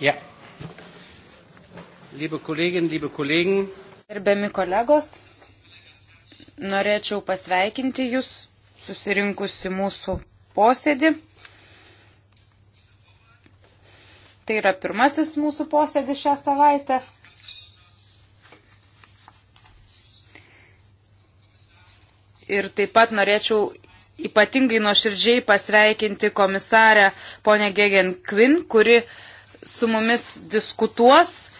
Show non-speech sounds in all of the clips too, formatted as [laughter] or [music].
Ja. Liebe Kolleginnen, liebe Kollegen. Gerbiami kolegos, norėčiau pasveikinti Jūs susirinkusi mūsų posėdį. Tai yra pirmasis mūsų posėdis šią savaitę. Ir taip pat norėčiau ypatingai nuoširdžiai pasveikinti komisarę ponę Gegen Kvin, kuri uh, su mumis diskutuos.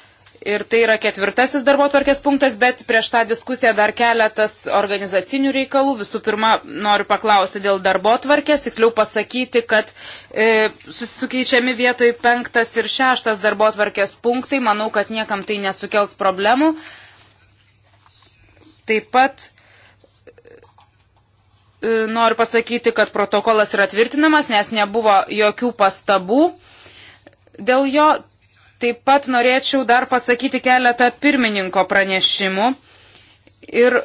Ir tai yra ketvirtasis darbo tvarkės punktas, bet prieš tą diskusiją dar keletas organizacinių reikalų. Visų pirma, noriu paklausti dėl darbo tvarkės, tiksliau pasakyti, kad e, susikeičiami vietoj penktas ir šeštas darbo tvarkės punktai. Manau, kad niekam tai nesukels problemų. Taip pat e, noriu pasakyti, kad protokolas yra tvirtinamas, nes nebuvo jokių pastabų. Dėl jo taip pat norėčiau dar pasakyti keletą pirmininko pranešimų ir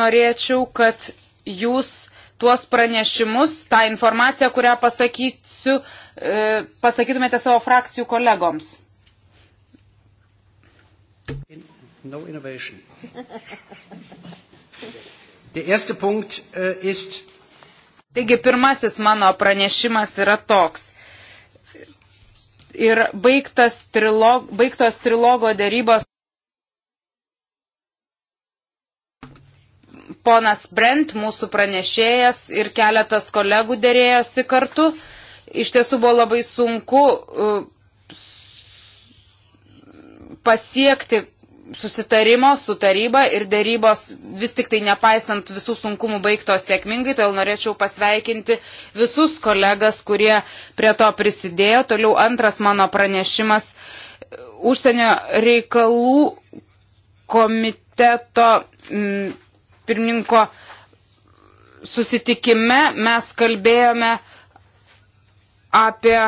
norėčiau, kad jūs tuos pranešimus, tą informaciją, kurią pasakysiu, e, pasakytumėte savo frakcijų kolegoms. No innovation. Der erste Punkt äh, ist. Taigi pirmasis mano pranešimas yra toks ir baigtas trilog, baigtos trilogo dėrybos. Ponas Brent, mūsų pranešėjas ir keletas kolegų dėrėjosi kartu. Iš tiesų buvo labai sunku uh, pasiekti susitarimo su taryba ir dėrybos vis tik tai nepaisant visų sunkumų baigtos sėkmingai, todėl norėčiau pasveikinti visus kolegas, kurie prie to prisidėjo. Toliau antras mano pranešimas užsienio reikalų komiteto m, mm, pirmininko susitikime mes kalbėjome apie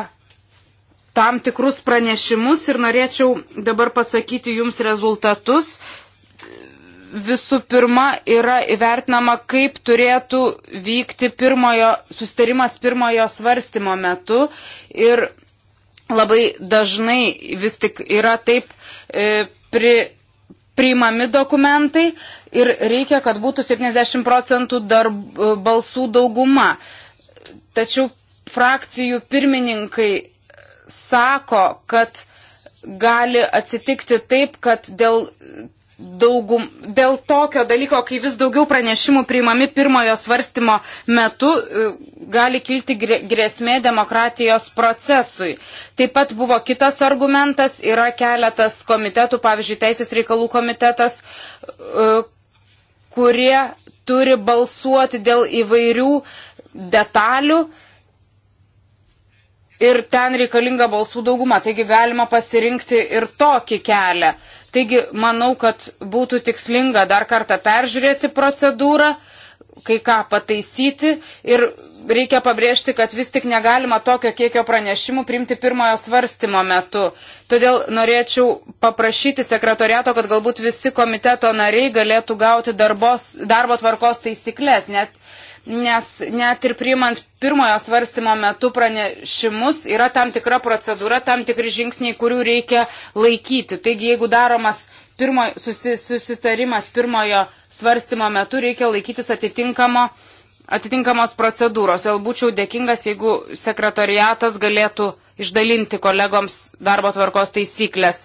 tam tikrus pranešimus ir norėčiau dabar pasakyti jums rezultatus. Visų pirma, yra įvertinama, kaip turėtų vykti pirmojo, sustarimas pirmojo svarstymo metu. Ir labai dažnai vis tik yra taip e, pri, priimami dokumentai ir reikia, kad būtų 70 procentų darb, e, balsų dauguma. Tačiau frakcijų pirmininkai sako, kad gali atsitikti taip, kad dėl, daugum, dėl tokio dalyko, kai vis daugiau pranešimų priimami pirmojo svarstymo metu, e, gali kilti grėsmė demokratijos procesui. Taip pat buvo kitas argumentas, yra keletas komitetų, pavyzdžiui, Teisės reikalų komitetas, e, kurie turi balsuoti dėl įvairių detalių ir ten reikalinga balsų dauguma, taigi galima pasirinkti ir tokį kelią. Taigi manau, kad būtų tikslinga dar kartą peržiūrėti procedūrą, kai ką pataisyti ir reikia pabrėžti, kad vis tik negalima tokio kiekio pranešimų priimti pirmojo svarstymo metu. Todėl norėčiau paprašyti sekretoriato, kad galbūt visi komiteto nariai galėtų gauti darbos, darbo tvarkos taisyklės, net nes net ir priimant pirmojo svarstymo metu pranešimus yra tam tikra procedūra, tam tikri žingsniai, kurių reikia laikyti. Taigi, jeigu daromas pirmo, susi, susitarimas pirmojo svarstymo metu, reikia laikytis atitinkamo, atitinkamos procedūros. Jau būčiau dėkingas, jeigu sekretariatas galėtų išdalinti kolegoms darbo tvarkos taisyklės.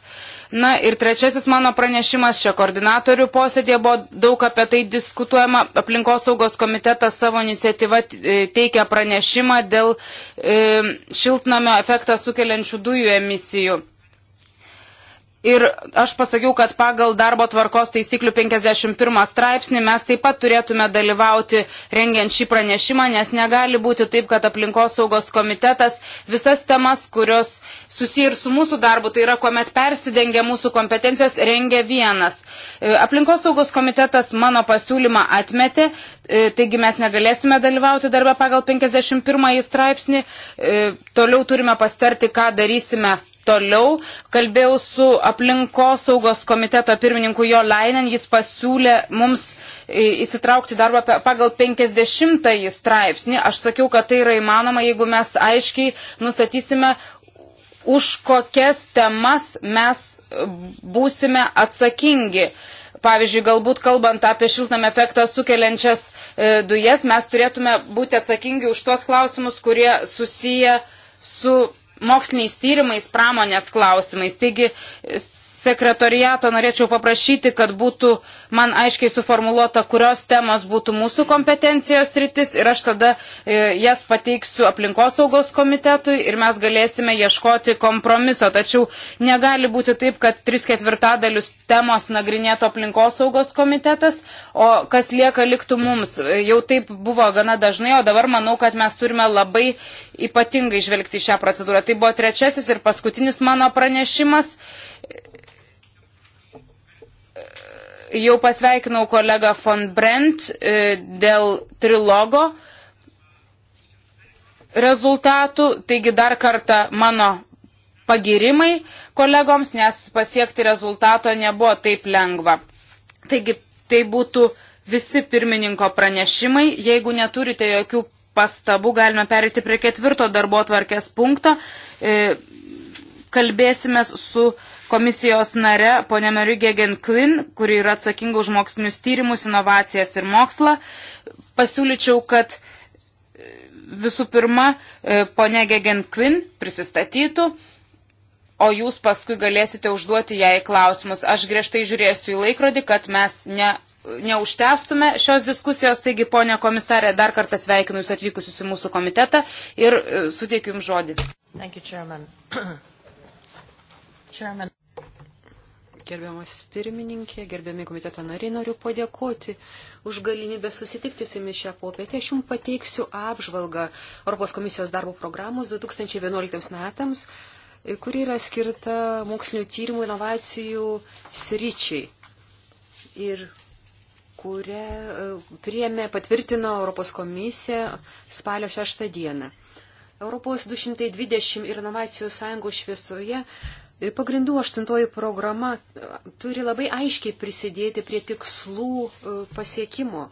Na ir trečiasis mano pranešimas čia koordinatorių posėdėje buvo daug apie tai diskutuojama. Aplinkosaugos komitetas savo iniciatyvą e, teikia pranešimą dėl e, šiltnamio efektą sukeliančių dujų emisijų. Ir aš pasakiau, kad pagal darbo tvarkos taisyklių 51 straipsnį mes taip pat turėtume dalyvauti rengiant šį pranešimą, nes negali būti taip, kad aplinkosaugos komitetas visas temas, kurios susiję ir su mūsų darbu, tai yra kuomet persidengia mūsų kompetencijos, rengia vienas. E, aplinkosaugos komitetas mano pasiūlymą atmetė, e, taigi mes negalėsime dalyvauti darbę pagal 51 straipsnį. E, toliau turime pastarti, ką darysime Toliau kalbėjau su aplinkosaugos komiteto pirmininku Jo Lainen, jis pasiūlė mums e, įsitraukti darbą pagal 50 straipsnį. Aš sakiau, kad tai yra įmanoma, jeigu mes aiškiai nustatysime, už kokias temas mes e, būsime atsakingi pavyzdžiui, galbūt kalbant apie šiltnamio efektą sukeliančias e, dujas, mes turėtume būti atsakingi už tuos klausimus, kurie susiję su moksliniais tyrimais, pramonės klausimais. Taigi sekretoriato norėčiau paprašyti, kad būtų uh, man aiškiai suformuoluota, kurios temos būtų mūsų kompetencijos rytis ir aš tada e, jas pateiksiu aplinkosaugos komitetui ir mes galėsime ieškoti kompromiso. Tačiau negali būti taip, kad tris ketvirtadalius temos nagrinėtų aplinkosaugos komitetas, o kas lieka liktų mums. E, jau taip buvo gana dažnai, o dabar manau, kad mes turime labai ypatingai žvelgti šią procedūrą. Tai buvo trečiasis ir paskutinis mano pranešimas jau pasveikinau kolegą von Brent e, dėl trilogo rezultatų. Taigi dar kartą mano pagirimai kolegoms, nes pasiekti rezultato nebuvo taip lengva. Taigi tai būtų visi pirmininko pranešimai. Jeigu neturite jokių pastabų, galime perėti prie ketvirto darbo tvarkės punkto. E, Kalbėsime su komisijos nare ponė Merigegen Quinn, kuri yra atsakinga už mokslinius tyrimus, inovacijas ir mokslą, pasiūlyčiau, kad e, visų pirma e, ponė Gegen Quinn prisistatytų. O jūs paskui galėsite užduoti jai klausimus. Aš griežtai žiūrėsiu į laikrodį, kad mes ne neužtestume šios diskusijos. Taigi, ponė komisarė, dar kartą sveikinu Jūs atvykusius į mūsų komitetą ir e, suteikiu Jums žodį. Thank you, [clears throat] Chairman. Gerbiamas pirmininkė, gerbiami komiteto nariai, noriu padėkoti už galimybę susitikti su jumis šią popietę. Aš jums pateiksiu apžvalgą Europos komisijos darbo programos 2011 metams, kuri yra skirta mokslinio tyrimų inovacijų sričiai ir kurią e, priemė, patvirtino Europos komisija spalio 6 dieną. Europos 220 ir inovacijų sąjungų šviesoje Pagrindų aštuntoji programa e, turi labai aiškiai prisidėti prie tikslų e, pasiekimo.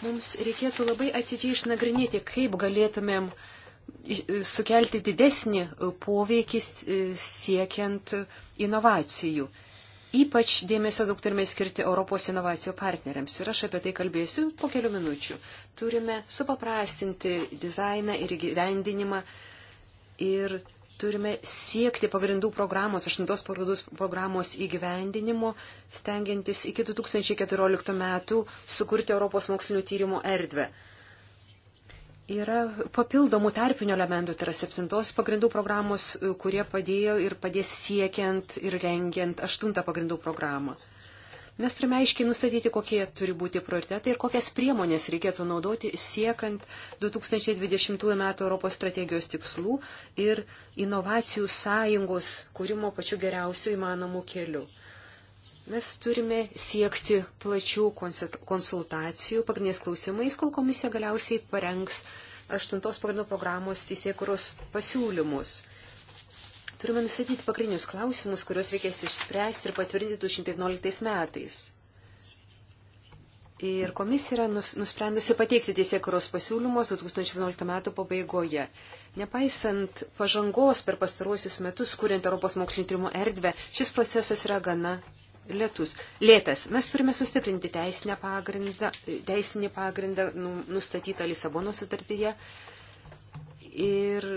Mums reikėtų labai atidžiai išnagrinėti, kaip galėtumėm sukelti didesnį e, poveikį siekiant inovacijų. Ypač dėmesio daug turime skirti Europos inovacijų partneriams ir aš apie tai kalbėsiu po kelių minučių. Turime supaprastinti dizainą ir gyvendinimą ir Turime siekti pagrindų programos, aštuntos pagrindus programos įgyvendinimo, stengiantis iki 2014 metų sukurti Europos mokslinio tyrimo erdvę. Yra papildomų tarpinių elementų, tai yra septintos pagrindų programos, kurie padėjo ir padės siekiant ir rengiant aštuntą pagrindų programą. Mes turime aiškiai nustatyti, kokie turi būti prioritetai ir kokias priemonės reikėtų naudoti siekant 2020 m. Europos strategijos tikslų ir inovacijų sąjungos kūrimo pačiu geriausiu įmanomu keliu. Mes turime siekti plačių konsultacijų pagrindiniais klausimais, kol komisija galiausiai parengs aštuntos pagrindų programos teisėkuros pasiūlymus. Turime nustatyti pagrindinius klausimus, kuriuos reikės išspręsti ir patvirtinti 2019 metais. Ir komisija yra nus, nusprendusi pateikti teisėkuros pasiūlymus 2011 metų pabaigoje. Nepaisant pažangos per pastaruosius metus, kuriant Europos mokslinio tyrimo erdvę, šis procesas yra gana lietus. Lėtas. Mes turime sustiprinti teisinę pagrindą, teisinį pagrindą nu-, nustatytą Lisabono sutartyje. Ir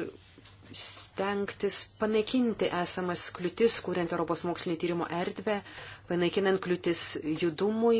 stengtis panaikinti esamas kliūtis, kuriant Europos mokslinio tyrimo erdvę, panaikinant kliūtis judumui,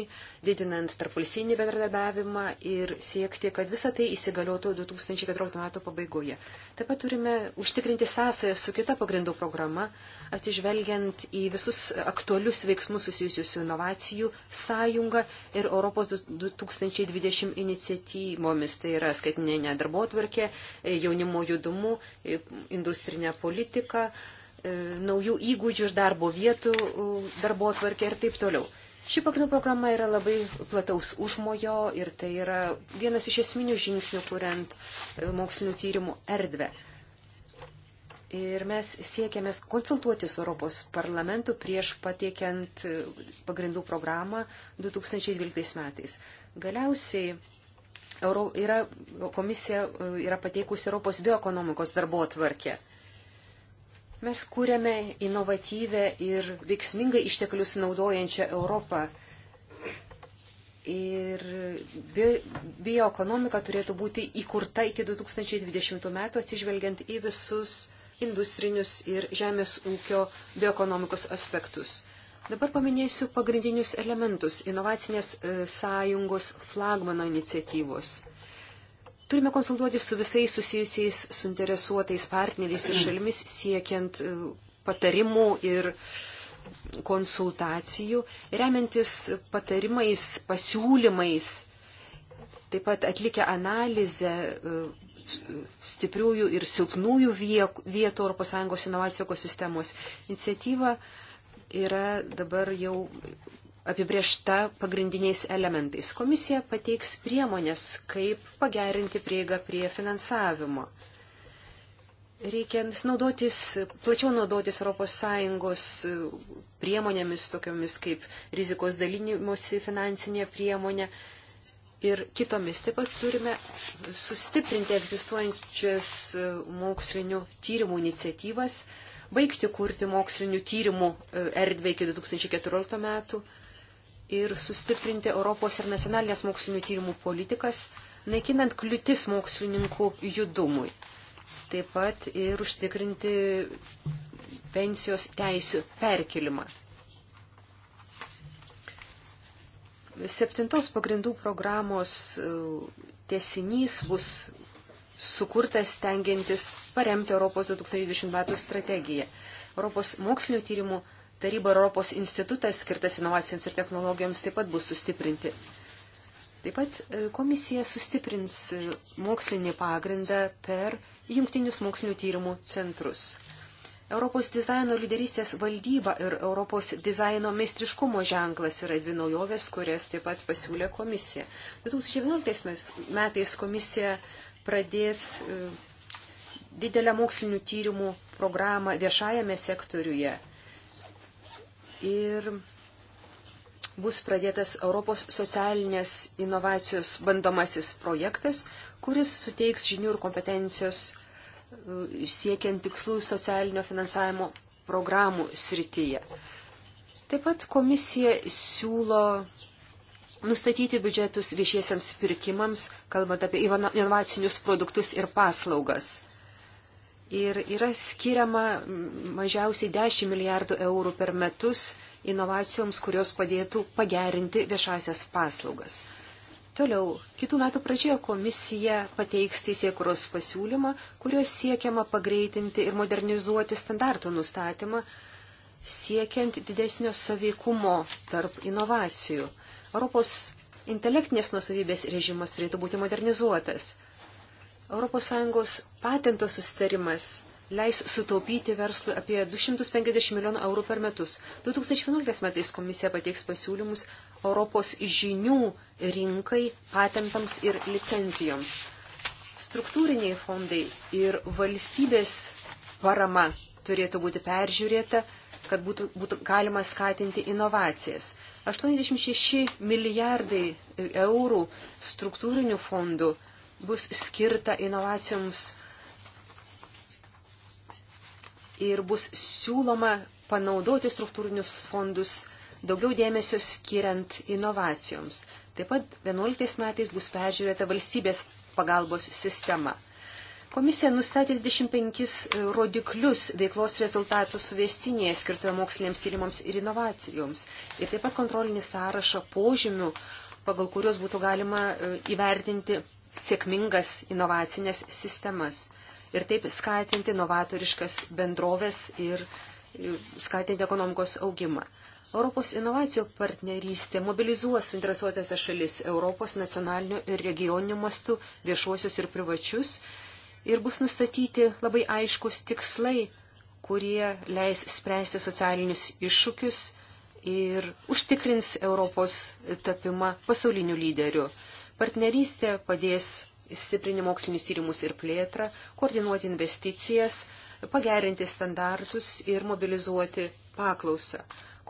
didinant tarpulsinį bendradarbiavimą ir siekti, kad visa tai įsigaliotų 2014 metų pabaigoje. Taip pat turime užtikrinti sąsąją su kita pagrindų programa, atsižvelgiant į visus aktualius veiksmus susijusius su inovacijų sąjunga ir Europos 2020 iniciatyvomis, tai yra skaitinė darbo tvarkė, e, jaunimo judumu, e, industrinė politika, e, naujų įgūdžių ir darbo vietų darbo tvarkė ir taip toliau. Ši pagrindų programa yra labai plataus užmojo ir tai yra vienas iš esminių žingsnių, kuriant mokslinių tyrimų erdvę. Ir mes siekiamės konsultuoti su Europos parlamentu prieš pateikiant e, pagrindų programą 2012 metais. Galiausiai Euro, yra, komisija e, yra pateikusi Europos bioekonomikos darbo atvarkę. Mes kūrėme inovatyvę ir veiksmingai išteklius naudojančią Europą. Ir bioekonomika turėtų būti įkurta iki 2020 metų, atsižvelgiant į visus industrinius ir žemės ūkio bioekonomikos aspektus. Dabar paminėsiu pagrindinius elementus inovacinės e, sąjungos flagmano iniciatyvos. Turime konsultuoti su visais susijusiais suinteresuotais partneriais ir šalimis siekiant e, patarimų ir konsultacijų, remiantis patarimais, pasiūlymais, taip pat atlikę analizę e, stipriųjų ir silpnųjų vietų ES inovacijų ekosistemos. Iniciatyva yra dabar jau apibriešta pagrindiniais elementais. Komisija pateiks priemonės, kaip pagerinti prieigą prie finansavimo. Reikia naudotis, plačiau naudotis ES priemonėmis, tokiomis kaip rizikos dalinimuose finansinė priemonė, ir kitomis. Taip pat turime sustiprinti egzistuojančias e, mokslinių tyrimų iniciatyvas, baigti kurti mokslinių tyrimų e, erdvę iki 2014 metų ir sustiprinti Europos ir nacionalinės mokslinių tyrimų politikas, naikinant kliūtis mokslininkų judumui. Taip pat ir užtikrinti pensijos teisų perkelimą. Septintos pagrindų programos e, tiesinys bus sukurtas tengiantis paremti Europos 2020 metų strategiją. Europos mokslinio tyrimų taryba ir Europos institutas skirtas inovacijoms ir technologijoms taip pat bus sustiprinti. Taip pat e, komisija sustiprins e, mokslinį pagrindą per jungtinius mokslinio tyrimų centrus. Europos dizaino lyderystės valdyba ir Europos dizaino meistriškumo ženklas yra dvi naujovės, kurias taip pat pasiūlė komisija. 2019 metais komisija pradės e, didelę mokslinių tyrimų programą viešajame sektoriuje. Ir bus pradėtas Europos socialinės inovacijos bandomasis projektas, kuris suteiks žinių ir kompetencijos siekiant tikslų socialinio finansavimo programų srityje. Taip pat komisija siūlo nustatyti biudžetus viešiesiams pirkimams, kalbant apie inovacinius produktus ir paslaugas. Ir yra skiriama mažiausiai 10 milijardų eurų per metus inovacijoms, kurios padėtų pagerinti viešasias paslaugas. Toliau, kitų metų pradžioje komisija pateiks teisėkuros pasiūlymą, kuriuo siekiama pagreitinti ir modernizuoti standartų nustatymą, siekiant didesnio saveikumo tarp inovacijų. Europos intelektinės nusavybės režimas turėtų būti modernizuotas. ES patento sustarimas leis sutaupyti verslui apie 250 milijonų eurų per metus. 2011 metais komisija pateiks pasiūlymus Europos žinių rinkai, patentams ir licencijoms. Struktūriniai fondai ir valstybės parama turėtų būti peržiūrėta, kad būtų, būtų galima skatinti inovacijas. 86 milijardai eurų struktūrinių fondų bus skirta inovacijoms ir bus siūloma panaudoti struktūrinius fondus daugiau dėmesio skiriant inovacijoms. Taip pat 11 metais bus peržiūrėta valstybės pagalbos sistema. Komisija nustatė 25 rodiklius veiklos rezultatų suvestinėje skirtoje moksliniams tyrimams ir inovacijoms. Ir taip pat kontrolinį sąrašą požymių, pagal kuriuos būtų galima e, įvertinti sėkmingas inovacinės sistemas. Ir taip skatinti novatoriškas bendrovės ir e, skatinti ekonomikos augimą. Europos inovacijų partnerystė mobilizuos suinteresuotėse šalis Europos nacionaliniu ir regioniniu mastu viešuosius ir privačius ir bus nustatyti labai aiškus tikslai, kurie leis spręsti socialinius iššūkius ir užtikrins Europos tapimą pasauliniu lyderiu. Partnerystė padės stiprinti mokslinius tyrimus ir plėtrą, koordinuoti investicijas, pagerinti standartus ir mobilizuoti paklausą.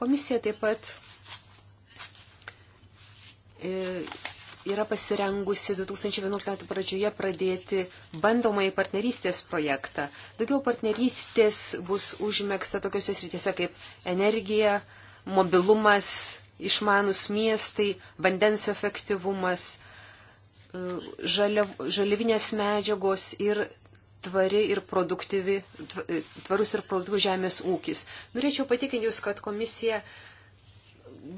Komisija taip pat e, yra pasirengusi 2011 metų pradžioje pradėti bandomąjį partnerystės projektą. Daugiau partnerystės bus užmėgsta tokiuose srityse kaip energija, mobilumas, išmanus miestai, vandens efektyvumas, e, žaliavinės medžiagos ir tvari ir produktyvi, e, tvarus ir produktyvus žemės ūkis. Norėčiau patikinti Jūs, kad komisija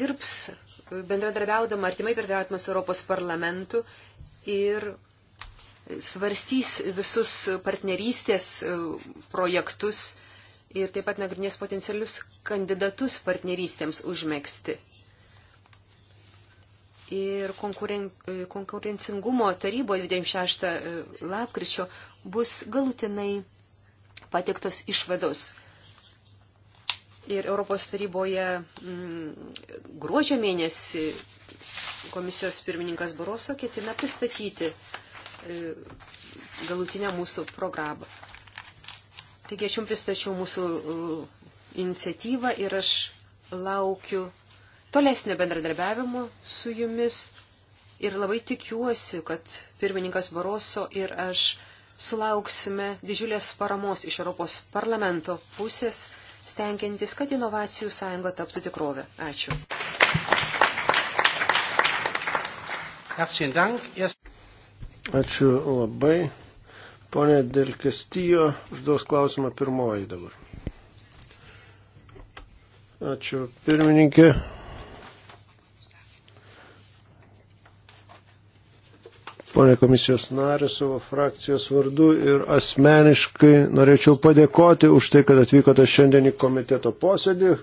dirbs e, bendradarbiaudama, artimai bendradarbiaudama su Europos parlamentu ir svarstys visus partnerystės e, projektus ir taip pat nagrinės potencialius kandidatus partnerystėms užmėgsti ir konkuren, e, konkurencingumo taryboje 26 e, lapkričio bus galutinai patiktos išvados. Ir Europos taryboje m, mm, gruodžio mėnesį komisijos pirmininkas Baroso ketina pristatyti e, galutinę mūsų programą. Taigi aš jums pristačiau mūsų iniciatyvą ir aš laukiu tolesnio bendradarbiavimo su jumis ir labai tikiuosi, kad pirmininkas Baroso ir aš sulauksime didžiulės paramos iš Europos parlamento pusės, stengiantis, kad inovacijų sąjunga taptų tikrovę. Ačiū. Ačiū labai. Pone Delkastijo, užduos klausimą pirmoji dabar. Ačiū pirmininkė. Pone komisijos narė, savo frakcijos vardu ir asmeniškai norėčiau padėkoti už tai, kad atvykote šiandien į komiteto posėdį.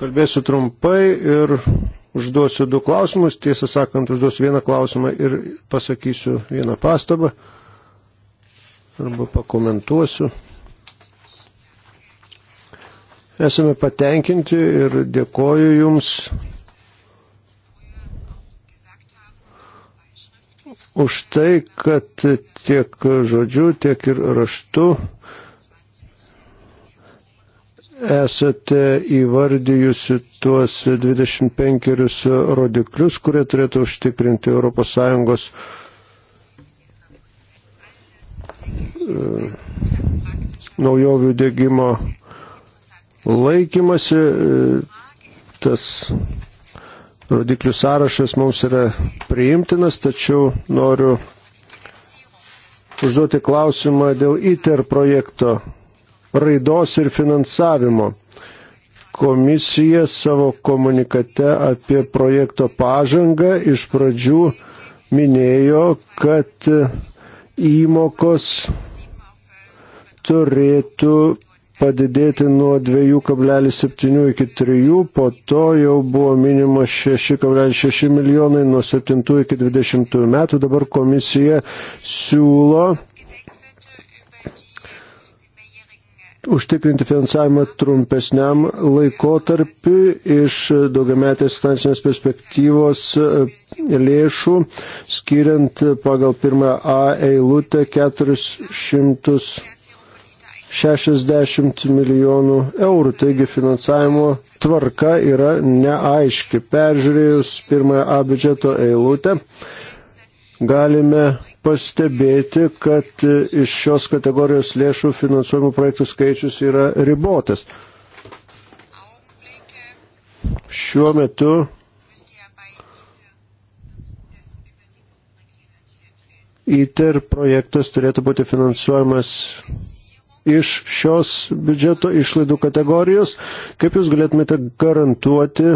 Kalbėsiu trumpai ir užduosiu du klausimus. Tiesą sakant, užduosiu vieną klausimą ir pasakysiu vieną pastabą arba pakomentuosiu. Esame patenkinti ir dėkoju Jums už tai, kad tiek žodžiu, tiek ir raštu esate įvardijusi tuos 25 rodiklius, kurie turėtų užtikrinti ES e, naujovių dėgymo laikymasi. E, tas rodiklių sąrašas mums yra priimtinas, tačiau noriu užduoti klausimą dėl ITER projekto raidos ir finansavimo. Komisija savo komunikate apie projekto pažangą iš pradžių minėjo, kad įmokos turėtų padidėti nuo 2,7 iki 3, po to jau buvo minima 6,6 milijonai nuo 7 iki 20 metų, dabar komisija siūlo užtikrinti finansavimą trumpesniam laikotarpiu iš daugiametės finansinės perspektyvos e, lėšų, skiriant pagal pirmą A eilutę 400 60 milijonų eurų, taigi finansavimo tvarka yra neaiški. Peržiūrėjus pirmąją A biudžeto eilutę, galime pastebėti, kad iš šios kategorijos lėšų finansuojamų projektų skaičius yra ribotas. Šiuo metu ITER projektas turėtų būti finansuojamas iš šios biudžeto išlaidų kategorijos. Kaip Jūs galėtumėte garantuoti,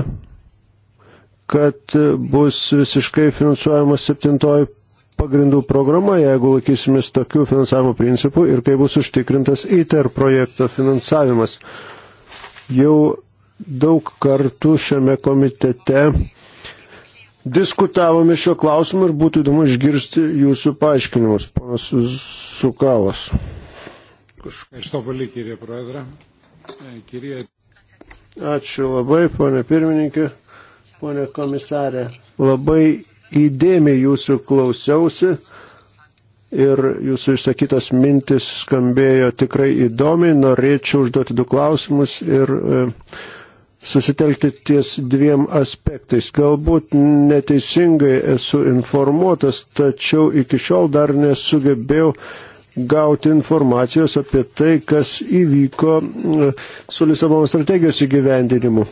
kad bus visiškai finansuojama septintoji pagrindų programa, jeigu laikysimės tokių finansavimo principų ir kaip bus užtikrintas ITER projekto finansavimas. Jau daug kartų šiame komitete diskutavome šio klausimu ir būtų įdomu išgirsti jūsų paaiškinimus, panas Sukalas kažkokiu. Ačiū labai, ponė pirmininkė, ponė komisarė. Labai įdėmiai jūsų klausiausi ir jūsų išsakytas mintis skambėjo tikrai įdomiai. Norėčiau užduoti du klausimus ir e, susitelkti ties dviem aspektais. Galbūt neteisingai esu informuotas, tačiau iki šiol dar nesugebėjau gauti informacijos apie tai, kas įvyko e, su Lisabono strategijos įgyvendinimu.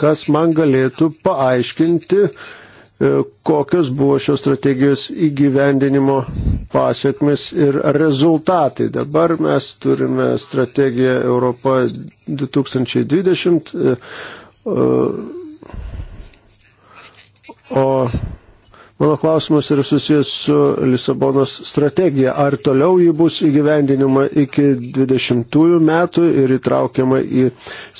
Kas man galėtų paaiškinti, e, kokios buvo šios strategijos įgyvendinimo pasiekmes ir rezultatai. Dabar mes turime strategiją Europa 2020, e, o Mano klausimas yra susijęs su Lisabonos strategija. Ar toliau ji bus įgyvendinima iki 20 metų ir įtraukiama į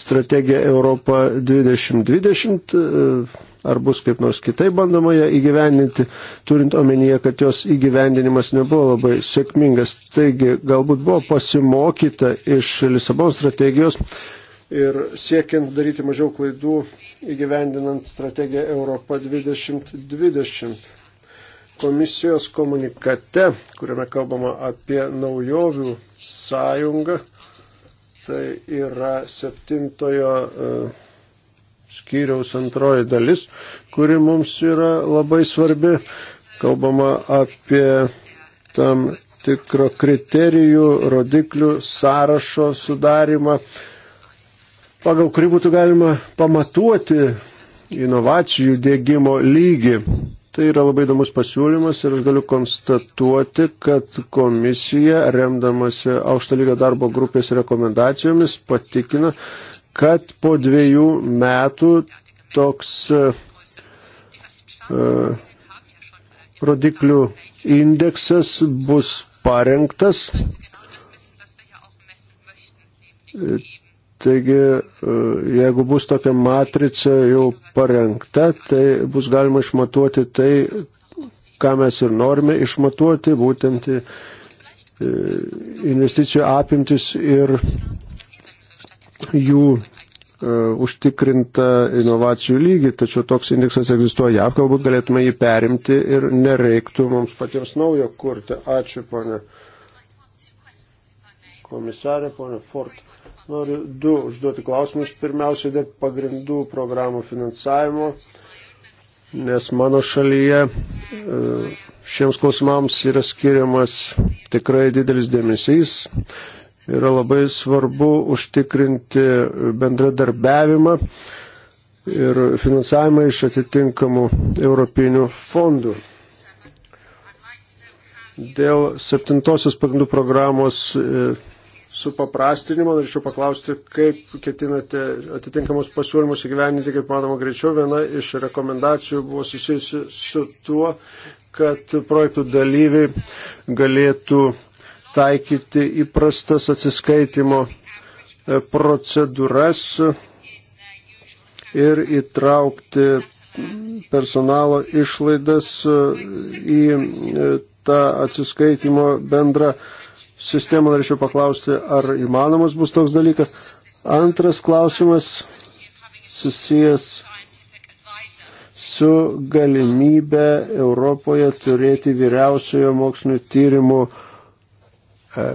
strategiją Europą 2020? E, ar bus kaip nors kitai bandoma ją įgyvendinti, turint omenyje, kad jos įgyvendinimas nebuvo labai sėkmingas. Taigi, galbūt buvo pasimokyta iš Lisabonos strategijos ir siekiant daryti mažiau klaidų įgyvendinant strategiją Europą 2020. Komisijos komunikate, kuriame kalbama apie naujovių sąjungą, tai yra septintojo e, skyriaus antroji dalis, kuri mums yra labai svarbi. Kalbama apie tam tikro kriterijų, rodiklių sąrašo sudarimą, pagal kurį būtų galima pamatuoti inovacijų dėgymo lygį. Tai yra labai įdomus pasiūlymas ir aš galiu konstatuoti, kad komisija, remdamasi aukšto lygio darbo grupės rekomendacijomis, patikina, kad po dviejų metų toks uh, rodiklių indeksas bus parengtas. Taigi, e, jeigu bus tokia matrica jau parengta, tai bus galima išmatuoti tai, ką mes ir norime išmatuoti, būtent e, investicijų apimtis ir jų e, užtikrinta inovacijų lygį, tačiau toks indeksas egzistuoja JAV, galbūt galėtume jį perimti ir nereiktų mums patiems naujo kurti. Ačiū, ponė komisarė, ponė Fort. Noriu du užduoti klausimus. Pirmiausia, dėl pagrindų programų finansavimo, nes mano šalyje e, šiems klausimams yra skiriamas tikrai didelis dėmesys. Yra labai svarbu užtikrinti bendradarbiavimą ir finansavimą iš atitinkamų europinių fondų. Dėl septintosios pagrindų programos e, supaprastinimo. Norėčiau paklausti, kaip ketinate atitinkamus pasiūlymus įgyveninti, kaip manoma, greičiau. Viena iš rekomendacijų buvo susijusi su tuo, kad projektų dalyviai galėtų taikyti įprastas atsiskaitimo e, procedūras ir įtraukti personalo išlaidas e, į e, tą atsiskaitimo bendrą sistemą, norėčiau paklausti, ar įmanomas bus toks dalykas. Antras klausimas susijęs su galimybė Europoje turėti vyriausiojo mokslinio tyrimų e,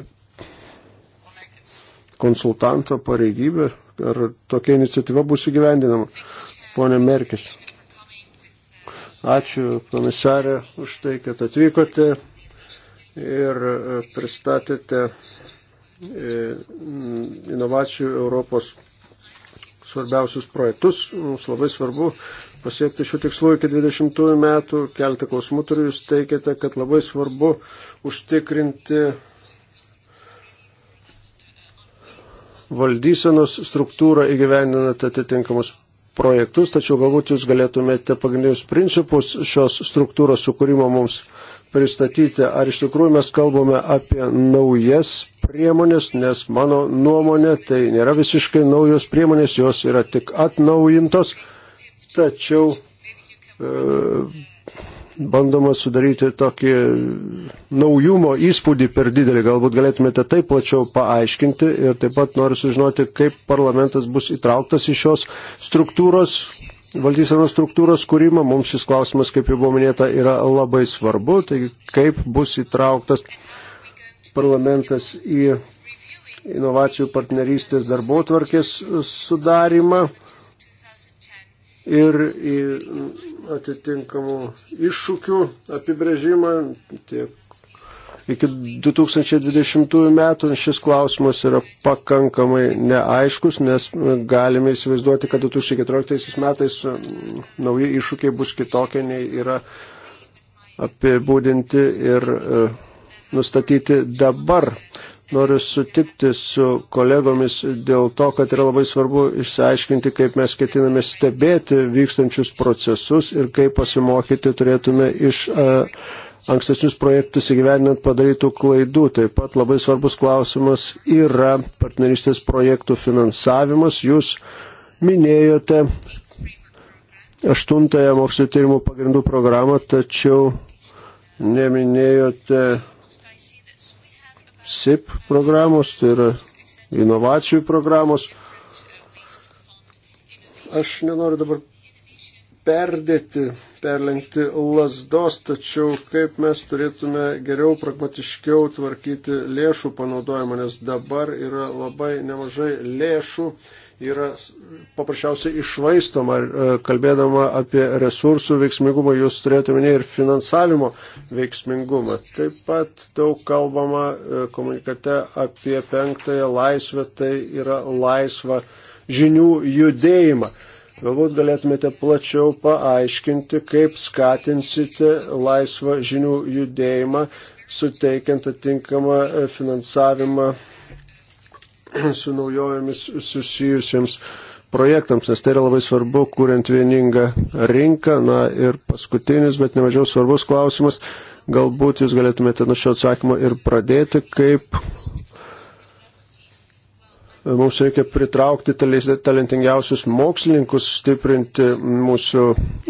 konsultanto pareigybę. Ar tokia iniciatyva bus įgyvendinama? Pone Merkis. Ačiū komisarė už tai, kad atvykote ir e, pristatėte e, inovacijų Europos svarbiausius projektus. Mums labai svarbu pasiekti šių tikslų iki 20 metų. Keltą klausimų turiu, jūs teikiate, kad labai svarbu užtikrinti valdysenos struktūrą įgyvendinant atitinkamus projektus, tačiau galbūt jūs galėtumėte pagrindinius principus šios struktūros sukūrimo mums pristatyti, ar iš tikrųjų mes kalbame apie naujas priemonės, nes mano nuomonė tai nėra visiškai naujos priemonės, jos yra tik atnaujintos, tačiau e, bandoma sudaryti tokį naujumo įspūdį per didelį. Galbūt galėtumėte tai plačiau paaiškinti ir taip pat noriu sužinoti, kaip parlamentas bus įtrauktas į šios struktūros, valdysenos struktūros kūrimą. Mums šis klausimas, kaip jau buvo minėta, yra labai svarbu. Taigi, kaip bus įtrauktas parlamentas į inovacijų partnerystės darbo tvarkės sudarimą ir į atitinkamų iššūkių apibrėžimą tiek iki 2020 metų šis klausimas yra pakankamai neaiškus, nes galime įsivaizduoti, kad 2014 metais nauji iššūkiai bus kitokie nei yra apibūdinti ir e, nustatyti dabar. Noriu sutikti su kolegomis dėl to, kad yra labai svarbu išsiaiškinti, kaip mes ketiname stebėti vykstančius procesus ir kaip pasimokyti turėtume iš uh, ankstesnius projektus įgyveninant padarytų klaidų. Taip pat labai svarbus klausimas yra partnerystės projektų finansavimas. Jūs minėjote aštuntąją mokslo tyrimų pagrindų programą, tačiau neminėjote SIP programos, tai yra inovacijų programos. Aš nenoriu dabar perdėti perlenkti lasdos, tačiau kaip mes turėtume geriau, pragmatiškiau tvarkyti lėšų panaudojimą, nes dabar yra labai nemažai lėšų, yra paprasčiausiai išvaistoma, e, kalbėdama apie resursų veiksmingumą, jūs turėtumėte ir finansavimo veiksmingumą. Taip pat daug kalbama e, komunikate apie penktąją laisvę, tai yra laisvą žinių judėjimą. Galbūt galėtumėte plačiau paaiškinti, kaip skatinsite laisvą žinių judėjimą, suteikiant atinkamą e, finansavimą [clears throat] su naujojomis susijusiems projektams, nes tai yra labai svarbu, kuriant vieningą rinką. Na ir paskutinis, bet nemažiau svarbus klausimas, galbūt jūs galėtumėte nuo šio atsakymo ir pradėti, kaip Mums reikia pritraukti talentingiausius mokslininkus, stiprinti mūsų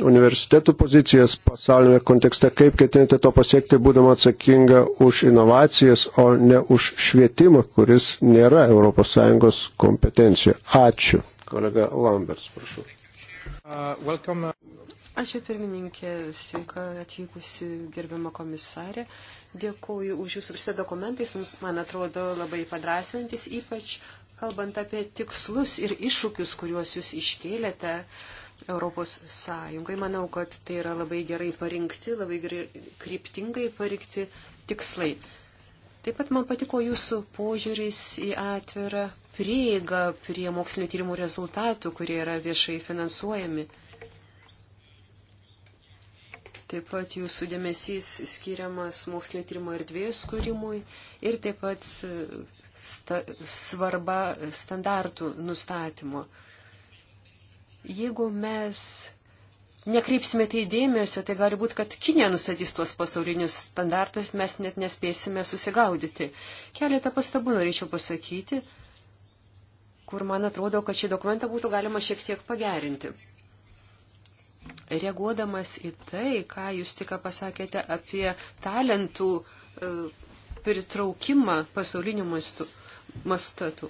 universitetų pozicijas pasaulyme kontekste, kaip ketinate to pasiekti, būdama atsakinga už inovacijas, o ne už švietimą, kuris nėra ES kompetencija. Ačiū. Kolega Lambers, prašau. Uh, uh, Ačiū pirmininkė, sveika atvykusi gerbiama komisarė. Dėkuoju už jūsų visą dokumentais, mums, man atrodo, labai padrasinantis, ypač kalbant apie tikslus ir iššūkius, kuriuos jūs iškėlėte Europos Sąjungai, manau, kad tai yra labai gerai parinkti, labai kryptingai parinkti tikslai. Taip pat man patiko jūsų požiūris į atvirą prieigą prie mokslinio tyrimų rezultatų, kurie yra viešai finansuojami. Taip pat jūsų dėmesys skiriamas mokslinio tyrimo erdvės kūrimui ir taip pat sta, svarba standartų nustatymo. Jeigu mes nekreipsime tai dėmesio, tai gali būti, kad Kinė nustatys tuos pasaulinius standartus, mes net nespėsime susigaudyti. Keletą pastabų norėčiau pasakyti, kur man atrodo, kad šį dokumentą būtų galima šiek tiek pagerinti. Reaguodamas į tai, ką jūs tik pasakėte apie talentų e, pritraukimą pasaulinių mastų, mastatų.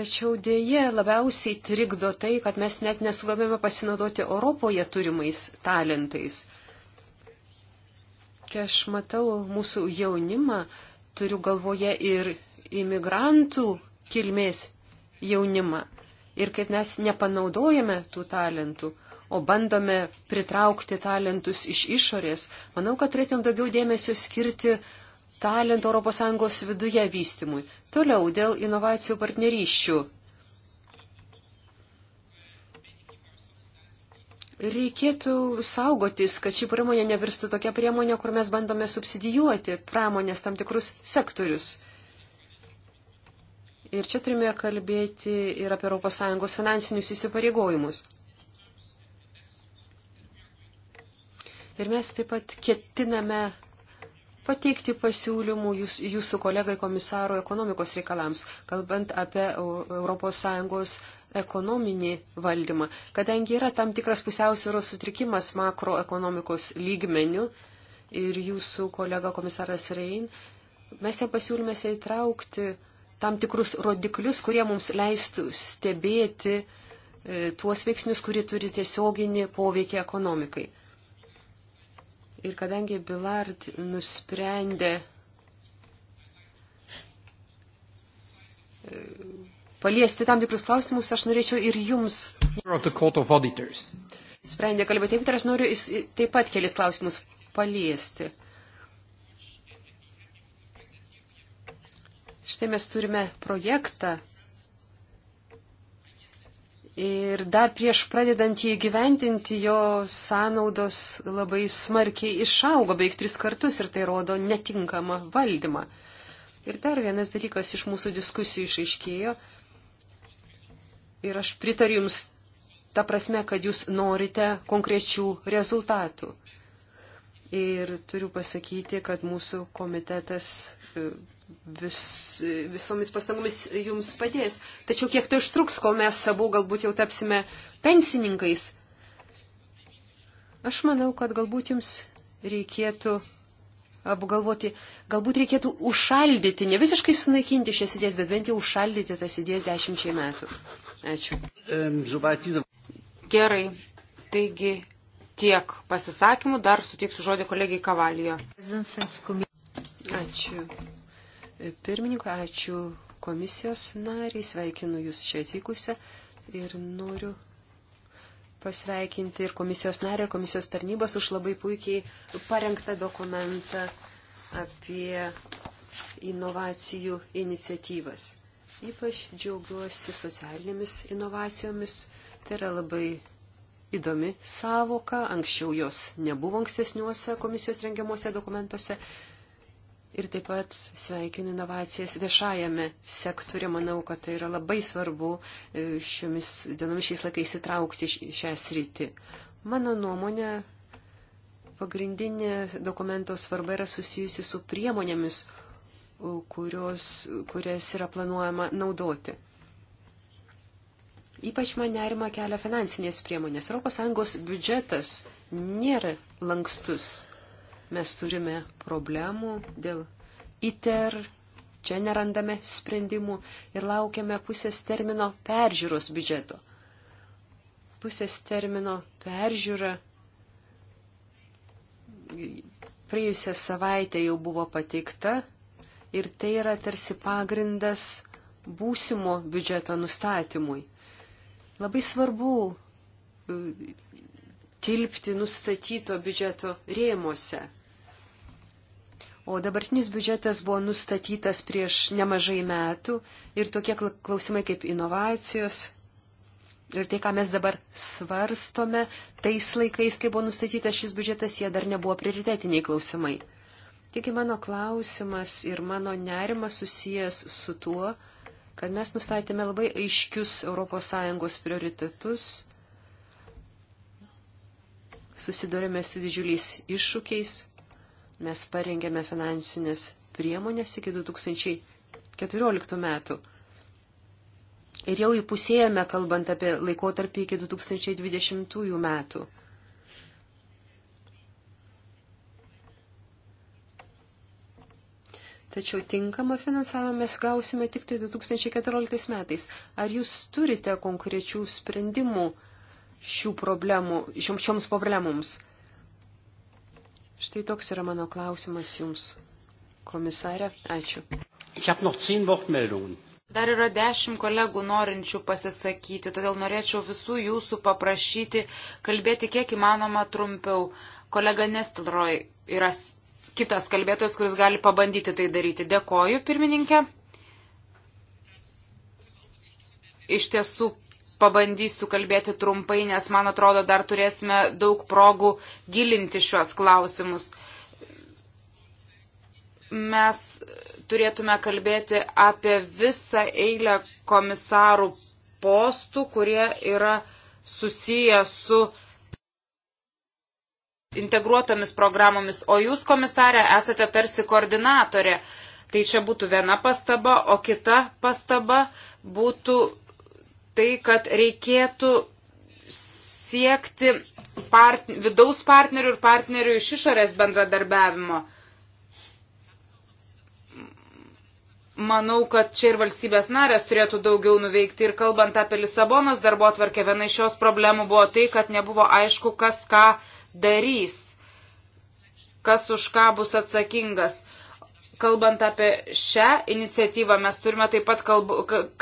Tačiau dėje labiausiai trikdo tai, kad mes net nesugebėjome pasinaudoti Europoje turimais talentais. Kai aš matau mūsų jaunimą, turiu galvoje ir imigrantų kilmės jaunimą. Ir kad mes nepanaudojame tų talentų o bandome pritraukti talentus iš išorės, manau, kad turėtum daugiau dėmesio skirti talentų ES viduje vystimui. Toliau dėl inovacijų partnerysčių. Reikėtų saugotis, kad ši priemonė nevirstų tokia priemonė, kur mes bandome subsidijuoti pramonės tam tikrus sektorius. Ir čia turime kalbėti ir apie ES finansinius įsipareigojimus. Ir mes taip pat ketiname pateikti pasiūlymų jūs, jūsų kolegai komisaro ekonomikos reikalams, kalbant apie ES ekonominį valdymą, kadangi yra tam tikras pusiausvėros sutrikimas makroekonomikos lygmenių ir jūsų kolega komisaras Rein, mes jam pasiūlymėse įtraukti tam tikrus rodiklius, kurie mums leistų stebėti e, tuos veiksnius, kurie turi tiesioginį poveikį ekonomikai. Ir kadangi Bilard nusprendė e, paliesti tam tikrus klausimus, aš norėčiau ir jums. Sprendė kalbėti, bet aš noriu taip pat kelis klausimus paliesti. Štai mes turime projektą, Ir dar prieš pradedant jį gyventinti, jo sąnaudos labai smarkiai išaugo beveik tris kartus ir tai rodo netinkamą valdymą. Ir dar vienas dalykas iš mūsų diskusijų išaiškėjo. Ir aš pritariu Jums tą prasme, kad Jūs norite konkrečių rezultatų. Ir turiu pasakyti, kad mūsų komitetas vis, visomis pastangomis jums padės. Tačiau kiek tai užtruks, kol mes abu galbūt jau tapsime pensininkais. Aš manau, kad galbūt jums reikėtų apgalvoti, galbūt reikėtų užšaldyti, ne visiškai sunaikinti šias idėjas, bet bent jau užšaldyti tas idėjas dešimčiai metų. Ačiū. Gerai, taigi tiek pasisakymų, dar suteiksiu žodį kolegijai Kavalijo. Ačiū pirmininkui, ačiū komisijos nariai, sveikinu Jūs čia atvykusią ir noriu pasveikinti ir komisijos narį, ir komisijos tarnybas už labai puikiai parengtą dokumentą apie inovacijų iniciatyvas. Ypač džiaugiuosi socialinėmis inovacijomis. Tai yra labai įdomi savoka, anksčiau jos nebuvo ankstesniuose komisijos rengiamuose dokumentuose Ir taip pat sveikinu inovacijas viešajame sektoriu. Manau, kad tai yra labai svarbu e, šiomis dienomis šiais laikais įtraukti šią sritį. Mano nuomonė, pagrindinė dokumento svarba yra susijusi su priemonėmis, kurios, kurias yra planuojama naudoti. Ypač man nerima kelia finansinės priemonės. ES biudžetas nėra lankstus Mes turime problemų dėl ITER, čia nerandame sprendimų ir laukiame pusės termino peržiūros biudžeto. Pusės termino peržiūra praėjusią savaitę jau buvo pateikta ir tai yra tarsi pagrindas būsimo biudžeto nustatymui. Labai svarbu e, tilpti nustatyto biudžeto rėmose. O dabartinis biudžetas buvo nustatytas prieš nemažai metų ir tokie klausimai kaip inovacijos ir tai, ką mes dabar svarstome, tais laikais, kai buvo nustatytas šis biudžetas, jie dar nebuvo prioritetiniai klausimai. Taigi mano klausimas ir mano nerimas susijęs su tuo, kad mes nustatėme labai aiškius ES prioritetus, susidurėme su didžiuliais iššūkiais Mes parengėme finansinės priemonės iki 2014 metų. Ir jau įpusėjame, kalbant apie laikotarpį iki 2020 metų. Tačiau tinkamą finansavimą mes gausime tik tai 2014 metais. Ar jūs turite konkrečių sprendimų šių problemų, šioms problemoms? Štai toks yra mano klausimas jums, komisarė. Ačiū. Dar yra dešimt kolegų norinčių pasisakyti, todėl norėčiau visų jūsų paprašyti kalbėti kiek įmanoma trumpiau. Kolega Nestilroj yra kitas kalbėtojas, kuris gali pabandyti tai daryti. Dėkoju, pirmininkė. Iš tiesų pabandysiu kalbėti trumpai, nes man atrodo dar turėsime daug progų gilinti šiuos klausimus. Mes turėtume kalbėti apie visą eilę komisarų postų, kurie yra susiję su integruotomis programomis, o jūs, komisarė, esate tarsi koordinatorė. Tai čia būtų viena pastaba, o kita pastaba būtų tai, kad reikėtų siekti part, vidaus partnerių ir partnerių iš išorės bendradarbiavimo. Manau, kad čia ir valstybės narės turėtų daugiau nuveikti. Ir kalbant apie Lisabonos darbo atvarkę, viena iš jos problemų buvo tai, kad nebuvo aišku, kas ką darys, kas už ką bus atsakingas kalbant apie šią iniciatyvą, mes turime taip pat kalb,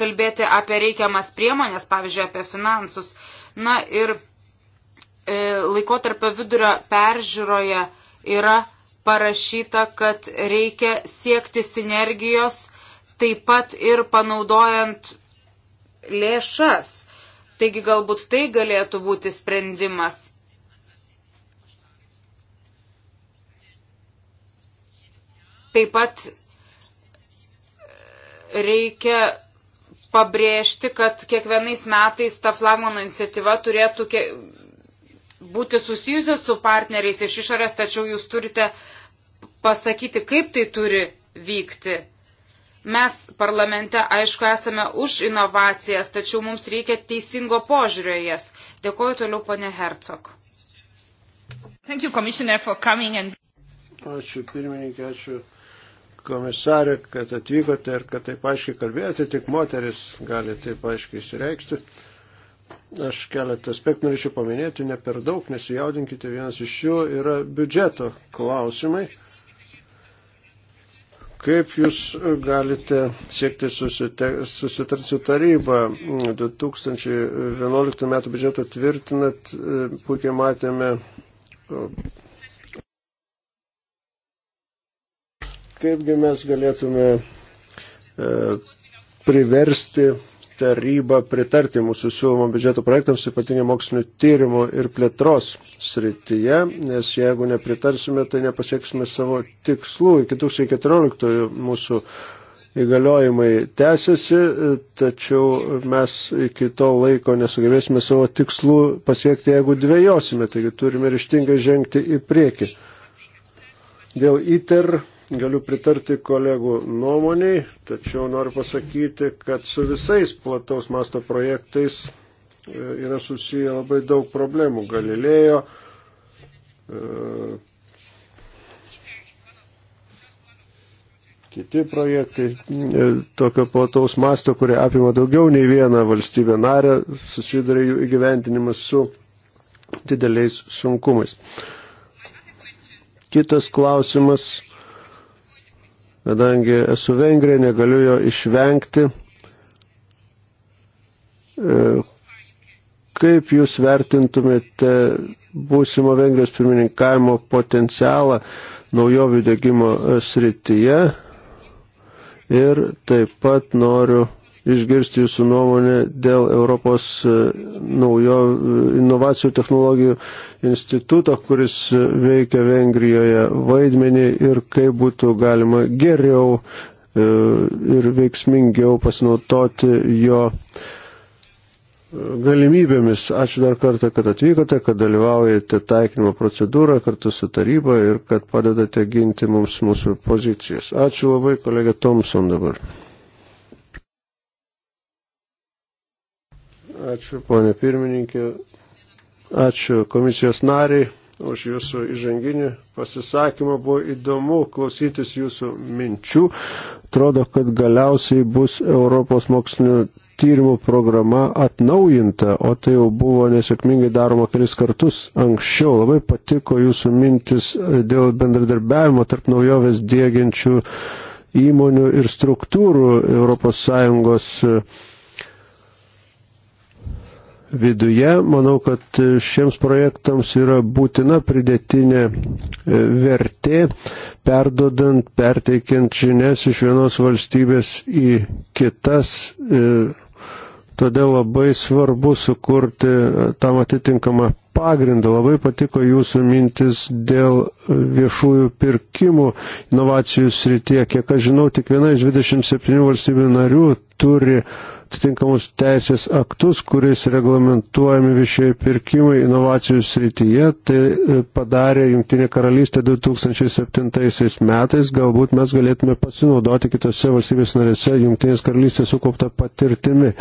kalbėti apie reikiamas priemonės, pavyzdžiui, apie finansus. Na ir e, laikotarpio vidurio peržiūroje yra parašyta, kad reikia siekti sinergijos taip pat ir panaudojant lėšas. Taigi galbūt tai galėtų būti sprendimas. Taip pat reikia pabrėžti, kad kiekvienais metais ta Flagmano iniciatyva turėtų būti susijusios su partneriais iš išorės, tačiau jūs turite pasakyti, kaip tai turi vykti. Mes parlamente, aišku, esame už inovacijas, tačiau mums reikia teisingo požiūrio jas. Dėkuoju toliau, ponė Hercog. Thank you, and... Ačiū pirmininkė, ačiū komisarė, kad atvykote ir kad taip aiškiai kalbėjote, tik moteris gali taip aiškiai įsireikšti. Aš keletą aspektų norėčiau paminėti, ne per daug, nesijaudinkite, vienas iš jų yra biudžeto klausimai. Kaip jūs galite siekti susitarti su taryba 2011 metų biudžetą tvirtinat, e, puikiai matėme Kaipgi mes galėtume e, priversti tarybą pritarti mūsų siūlomo biudžeto projektams, ypatingai mokslinio tyrimo ir plėtros srityje, nes jeigu nepritarsime, tai nepasieksime savo tikslų. Iki 2014 mūsų įgaliojimai tęsiasi, tačiau mes iki to laiko nesugebėsime savo tikslų pasiekti, jeigu dvėjosime, taigi turime ryštingai žengti į priekį. Dėl ITER galiu pritarti kolegų nuomoniai, tačiau noriu pasakyti, kad su visais plataus masto projektais e, yra susiję labai daug problemų. Galilėjo, e, kiti projektai e, tokio plataus masto, kurie apima daugiau nei vieną valstybę narę, susiduria jų įgyventinimas su dideliais sunkumais. Kitas klausimas kadangi esu Vengrija, negaliu jo išvengti. E, kaip jūs vertintumėte būsimo Vengrijos pirmininkavimo potencialą naujovių dėgymo srityje? Ir taip pat noriu išgirsti jūsų nuomonę dėl Europos e, naujo e, inovacijų technologijų instituto, kuris veikia Vengrijoje vaidmenį ir kaip būtų galima geriau e, ir veiksmingiau pasinaudoti jo galimybėmis. Ačiū dar kartą, kad atvykote, kad dalyvaujate taikinimo procedūrą kartu su taryba ir kad padedate ginti mums mūsų pozicijas. Ačiū labai, kolega Thompson dabar. Ačiū, ponė pirmininkė. Ačiū komisijos nariai už jūsų įžanginį pasisakymą. Buvo įdomu klausytis jūsų minčių. Atrodo, kad galiausiai bus Europos mokslinio tyrimų programa atnaujinta, o tai jau buvo nesėkmingai daroma kelis kartus anksčiau. Labai patiko jūsų mintis dėl bendradarbiavimo tarp naujovės dėgiančių įmonių ir struktūrų ES viduje. Manau, kad šiems projektams yra būtina pridėtinė e, vertė, perdodant, perteikiant žinias iš vienos valstybės į kitas. E, todėl labai svarbu sukurti e, tam atitinkamą pagrindą. Labai patiko jūsų mintis dėl viešųjų pirkimų inovacijų srityje. Kiek aš žinau, tik viena iš 27 valstybių narių turi uh, atitinkamus teisės aktus, kuriais reglamentuojami viešieji pirkimai inovacijų srityje. Tai e, padarė Junktinė karalystė 2007 metais. Galbūt mes galėtume pasinaudoti kitose valstybės narėse Junktinės karalystės sukauptą patirtimi.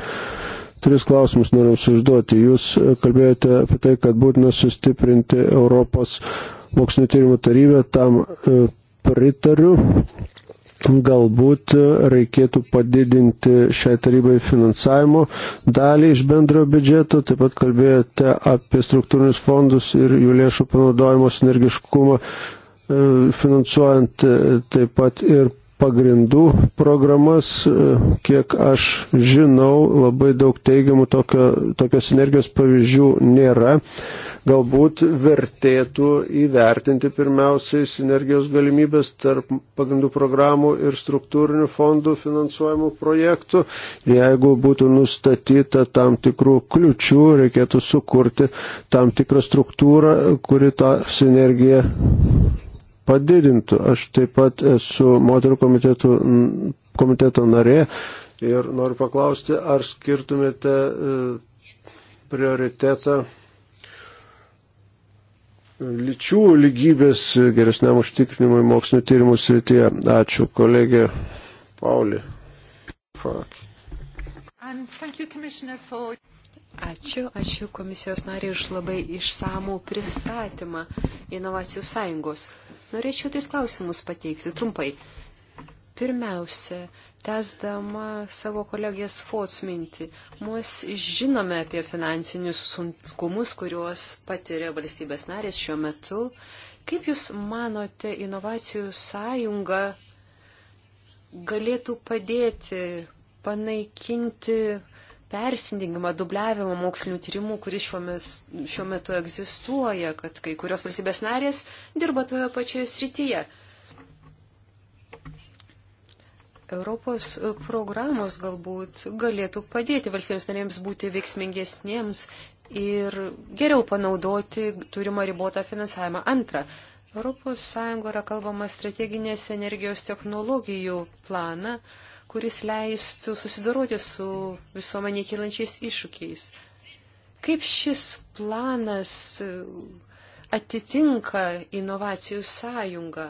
Tris klausimus noriu užduoti. Jūs e, kalbėjote apie tai, kad būtina sustiprinti Europos mokslinio tyrimų tarybę, tam e, pritariu galbūt e, reikėtų padidinti šiai tarybai finansavimo dalį iš bendro biudžeto, taip pat kalbėjote apie struktūrinius fondus ir jų lėšų panaudojimo sinergiškumą, e, finansuojant e, taip pat ir pagrindų programas, kiek aš žinau, labai daug teigiamų tokio, tokios energijos pavyzdžių nėra. Galbūt vertėtų įvertinti pirmiausiai sinergijos galimybės tarp pagrindų programų ir struktūrinių fondų finansuojamų projektų. Jeigu būtų nustatyta tam tikrų kliučių, reikėtų sukurti tam tikrą struktūrą, kuri tą sinergiją padidintų. Aš taip pat esu moterų komitetų, komiteto narė ir noriu paklausti, ar skirtumėte e, prioritetą e, lyčių lygybės geresniam užtikrinimui mokslinio tyrimų srityje. Ačiū, kolegė Pauli. Fuck. And thank you, Commissioner, for... Ačiū, ačiū komisijos nariai už labai išsamų pristatymą inovacijų sąjungos. Norėčiau tais klausimus pateikti trumpai. Pirmiausia, tesdama savo kolegės Fots mintį, mus žinome apie finansinius sunkumus, kuriuos patiria valstybės narės šiuo metu. Kaip Jūs manote, inovacijų sąjunga galėtų padėti panaikinti persindingimą, dubliavimą mokslinių tyrimų, kuris šiuo, mes, šiuo metu egzistuoja, kad kai kurios valstybės narės dirba toje pačioje srityje. Europos programos galbūt galėtų padėti valstybėms narėms būti veiksmingesniems ir geriau panaudoti turimą ribotą finansavimą. Antra, ES yra kalbama strateginės energijos technologijų planą, kuris leistų susidoroti su visuomenė kilančiais iššūkiais. Kaip šis planas e, atitinka inovacijų sąjungą?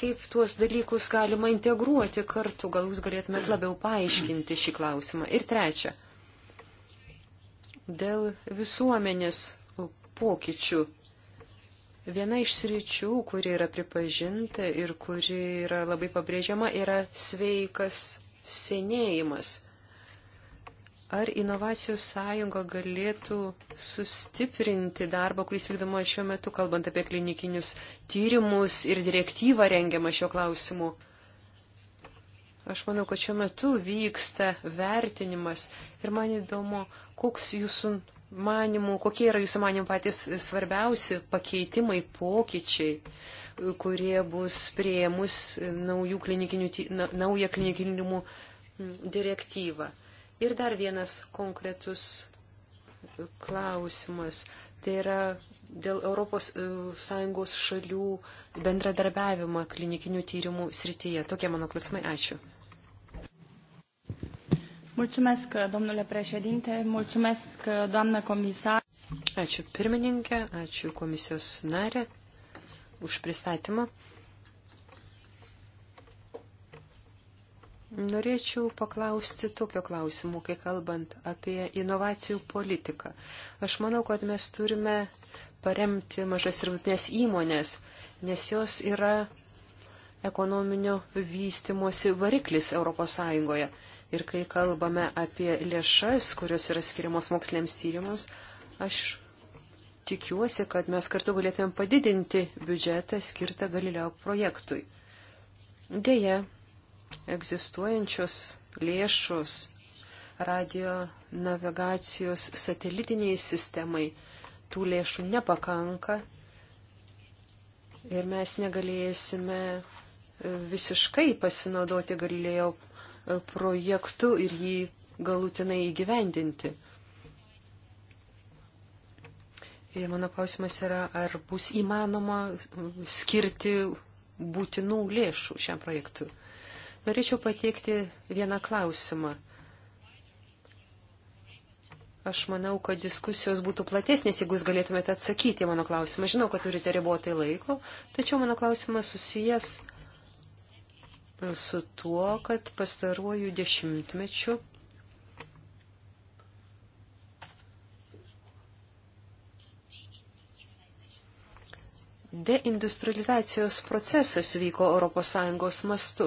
Kaip tuos dalykus galima integruoti kartu? Gal jūs galėtumėt labiau paaiškinti šį klausimą? Ir trečia, dėl visuomenės pokyčių Viena iš sričių, kuri yra pripažinta ir kuri yra labai pabrėžiama, yra sveikas senėjimas. Ar inovacijų sąjunga galėtų sustiprinti darbą, kuris vykdoma šiuo metu, kalbant apie klinikinius tyrimus ir direktyvą rengiamą šio klausimu? Aš manau, kad šiuo metu vyksta vertinimas ir man įdomu, koks jūsų manimų, kokie yra jūsų manimų patys svarbiausi pakeitimai, pokyčiai, kurie bus prieimus klinikinių, naują klinikinių direktyvą. Ir dar vienas konkretus klausimas. Tai yra dėl ES e, šalių bendradarbiavimą klinikinių tyrimų srityje. Tokie mano klausimai. Ačiū. Mulțumesc, domnule președinte, mulțumesc, doamnă comisar. Ačiū pirmininkė, ačiū komisijos narė už pristatymą. Norėčiau paklausti tokio klausimu, kai kalbant apie inovacijų politiką. Aš manau, kad mes turime paremti mažas ir vidutinės įmonės, nes jos yra ekonominio vystimosi variklis ES. Ir kai kalbame apie lėšas, kurios yra skiriamos moksliniams tyrimams, aš tikiuosi, kad mes kartu galėtumėm padidinti biudžetą skirtą Galileo projektui. Deja, egzistuojančios lėšos radio navigacijos satelitiniai sistemai tų lėšų nepakanka ir mes negalėsime visiškai pasinaudoti Galilėjo projektu ir jį galutinai įgyvendinti. Ir mano klausimas yra, ar bus įmanoma skirti būtinų lėšų šiam projektui. Norėčiau pateikti vieną klausimą. Aš manau, kad diskusijos būtų platesnės, jeigu jūs galėtumėte atsakyti į mano klausimą. Žinau, kad turite ribotai laiko, tačiau mano klausimas susijęs su tuo, kad pastaruoju dešimtmečiu Deindustrializacijos procesas vyko ES mastu.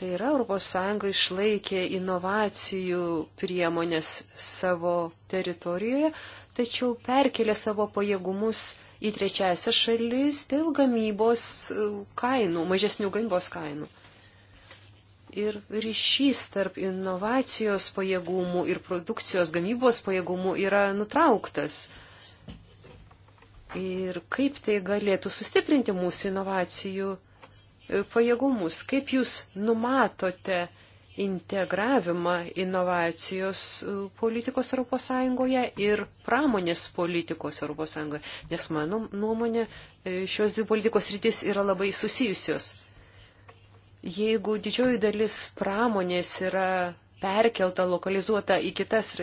Tai yra, ES išlaikė inovacijų priemonės savo teritorijoje, tačiau perkelė savo pajėgumus į trečiąsią šalis dėl gamybos e, kainų, mažesnių gamybos kainų. Ir ryšys tarp inovacijos pajėgumų ir produkcijos gamybos pajėgumų yra nutrauktas ir kaip tai galėtų sustiprinti mūsų inovacijų e, pajėgumus. Kaip jūs numatote integravimą inovacijos e, politikos ES ir pramonės politikos ES? Nes mano nuomonė, e, šios dvi politikos rytis yra labai susijusios. Jeigu didžioji dalis pramonės yra perkelta, lokalizuota į kitas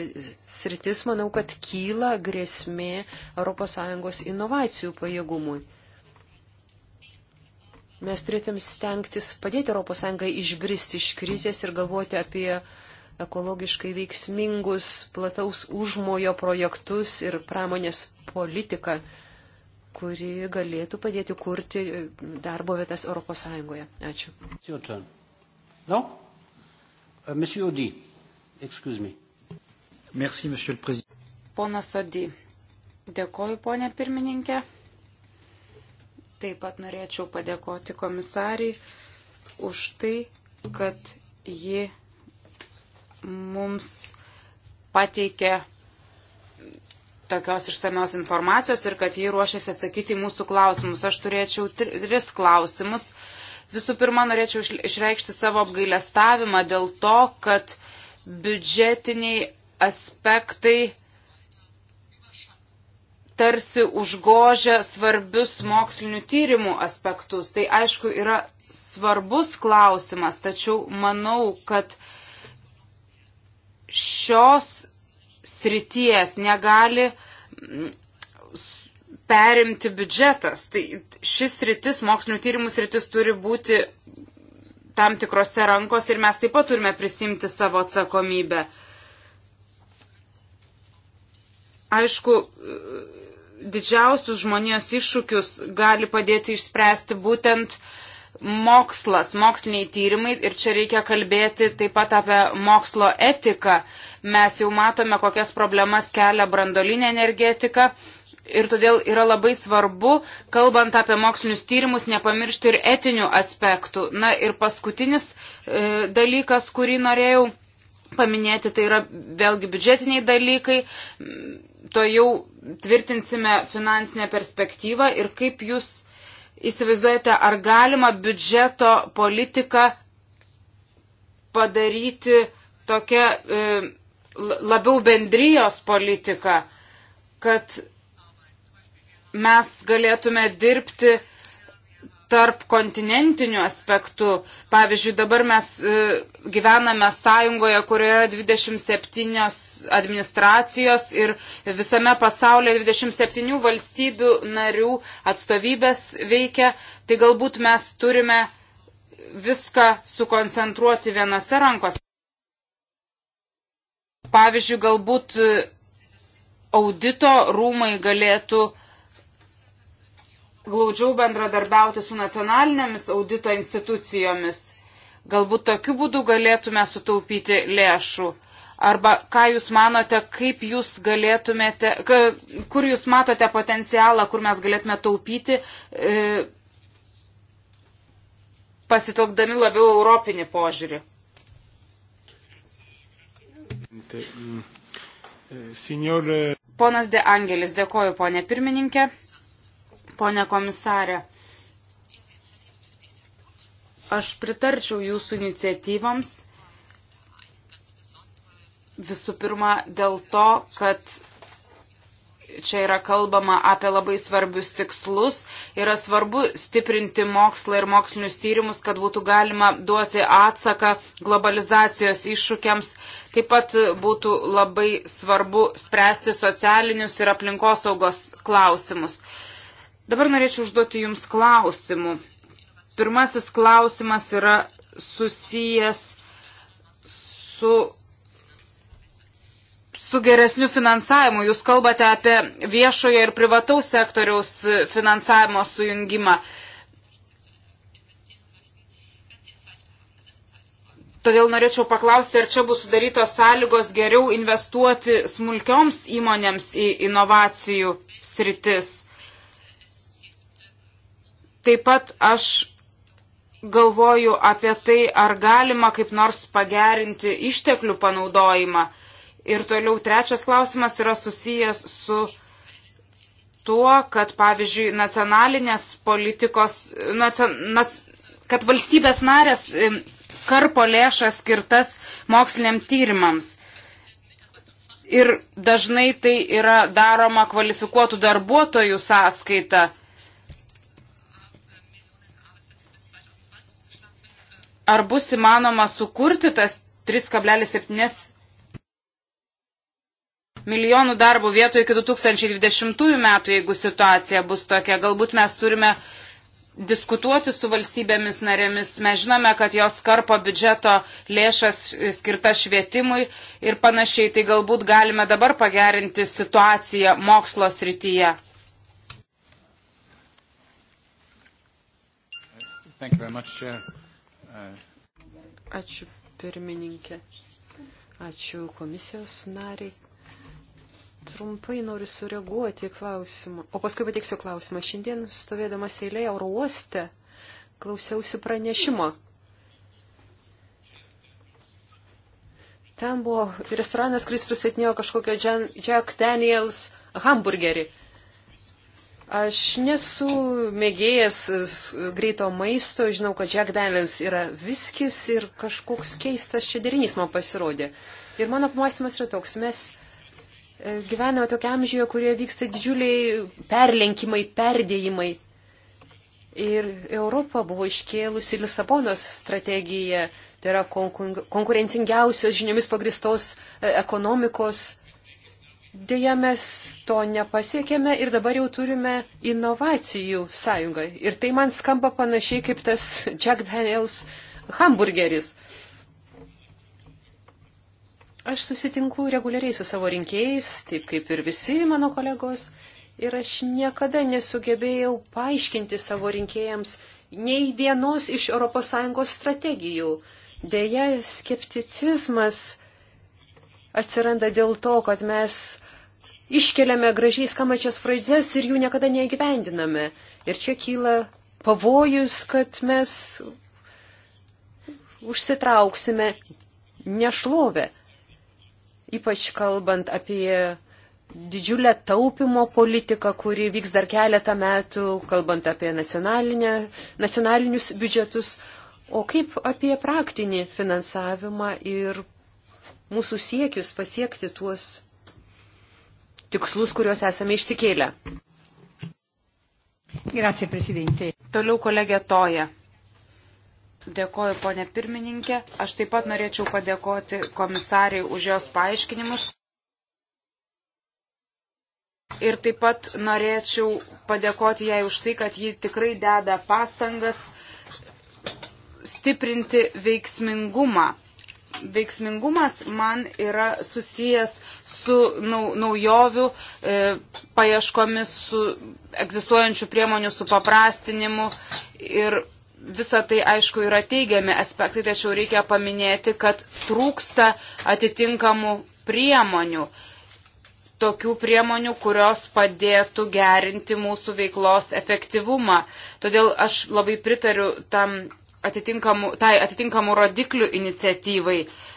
sritis, manau, kad kyla grėsmė ES inovacijų pajėgumui. Mes turėtum stengtis padėti ES išbristi iš krizės ir galvoti apie ekologiškai veiksmingus plataus užmojo projektus ir pramonės politiką, kuri galėtų padėti kurti darbo vietas ES. Ačiū. No? Euh, monsieur Audi, excuse me. Merci, monsieur le président. Ponas Audi, dėkoju, ponė pirmininkė. Taip pat norėčiau padėkoti komisariai už tai, kad ji mums pateikė tokios išsamios informacijos ir kad jį ruošiasi atsakyti į mūsų klausimus. Aš turėčiau tris klausimus. Uh, Visų pirma, norėčiau išreikšti savo apgailestavimą dėl to, kad biudžetiniai aspektai tarsi užgožia svarbius mokslinių tyrimų aspektus. Tai aišku yra svarbus klausimas, tačiau manau, kad šios srities negali perimti biudžetas. Tai šis rytis, mokslinių tyrimų rytis turi būti tam tikrose rankos ir mes taip pat turime prisimti savo atsakomybę. Aišku, didžiausius žmonijos iššūkius gali padėti išspręsti būtent mokslas, moksliniai tyrimai ir čia reikia kalbėti taip pat apie mokslo etiką. Mes jau matome, kokias problemas kelia brandolinė energetika ir todėl yra labai svarbu, kalbant apie mokslinius tyrimus, nepamiršti ir etinių aspektų. Na ir paskutinis e, dalykas, kurį norėjau paminėti, tai yra vėlgi biudžetiniai dalykai. To jau tvirtinsime finansinę perspektyvą ir kaip jūs įsivaizduojate, ar galima biudžeto politiką padaryti tokia e, labiau bendrijos politika, kad mes galėtume dirbti tarp kontinentinių aspektų. Pavyzdžiui, dabar mes e, gyvename sąjungoje, kurioje yra 27 administracijos ir visame pasaulyje 27 valstybių narių atstovybės veikia. Tai galbūt mes turime viską sukoncentruoti vienose rankose. Pavyzdžiui, galbūt audito rūmai galėtų glaudžiau bendradarbiauti su nacionalinėmis audito institucijomis. Galbūt tokiu būdu galėtume sutaupyti lėšų. Arba ką Jūs manote, kaip Jūs galėtumėte, kur Jūs matote potencialą, kur mes galėtume taupyti, e, pasitelkdami labiau europinį požiūrį. Mm, e, e, Ponas De Angelis, dėkoju, ponė pirmininkė ponė komisarė. Aš pritarčiau jūsų iniciatyvams visų pirma dėl to, kad čia yra kalbama apie labai svarbius tikslus. Yra svarbu stiprinti mokslą ir mokslinius tyrimus, kad būtų galima duoti atsaką globalizacijos iššūkiams. Taip pat būtų labai svarbu spręsti socialinius ir aplinkosaugos klausimus. Dabar norėčiau užduoti Jums klausimų. Pirmasis klausimas yra susijęs su, su geresniu finansavimu. Jūs kalbate apie viešojo ir privataus sektoriaus finansavimo sujungimą. Todėl norėčiau paklausti, ar čia bus sudarytos sąlygos geriau investuoti smulkioms įmonėms į inovacijų sritis. Taip pat aš galvoju apie tai, ar galima kaip nors pagerinti išteklių panaudojimą. Ir toliau trečias klausimas yra susijęs su tuo, kad, pavyzdžiui, nacionalinės politikos, nacion, nac, kad valstybės narės karpo lėšas skirtas moksliniam tyrimams. Ir dažnai tai yra daroma kvalifikuotų darbuotojų sąskaita. ar bus įmanoma sukurti tas 3,7 milijonų darbo vietų iki 2020 metų, jeigu situacija bus tokia. Galbūt mes turime diskutuoti su valstybėmis narėmis. Mes žinome, kad jos karpo biudžeto lėšas skirtas švietimui ir panašiai. Tai galbūt galime dabar pagerinti situaciją mokslo srityje. Thank you very much, Chair. Ačiū pirmininkė. Ačiū komisijos nariai. Trumpai noriu sureaguoti į klausimą, o paskui pateiksiu klausimą. Šiandien stovėdamas eilėje oro uoste klausiausi pranešimo. Ten buvo restoranas, kuris pristatinėjo kažkokio Jack Daniels hamburgerį. Aš nesu mėgėjas e, greito maisto, žinau, kad Jack Daniels yra viskis ir kažkoks keistas čia derinys man pasirodė. Ir mano apmąstymas yra toks, mes e, gyvename tokia amžiuje, kurioje vyksta didžiuliai perlenkimai, perdėjimai. Ir Europa buvo iškėlusi Lisabonos strategiją, tai yra konkurencingiausios žiniomis pagristos e, ekonomikos Deja, mes to nepasiekėme ir dabar jau turime inovacijų sąjungą. Ir tai man skamba panašiai kaip tas Jack Daniels hamburgeris. Aš susitinku reguliariai su savo rinkėjais, taip kaip ir visi mano kolegos, ir aš niekada nesugebėjau paaiškinti savo rinkėjams nei vienos iš ES strategijų. Deja, skepticizmas atsiranda dėl to, kad mes iškeliame gražiai skamačias frazes ir jų niekada neįgyvendiname. Ir čia kyla pavojus, kad mes užsitrauksime nešlovę. Ypač kalbant apie didžiulę taupimo politiką, kuri vyks dar keletą metų, kalbant apie nacionalinius biudžetus, o kaip apie praktinį finansavimą ir mūsų siekius pasiekti tuos tikslus, kuriuos esame išsikėlę. Grazie, prezidentė. Toliau kolegė Toja. Dėkoju, ponė pirmininkė. Aš taip pat norėčiau padėkoti komisariai už jos paaiškinimus. Ir taip pat norėčiau padėkoti jai už tai, kad ji tikrai deda pastangas stiprinti veiksmingumą. Veiksmingumas man yra susijęs su nau, naujovių e, paieškomis, su egzistuojančių priemonių supaprastinimu ir visa tai aišku yra teigiami aspektai, tačiau reikia paminėti, kad trūksta atitinkamų priemonių. Tokių priemonių, kurios padėtų gerinti mūsų veiklos efektyvumą. Todėl aš labai pritariu tam atitinkamų, tai atitinkamų rodiklių iniciatyvai. E,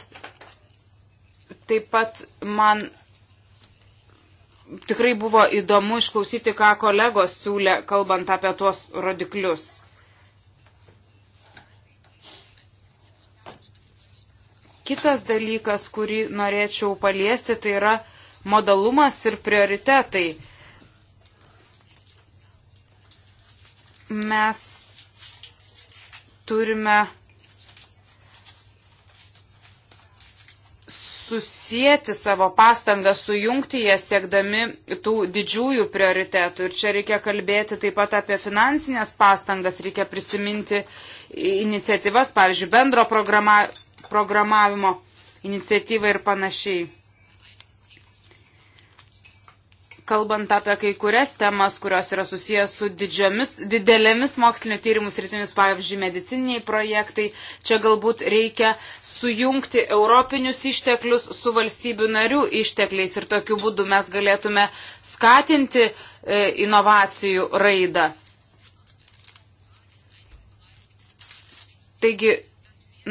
Taip pat man tikrai buvo įdomu išklausyti, ką kolegos siūlė, kalbant apie tuos rodiklius. Kitas dalykas, kurį norėčiau paliesti, tai yra modalumas ir prioritetai. Mes turime susijęti savo pastangą, sujungti jas siekdami tų didžiųjų prioritetų. Ir čia reikia kalbėti taip pat apie finansinės pastangas, reikia prisiminti iniciatyvas, pavyzdžiui, bendro programa, programavimo iniciatyvą ir panašiai kalbant apie kai kurias temas, kurios yra susijęs su didžiomis, didelėmis mokslinio tyrimų sritimis, pavyzdžiui, medicininiai projektai, čia galbūt reikia sujungti europinius išteklius su valstybių narių ištekliais ir tokiu būdu mes galėtume skatinti e, inovacijų raidą. Taigi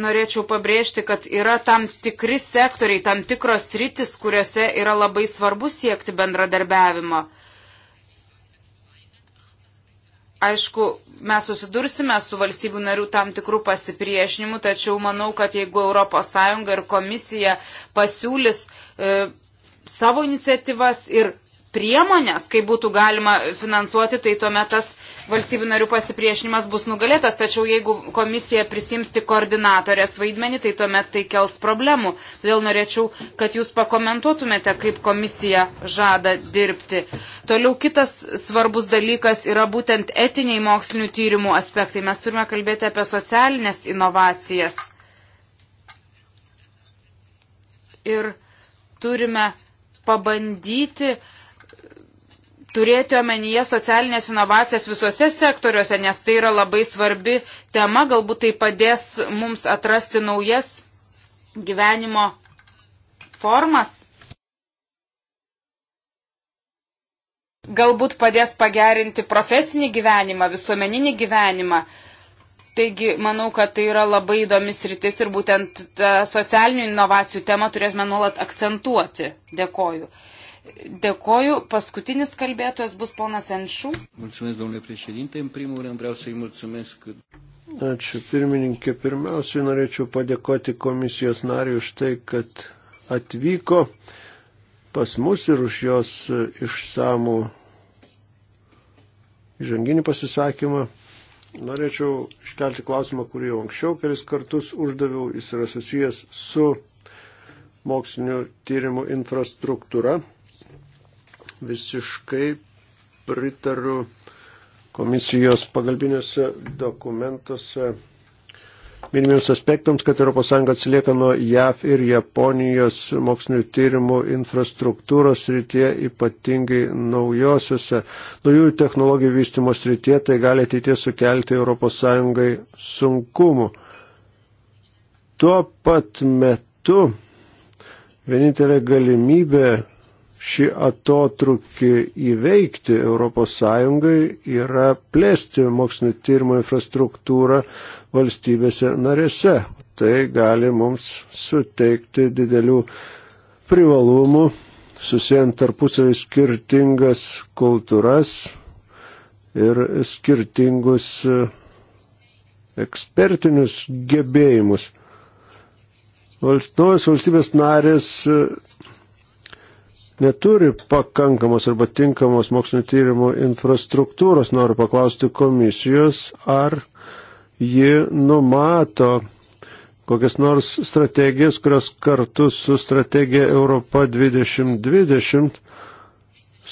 norėčiau pabrėžti, kad yra tam tikri sektoriai, tam tikros rytis, kuriuose yra labai svarbu siekti bendradarbiavimo. Aišku, mes susidursime su valstybių narių tam tikrų pasipriešinimų, tačiau manau, kad jeigu ES ir komisija pasiūlys e, savo iniciatyvas ir priemonės, kaip būtų galima finansuoti, tai tuomet tas valstybių narių pasipriešinimas bus nugalėtas, tačiau jeigu komisija prisims tik koordinatorės vaidmenį, tai tuomet tai kels problemų. Todėl norėčiau, kad jūs pakomentuotumėte, kaip komisija žada dirbti. Toliau kitas svarbus dalykas yra būtent etiniai mokslinių tyrimų aspektai. Mes turime kalbėti apie socialinės inovacijas. Ir turime pabandyti uh, turėti omenyje socialinės inovacijas visuose sektoriuose, nes tai yra labai svarbi tema, galbūt tai padės mums atrasti naujas gyvenimo formas. Galbūt padės pagerinti profesinį gyvenimą, visuomeninį gyvenimą. Taigi, manau, kad tai yra labai įdomis rytis ir būtent socialinių inovacijų temą turėtume nuolat akcentuoti. Dėkoju. Dėkoju. Paskutinis kalbėtojas bus ponas Enšų. Mulțumesc, domnule președinte. În primul rând vreau să-i mulțumesc. Ačiū, pirmininkė. Pirmiausiai norėčiau padėkoti komisijos nariui už tai, kad atvyko pas mus ir už jos išsamų įžanginį pasisakymą. Norėčiau iškelti klausimą, kurį jau anksčiau kelis kartus uždaviau. Jis yra susijęs su mokslinio tyrimų infrastruktūra visiškai pritariu komisijos pagalbinėse dokumentuose minimiems aspektams, kad ES atsilieka nuo JAV ir Japonijos mokslinių tyrimų infrastruktūros srityje, ypatingai naujosiuose, naujųjų technologijų vystimo srityje, tai gali ateitie sukelti ES sunkumų. Tuo pat metu vienintelė galimybė šį atotrukį įveikti ES yra plėsti mokslinio tyrimo infrastruktūrą valstybėse narėse. Tai gali mums suteikti didelių privalumų, susijant tarpusavį skirtingas kultūras ir skirtingus eh, ekspertinius gebėjimus. Naujas valstybės narės eh, neturi pakankamos arba tinkamos mokslinio tyrimų infrastruktūros. Noriu paklausti komisijos, ar ji numato kokias nors strategijas, kurios kartu su strategija Europa 2020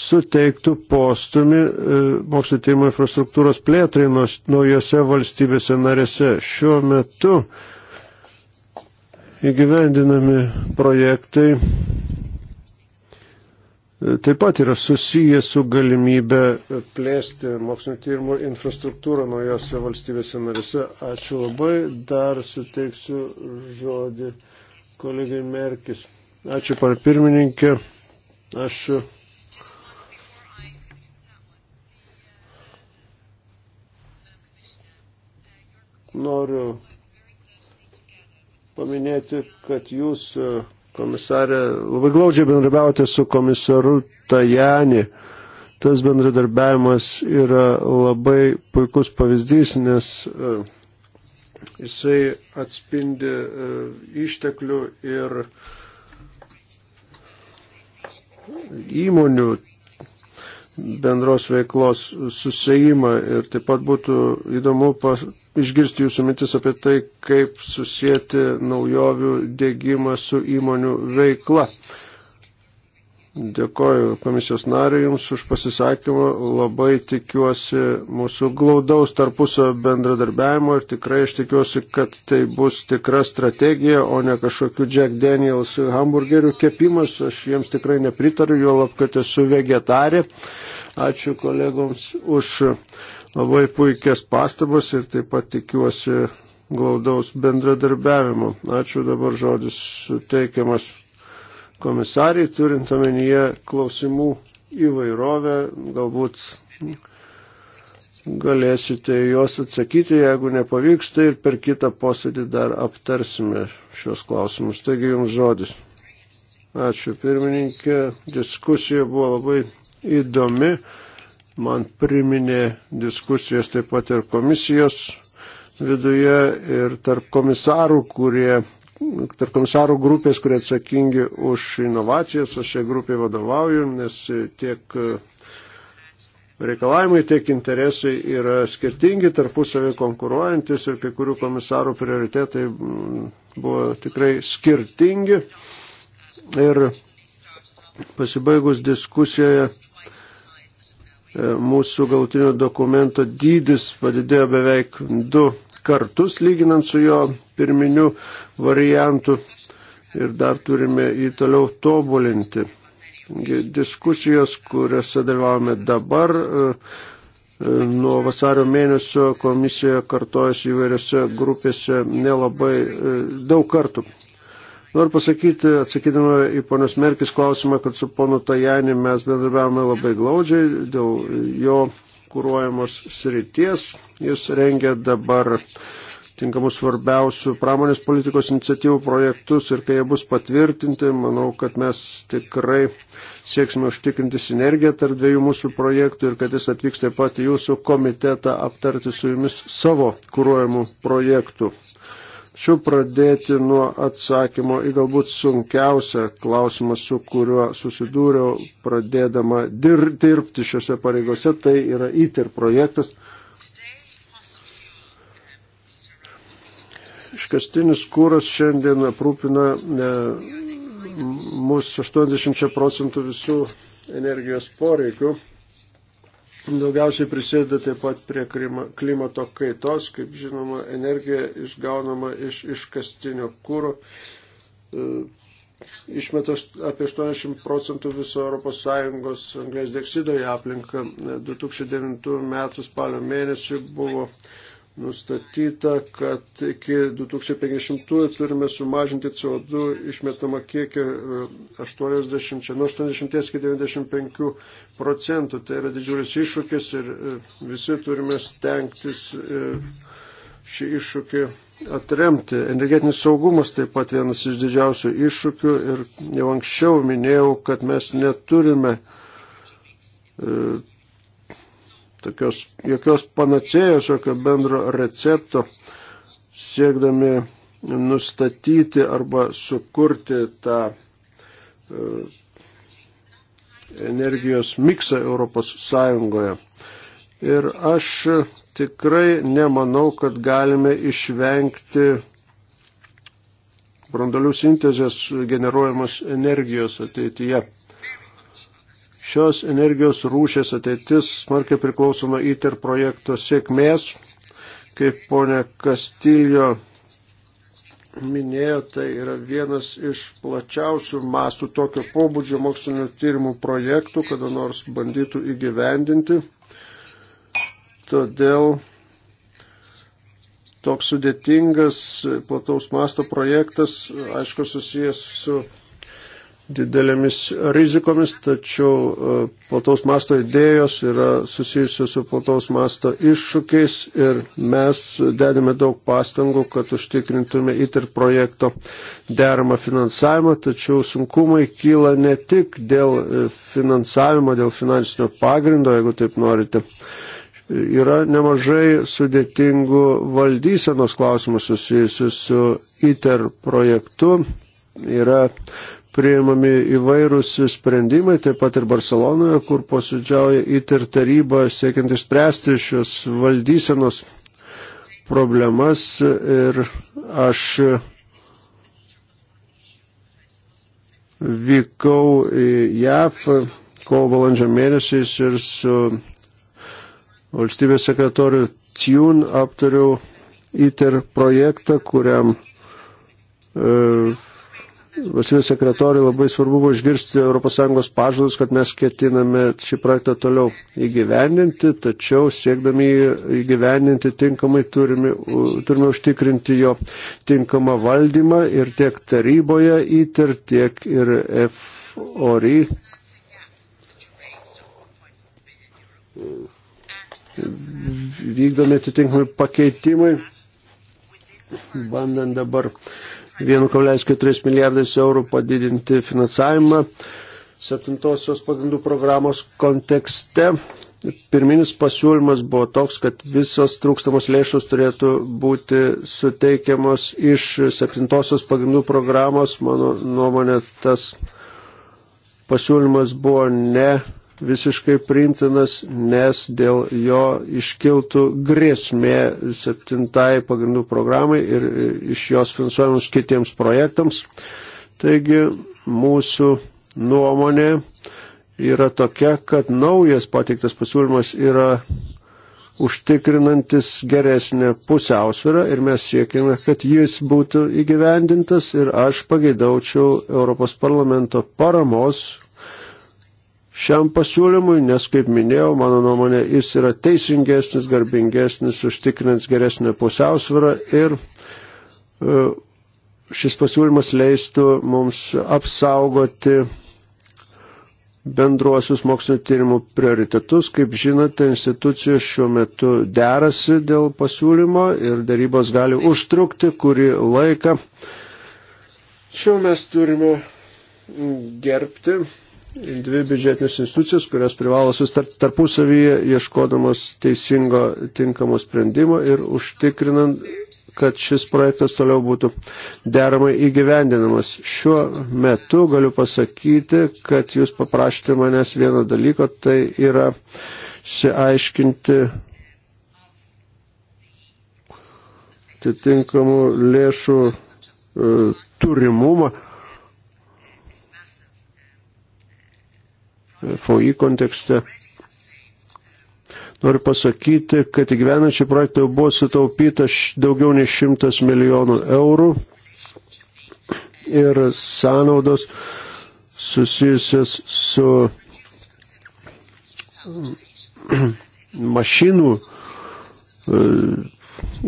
suteiktų postumį e, mokslinio tyrimo infrastruktūros plėtrai naujose valstybėse narėse. Šiuo metu įgyvendinami projektai taip pat yra susijęs su galimybė plėsti mokslinio tyrimo infrastruktūrą naujose valstybėse narise. Ačiū labai. Dar suteiksiu žodį kolegai Merkis. Ačiū, par pirmininkė. Aš. Noriu paminėti, kad jūs komisarė, labai glaudžiai bendrabiavote su komisaru Tajani. Tas bendradarbiavimas yra labai puikus pavyzdys, nes e, jisai atspindi e, išteklių ir įmonių bendros veiklos susijimą ir taip pat būtų įdomu išgirsti jūsų mintis apie tai, kaip susijęti naujovių dėgymą su įmonių veikla. Dėkoju komisijos nariai Jums už pasisakymą, labai tikiuosi mūsų glaudaus tarpusio bendradarbiavimo ir tikrai aš tikiuosi, kad tai bus tikra strategija, o ne kažkokių Jack Daniels hamburgerių kepimas. Aš jiems tikrai nepritariu, juolab, kad esu vegetarė. Ačiū kolegoms už labai puikias pastabas ir taip pat tikiuosi glaudaus bendradarbiavimo. Ačiū dabar žodis suteikiamas komisariai, turint omenyje klausimų įvairovę, galbūt galėsite juos atsakyti, jeigu nepavyks, tai ir per kitą posėdį dar aptarsime šios klausimus. Taigi jums žodis. Ačiū pirmininkė, diskusija buvo labai įdomi man priminė diskusijas taip pat ir komisijos viduje ir tarp komisarų, kurie, tarp komisarų grupės, kurie atsakingi už inovacijas, aš šią grupę vadovauju, nes tiek e, reikalavimai, tiek interesai yra skirtingi, tarpusavį konkuruojantis ir kai kurių komisarų prioritetai mm, buvo tikrai skirtingi. Ir pasibaigus diskusijoje E, mūsų galutinio dokumento dydis padidėjo beveik du kartus lyginant su jo pirminiu variantu ir dar turime jį toliau tobulinti. Diskusijos, kuriuose dalyvavome dabar, e, e, nuo vasario mėnesio komisijoje kartojasi įvairiose grupėse nelabai daug kartų. Noriu pasakyti, atsakydama į ponios Merkis klausimą, kad su ponu Tajani mes bendradarbiavome labai glaudžiai dėl jo kūruojamos srities. Jis rengia dabar tinkamus svarbiausių pramonės politikos iniciatyvų projektus ir kai jie bus patvirtinti, manau, kad mes tikrai sieksime užtikrinti sinergiją tarp dviejų mūsų projektų ir kad jis atvyks taip pat į jūsų komitetą aptarti su jumis savo kūruojamų projektų. Čia pradėti nuo atsakymo į galbūt sunkiausią klausimą, su kuriuo susidūriau pradėdama dir dirbti šiuose pareigose, tai yra ITER projektas. Iškastinis kūras šiandien aprūpina ne, mūsų 80 procentų visų energijos poreikių. Daugiausiai prisėda taip pat prie klimato kaitos, kaip žinoma, energija išgaunama iš iškastinio kūro. E, išmeta apie 80 procentų viso ES anglės dioksido į aplinką. 2009 e, m. spalio mėnesį buvo nustatyta, kad iki 2050 turime sumažinti CO2 išmetamą kiekį 80, nuo 80 iki 95 procentų. Tai yra didžiulis iššūkis ir e, visi turime stengtis e, šį iššūkį atremti. Energetinis saugumas taip pat vienas iš didžiausių iššūkių ir jau anksčiau minėjau, kad mes neturime e, tokios, jokios panacėjos, jokio bendro recepto, siekdami nustatyti arba sukurti tą e, energijos miksą Europos Sąjungoje. Ir aš tikrai nemanau, kad galime išvengti brandolių sintezės generuojamos energijos ateityje. Šios energijos rūšės ateitis smarkiai priklauso nuo ITER projekto sėkmės. Kaip ponė Kastiljo minėjo, tai yra vienas iš plačiausių mastų tokio pobūdžio mokslinio tyrimų projektų, kada nors bandytų įgyvendinti. Todėl toks sudėtingas plataus masto projektas, aišku, susijęs su didelėmis rizikomis, tačiau e, plataus masto idėjos yra susijusios su plataus masto iššūkiais ir mes dedame daug pastangų, kad užtikrintume ITER projekto deramą finansavimą, tačiau sunkumai kyla ne tik dėl e, finansavimo, dėl finansinio pagrindo, jeigu taip norite. Yra nemažai sudėtingų valdysenos klausimų susijusių su ITER projektu. Yra prieimami įvairūs sprendimai, taip pat ir Barcelonoje, kur posėdžiauja įtir taryba, siekiant išspręsti šios valdysenos problemas. Ir aš vykau į JAF kovo balandžio mėnesiais ir su valstybės sekretoriu Tune aptariau ITER projektą, kuriam e, Valstybės sekretoriui labai svarbu buvo išgirsti ES pažadus, kad mes ketiname šį projektą toliau įgyvendinti, tačiau siekdami įgyvendinti tinkamai turime, turime užtikrinti jo tinkamą valdymą ir tiek taryboje įter, tiek ir FORI. Vykdomi atitinkami pakeitimai, bandant dabar uh, 1,4 milijardais eurų padidinti finansavimą septintosios pagrindų programos kontekste. Pirminis pasiūlymas buvo toks, kad visos trūkstamos lėšos turėtų būti suteikiamos iš septintosios pagrindų programos. Mano nuomonė, tas pasiūlymas buvo ne visiškai priimtinas, nes dėl jo iškiltų grėsmė septintai pagrindų programai ir iš jos finansuojamos kitiems projektams. Taigi mūsų nuomonė yra tokia, kad naujas pateiktas pasiūlymas yra užtikrinantis geresnę pusiausvyrą ir mes siekime, kad jis būtų įgyvendintas ir aš pageidaučiau Europos parlamento paramos šiam pasiūlymui, nes, kaip minėjau, mano nuomonė, jis yra teisingesnis, garbingesnis, užtikrins geresnę pusiausvyrą ir e, šis pasiūlymas leistų mums apsaugoti bendruosius mokslinio tyrimų prioritetus. Kaip žinote, institucijos šiuo metu derasi dėl pasiūlymo ir darybos gali užtrukti kurį laiką. Šiuo mes turime gerbti dvi biudžetinės institucijos, kurios privalo sustarti tarpusavyje, ieškodamos teisingo tinkamo sprendimo ir užtikrinant, kad šis projektas toliau būtų deramai įgyvendinamas. Šiuo metu galiu pasakyti, kad jūs paprašėte manęs vieno dalyko, tai yra siaiškinti atitinkamų lėšų e, turimumą. FOI kontekste. Noriu pasakyti, kad įgyvenančių projektų buvo sutaupyta daugiau nei 100 milijonų eurų ir sąnaudos susijusios su mašinų e,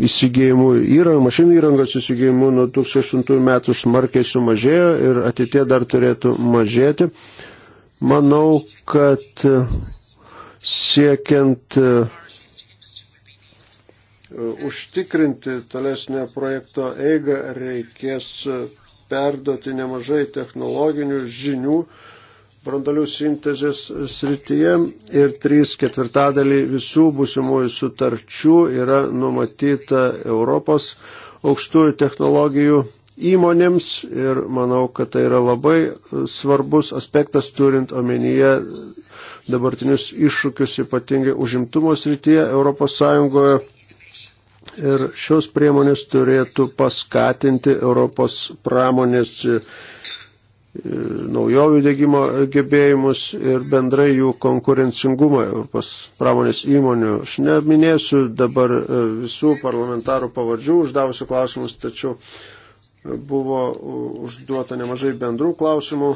įsigijimų įrangą, mašinų įrangos įsigijimų nuo 2008 metų smarkiai sumažėjo ir ateitie dar turėtų mažėti. Manau, kad e, siekiant e, užtikrinti tolesnę projekto eigą reikės e, perduoti nemažai technologinių žinių brandalių sintezės srityje ir 3 ketvirtadalį visų būsimųjų sutarčių yra numatyta Europos aukštųjų technologijų įmonėms ir manau, kad tai yra labai svarbus aspektas turint omenyje dabartinius iššūkius, ypatingai užimtumo srityje ES. Ir šios priemonės turėtų paskatinti Europos pramonės e, naujovių dėgymo gebėjimus ir bendrai jų konkurencingumą Europos pramonės įmonių. Aš neminėsiu dabar e, visų parlamentarų pavardžių uždavusių klausimus, tačiau uh, buvo užduota nemažai bendrų klausimų.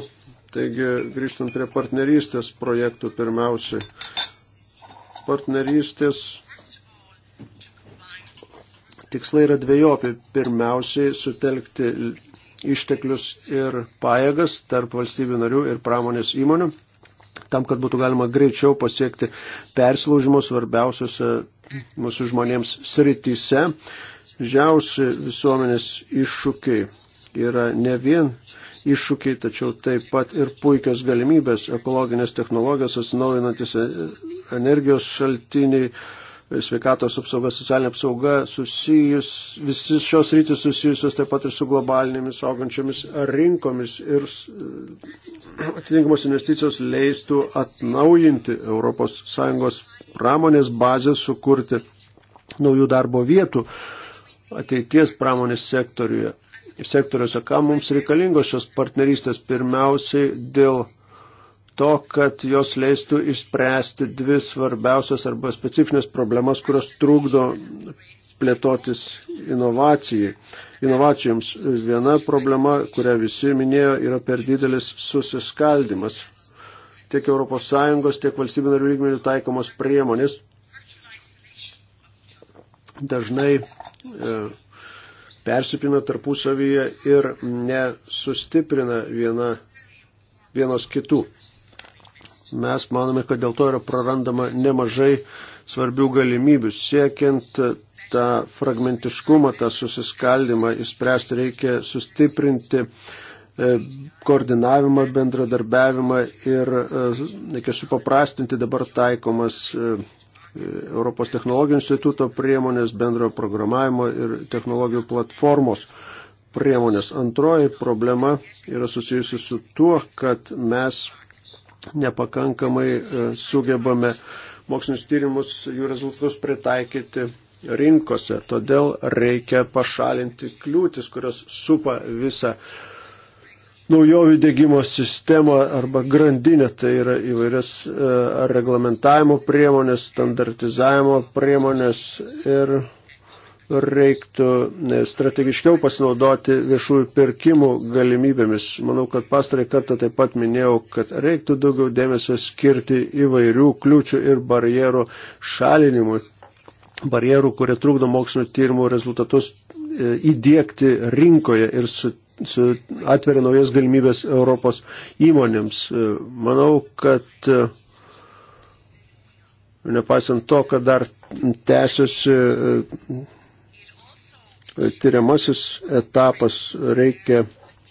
Taigi, grįžtant prie partnerystės projektų pirmiausiai. Partnerystės tikslai yra dviejopi. Pirmiausiai sutelkti išteklius ir pajėgas tarp valstybių narių ir pramonės įmonių, tam, kad būtų galima greičiau pasiekti persilaužimo svarbiausiose mūsų žmonėms srityse didžiausi visuomenės iššūkiai yra ne vien iššūkiai, tačiau taip pat ir puikios galimybės ekologinės technologijos, atsinaujinantis e, energijos šaltiniai, sveikatos apsauga, socialinė apsauga, susijus, visi šios rytis susijusios taip pat ir su globalinėmis augančiomis rinkomis ir e, atitinkamos investicijos leistų atnaujinti ES pramonės bazę, sukurti naujų darbo vietų ateities pramonės sektoriuje. sektoriuose. Ką mums reikalingos šios partnerystės? Pirmiausiai dėl to, kad jos leistų išspręsti dvi svarbiausias arba specifinės problemas, kurios trukdo plėtotis inovacijai. Inovacijoms viena problema, kurią visi minėjo, yra per didelis susiskaldimas. Tiek ES, tiek valstybių narių lygmenių taikomos priemonės dažnai E, persipina tarpusavyje ir nesustiprina viena, vienos kitų. Mes manome, kad dėl to yra prarandama nemažai svarbių galimybių. Siekiant tą fragmentiškumą, tą susiskaldimą įspręsti reikia sustiprinti e, koordinavimą, bendradarbiavimą ir e, reikia supaprastinti dabar taikomas Europos technologijų instituto priemonės, bendrojo programavimo ir technologijų platformos priemonės. Antroji problema yra susijusi su tuo, kad mes nepakankamai e, sugebame mokslinius tyrimus, jų rezultatus pritaikyti rinkose. Todėl reikia pašalinti kliūtis, kurios supa visą naujovių dėgymo sistemą arba grandinę, tai yra įvairias e, ar reglamentavimo priemonės, standartizavimo priemonės ir reiktų e, strategiškiau pasinaudoti viešųjų pirkimų galimybėmis. Manau, kad pastarai kartą taip pat minėjau, kad reiktų daugiau dėmesio skirti įvairių kliūčių ir barjerų šalinimui. Barjerų, kurie trukdo mokslinio tyrimų rezultatus e, įdėkti rinkoje ir sutikti atveria naujas galimybės Europos įmonėms. E, manau, kad e, nepaisant to, kad dar tęsiasi e, tyriamasis etapas, reikia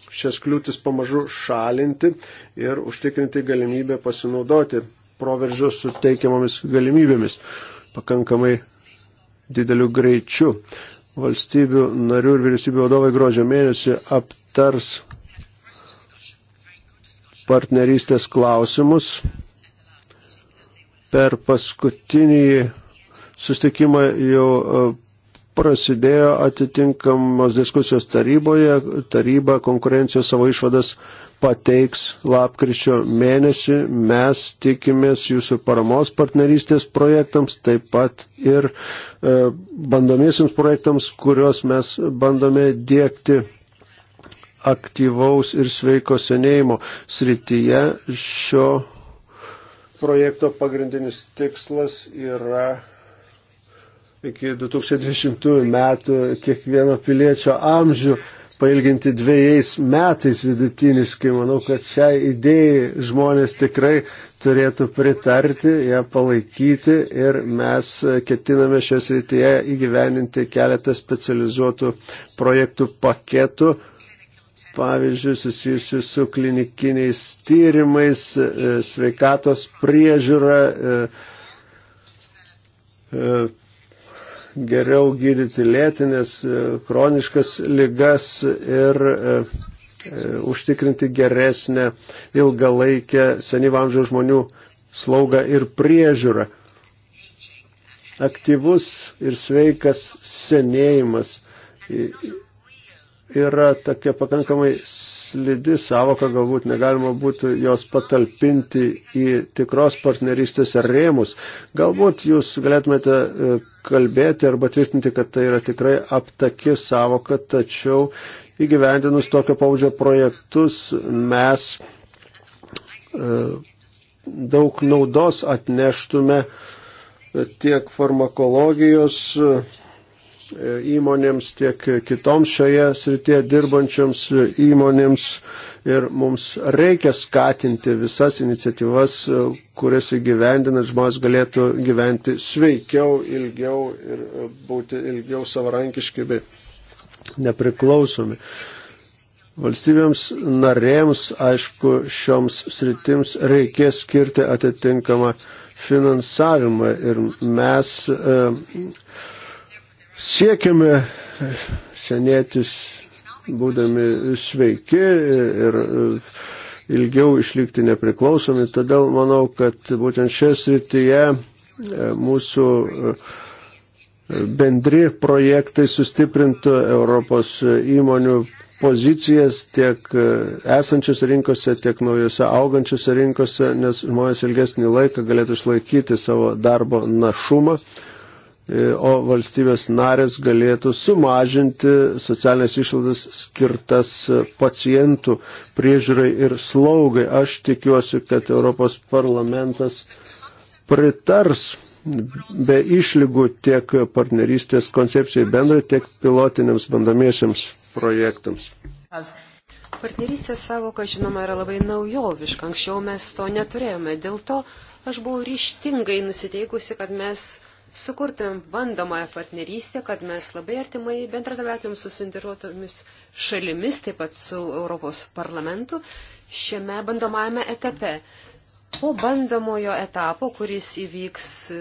šias kliūtis pamažu šalinti ir užtikrinti galimybę pasinaudoti proveržio suteikiamomis galimybėmis pakankamai dideliu greičiu valstybių narių ir vyriausybių vadovai gruodžio mėnesį aptars partnerystės klausimus. Per paskutinį sustikimą jau prasidėjo atitinkamos diskusijos taryboje. Taryba konkurencijos savo išvadas pateiks lapkričio mėnesį. Mes tikimės jūsų paramos partnerystės projektams, taip pat ir e, bandomiesiams projektams, kuriuos mes bandome dėkti aktyvaus ir sveiko senėjimo srityje. Šio projekto pagrindinis tikslas yra iki 2020 metų kiekvieno piliečio amžių pailginti dviejais metais vidutiniškai. Manau, kad šiai idėjai žmonės tikrai turėtų pritarti, ją palaikyti ir mes ketiname šios rytyje įgyveninti keletą specializuotų projektų paketų, pavyzdžiui, susijusių su klinikiniais tyrimais, e, sveikatos priežiūra, e, e, geriau gydyti lėtinės, kroniškas e, ligas ir e, e, užtikrinti geresnę ilgalaikę senyvamžiaus žmonių slaugą ir priežiūrą. Aktyvus ir sveikas senėjimas yra tokia pakankamai slidi savoka, galbūt negalima būtų jos patalpinti į tikros partnerystės rėmus. Galbūt jūs galėtumėte e, kalbėti arba tvirtinti, kad tai yra tikrai aptaki savoka, tačiau įgyvendinus tokio paudžio projektus mes e, daug naudos atneštume tiek farmakologijos įmonėms, tiek kitoms šioje srityje dirbančioms įmonėms ir mums reikia skatinti visas iniciatyvas, kurias įgyvendinant žmonės galėtų gyventi sveikiau, ilgiau ir būti ilgiau savarankiški bei nepriklausomi. Valstybėms narėms, aišku, šioms sritims reikės skirti atitinkamą finansavimą ir mes e, Siekiame senėtis būdami sveiki ir ilgiau išlikti nepriklausomi. Todėl manau, kad būtent šioje srityje e, mūsų e, bendri projektai sustiprintų Europos įmonių pozicijas tiek e, esančiose rinkose, tiek naujose augančiose rinkose, nes žmonės ilgesnį laiką galėtų išlaikyti savo darbo našumą E, o valstybės narės galėtų sumažinti socialinės išlaidas skirtas pacientų priežiūrai ir slaugai. Aš tikiuosi, kad Europos parlamentas pritars be išlygų tiek partnerystės koncepcijai bendrai, tiek pilotiniams bandomiesiams projektams. Partnerystės savoka, žinoma, yra labai naujoviška. Anksčiau mes to neturėjome. Dėl to aš buvau ryštingai nusiteikusi, kad mes sukurti bandomąją partnerystę, kad mes labai artimai bendradarbiautum su suinteresuotomis šalimis, taip pat su Europos parlamentu šiame bandomajame etape. Po bandomojo etapo, kuris įvyks e,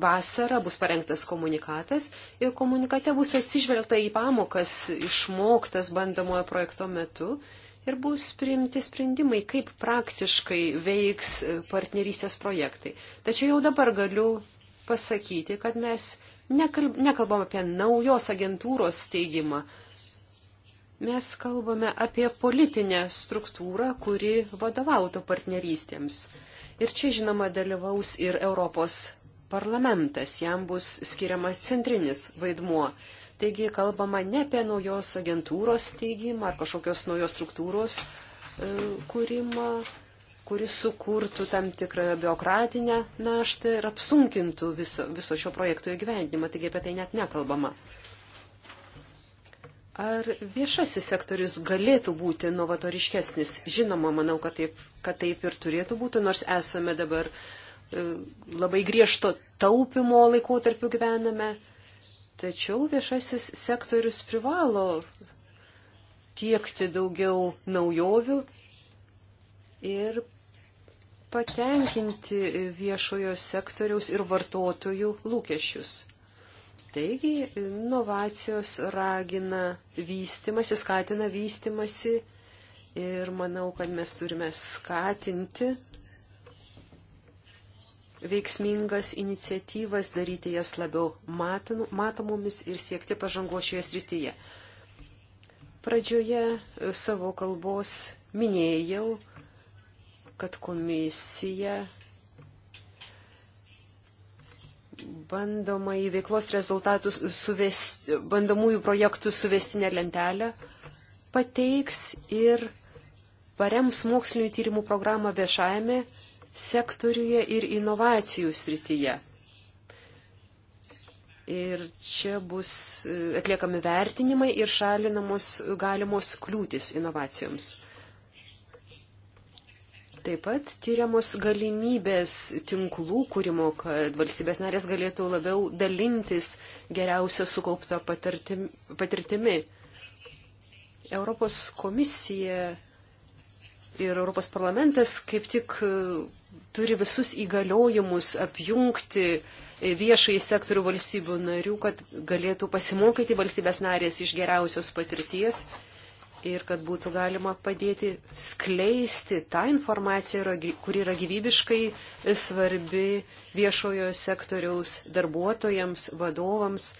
vasarą, bus parengtas komunikatas ir komunikate bus atsižvelgta į pamokas išmoktas bandomojo projekto metu ir bus priimti sprendimai, kaip praktiškai veiks e, partnerystės projektai. Tačiau jau dabar galiu pasakyti, kad mes nekalb, nekalbam apie naujos agentūros steigimą. Mes kalbame apie politinę struktūrą, kuri vadovautų partnerystėms. Ir čia, žinoma, dalyvaus ir Europos parlamentas, jam bus skiriamas centrinis vaidmuo. Taigi kalbama ne apie naujos agentūros steigimą ar kažkokios naujos struktūros e, kūrimą, kuris sukurtų tam tikrą biokratinę naštą ir apsunkintų viso, viso šio projekto įgyvendimą. Taigi apie tai net nekalbama. Ar viešasis sektorius galėtų būti novatoriškesnis? Žinoma, manau, kad taip, kad taip ir turėtų būti, nors esame dabar e, labai griežto taupimo laikotarpiu gyvename. Tačiau viešasis sektorius privalo tiekti daugiau naujovių ir patenkinti viešojo sektoriaus ir vartotojų lūkesčius. Taigi, inovacijos ragina vystimasi, skatina vystimasi ir manau, kad mes turime skatinti veiksmingas iniciatyvas, daryti jas labiau matomomis ir siekti pažangos šioje srityje. Pradžioje e, savo kalbos minėjau, kad komisija bandoma į veiklos rezultatus suvesti, bandomųjų projektų suvestinę lentelę pateiks ir parems mokslinio tyrimų programą viešajame sektoriuje ir inovacijų srityje. Ir čia bus e, atliekami vertinimai ir šalinamos galimos kliūtis inovacijoms. Taip pat tyriamos galimybės tinklų kūrimo, kad valstybės narės galėtų labiau dalintis geriausia sukaupta patirtimi. Europos komisija ir Europos parlamentas kaip tik turi visus įgaliojimus apjungti viešai sektorių valstybių narių, kad galėtų pasimokyti valstybės narės iš geriausios patirties ir kad būtų galima padėti skleisti tą informaciją, kuri yra gyvybiškai svarbi viešojo sektoriaus darbuotojams, vadovams.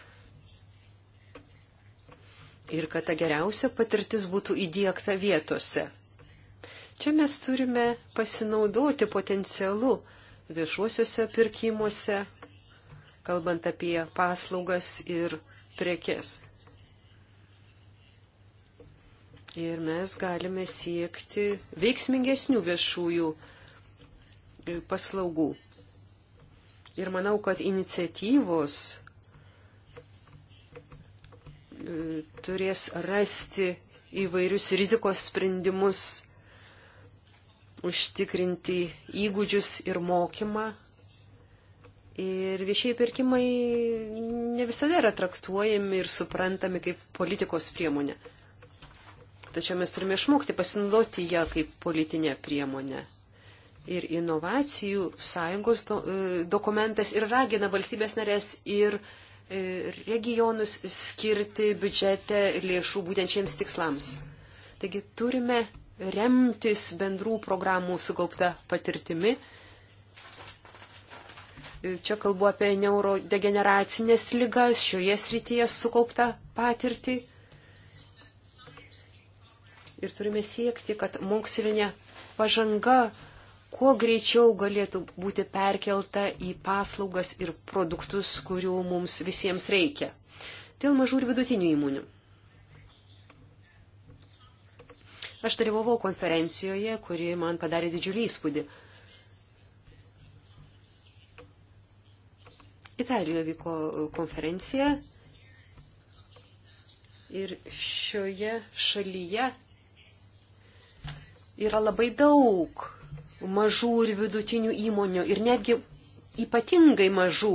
Ir kad ta geriausia patirtis būtų įdėkta vietose. Čia mes turime pasinaudoti potencialu viešuosiuose pirkimuose, kalbant apie paslaugas ir prekes. Ir mes galime siekti veiksmingesnių viešųjų e, paslaugų. Ir manau, kad iniciatyvos e, turės rasti įvairius rizikos sprendimus užtikrinti įgūdžius ir mokymą. Ir viešieji pirkimai ne visada yra traktuojami ir suprantami kaip politikos priemonė. Tačiau mes turime išmokti pasinaudoti ją kaip politinę priemonę. Ir inovacijų sąjungos do, e, dokumentas ir ragina valstybės narės ir e, regionus skirti biudžete lėšų būtent šiems tikslams. Taigi turime remtis bendrų programų sugaupta patirtimi. Čia kalbu apie neurodegeneracinės lygas, šioje srityje sukaupta patirtį. Ir turime siekti, kad mokslinė pažanga kuo greičiau galėtų būti perkelta į paslaugas ir produktus, kurių mums visiems reikia. Dėl mažų ir vidutinių įmonių. Aš dalyvavau konferencijoje, kuri man padarė didžiulį įspūdį. Italijoje vyko konferencija ir šioje šalyje yra labai daug mažų ir vidutinių įmonių ir netgi ypatingai mažų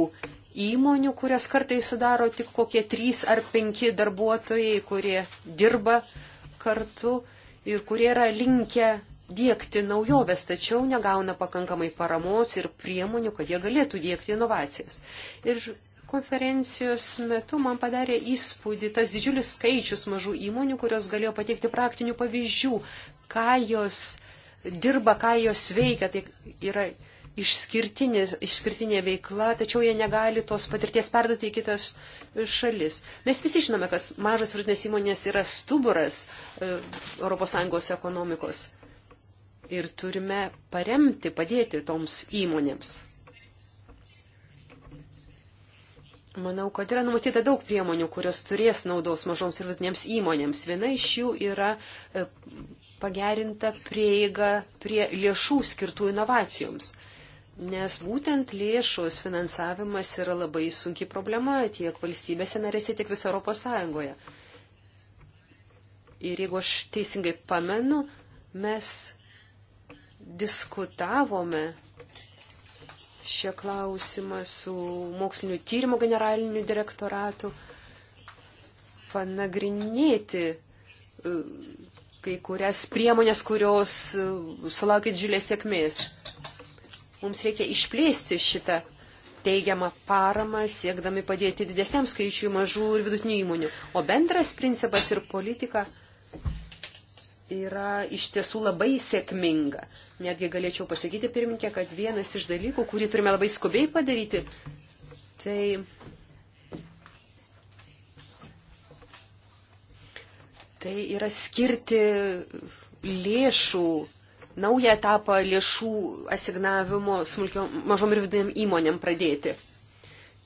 įmonių, kurias kartai sudaro tik kokie trys ar penki darbuotojai, kurie dirba kartu ir kurie yra linkę dėkti naujoves, tačiau negauna pakankamai paramos ir priemonių, kad jie galėtų dėkti inovacijas. Ir konferencijos metu man padarė įspūdį tas didžiulis skaičius mažų įmonių, kurios galėjo pateikti praktinių pavyzdžių, ką jos dirba, ką jos veikia. Tai yra išskirtinė, išskirtinė veikla, tačiau jie negali tos patirties perduoti į kitas šalis. Mes visi žinome, kad mažas vidutinės įmonės yra stuburas ES ekonomikos ir turime paremti, padėti toms įmonėms. Manau, kad yra numatyta daug priemonių, kurios turės naudos mažoms ir vidutinėms įmonėms. Viena iš jų yra e, pagerinta prieiga prie lėšų skirtų inovacijoms. Nes būtent lėšos finansavimas yra labai sunki problema tiek valstybėse narėse, tiek viso Europos Sąjungoje. Ir jeigu aš teisingai pamenu, mes diskutavome šią klausimą su mokslinio tyrimo generaliniu direktoratu panagrinėti e, kai kurias priemonės, kurios e, sulaukė didžiulės sėkmės. Mums reikia išplėsti šitą teigiamą paramą, siekdami padėti didesniam skaičiui mažų ir vidutinių įmonių. O bendras principas ir politika yra iš tiesų labai sėkminga. Netgi galėčiau pasakyti, pirmininkė, kad vienas iš dalykų, kurį turime labai skubiai padaryti, tai. Tai yra skirti lėšų naują etapą lėšų asignavimo smulkiom, mažom ir vidiniam įmonėm pradėti.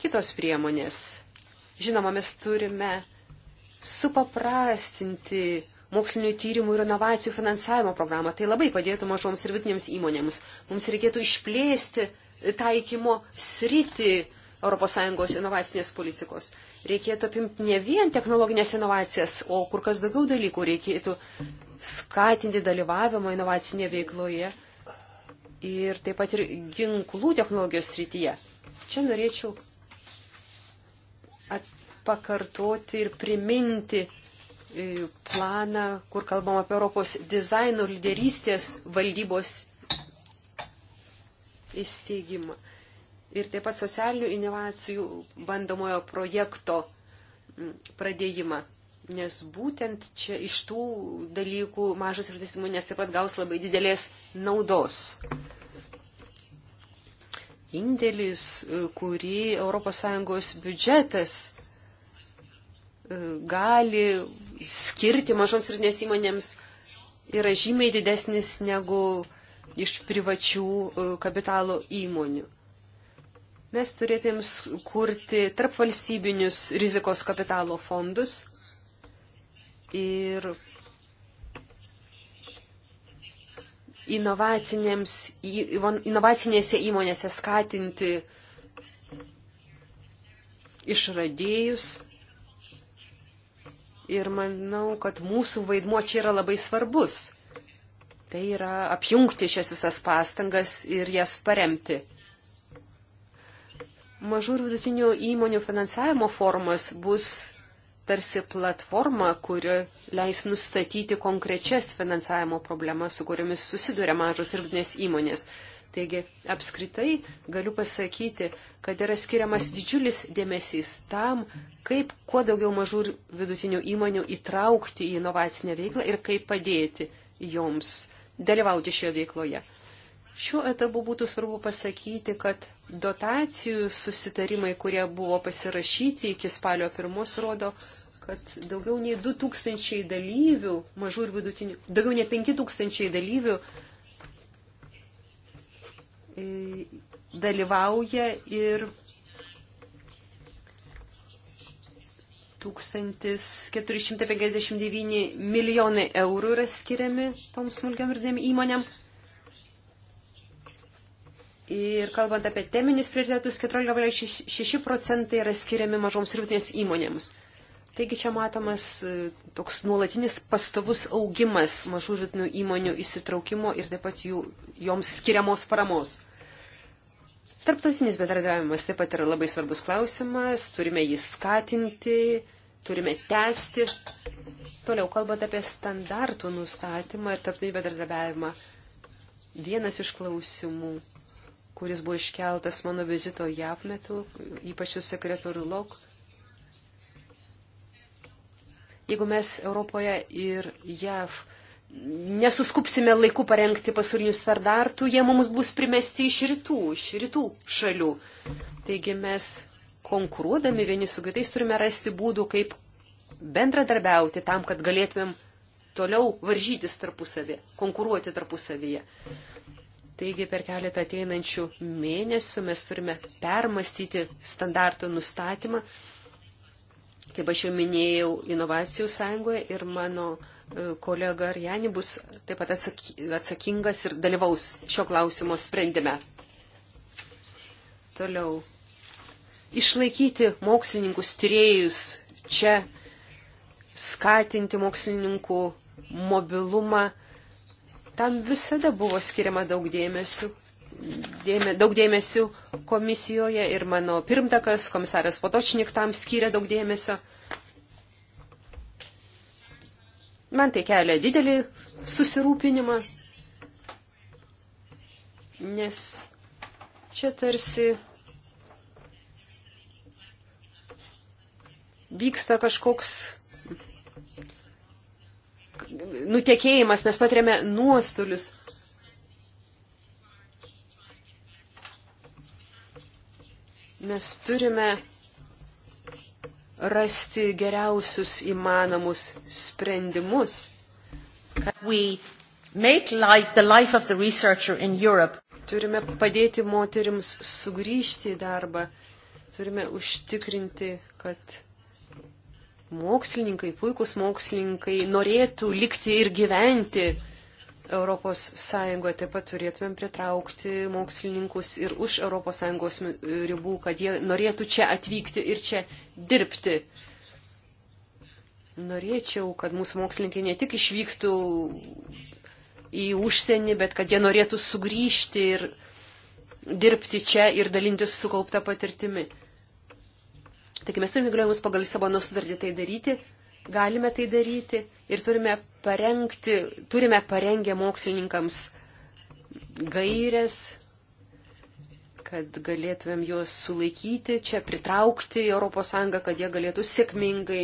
Kitos priemonės. Žinoma, mes turime supaprastinti mokslinio tyrimų ir inovacijų finansavimo programą. Tai labai padėtų mažoms ir vidinėms įmonėms. Mums reikėtų išplėsti taikymo sritį ES inovacinės politikos. Reikėtų apimti ne vien technologinės inovacijas, o kur kas daugiau dalykų reikėtų skatinti dalyvavimą inovacinėje veikloje ir taip pat ir ginklų technologijos srityje. Čia norėčiau pakartoti ir priminti e, planą, kur kalbam apie Europos dizaino lyderystės valdybos įsteigimą. Ir taip pat socialinių inovacijų bandomojo projekto pradėjimą. Nes būtent čia iš tų dalykų mažos ir įmonės taip pat gaus labai didelės naudos. Indėlis, e, kurį ES biudžetas e, gali skirti mažoms ir įmonėms, yra žymiai didesnis negu iš privačių e, kapitalo įmonių. Mes turėtėms kurti tarp valstybinius rizikos kapitalo fondus, ir inovacinėse įmonėse skatinti išradėjus. Ir manau, kad mūsų vaidmuo čia yra labai svarbus. Tai yra apjungti šias visas pastangas ir jas paremti. Mažų ir vidutinių įmonių finansavimo formas bus tarsi platforma, kuri leis nustatyti konkrečias finansavimo problemas, su kuriomis susiduria mažos ir vidinės įmonės. Taigi, apskritai galiu pasakyti, kad yra skiriamas didžiulis dėmesys tam, kaip kuo daugiau mažų ir vidutinių įmonių įtraukti į inovacinę veiklą ir kaip padėti joms dalyvauti šioje veikloje. Šiuo etapu būtų svarbu pasakyti, kad dotacijų susitarimai, kurie buvo pasirašyti iki spalio pirmos, rodo, kad daugiau nei 2000 dalyvių, mažų ir vidutinių, daugiau nei 5000 dalyvių e, dalyvauja ir 1459 milijonai eurų yra skiriami toms smulkiam ir dėm įmonėm. Ir kalbant apie teminius prioritetus, 14,6 procentai yra skiriami mažoms ir vidutinės įmonėms. Taigi čia matomas e, toks nuolatinis pastovus augimas mažų ir vidutinių įmonių įsitraukimo ir taip pat jų, joms skiriamos paramos. Tarptautinis bendradavimas taip pat yra labai svarbus klausimas, turime jį skatinti, turime tęsti. Toliau kalbant apie standartų nustatymą ir tarptautinį bendradarbiavimą. Vienas iš klausimų kuris buvo iškeltas mano vizito JAV metu, ypač su sekretoriu Lok. Jeigu mes Europoje ir JAV nesuskupsime laiku parengti pasaulinių standartų, jie mums bus primesti iš rytų, iš rytų šalių. Taigi mes konkuruodami vieni su kitais turime rasti būdų, kaip bendradarbiauti tam, kad galėtumėm toliau varžytis tarpusavį, konkuruoti tarpusavyje. Taigi per keletą ateinančių mėnesių mes turime permastyti standartų nustatymą, kaip aš jau minėjau, inovacijų sąjungoje ir mano e, kolega Arjani bus taip pat atsakingas ir dalyvaus šio klausimo sprendime. Toliau. Išlaikyti mokslininkus, tyriejus čia, skatinti mokslininkų mobilumą Tam visada buvo skiriama daug dėmesio, dėme, daug dėmesio komisijoje ir mano pirmtakas, komisaras Potočnik, tam skiria daug dėmesio. Man tai kelia didelį susirūpinimą, nes čia tarsi vyksta kažkoks nutekėjimas, mes patiriame nuostolius. Mes turime rasti geriausius įmanomus sprendimus. Life, life Turime padėti moterims sugrįžti į darbą. Turime užtikrinti, kad mokslininkai, puikūs mokslininkai norėtų likti ir gyventi Europos Sąjungoje. Taip pat turėtumėm pritraukti mokslininkus ir už Europos Sąjungos ribų, kad jie norėtų čia atvykti ir čia dirbti. Norėčiau, kad mūsų mokslininkai ne tik išvyktų į užsienį, bet kad jie norėtų sugrįžti ir dirbti čia ir dalintis sukauptą patirtimi. Taigi mes turime įgaliojimus pagal Lisabono sutartį tai daryti, galime tai daryti ir turime, parengti, turime parengę mokslininkams gairės, kad galėtumėm juos sulaikyti, čia pritraukti į ES, kad jie galėtų sėkmingai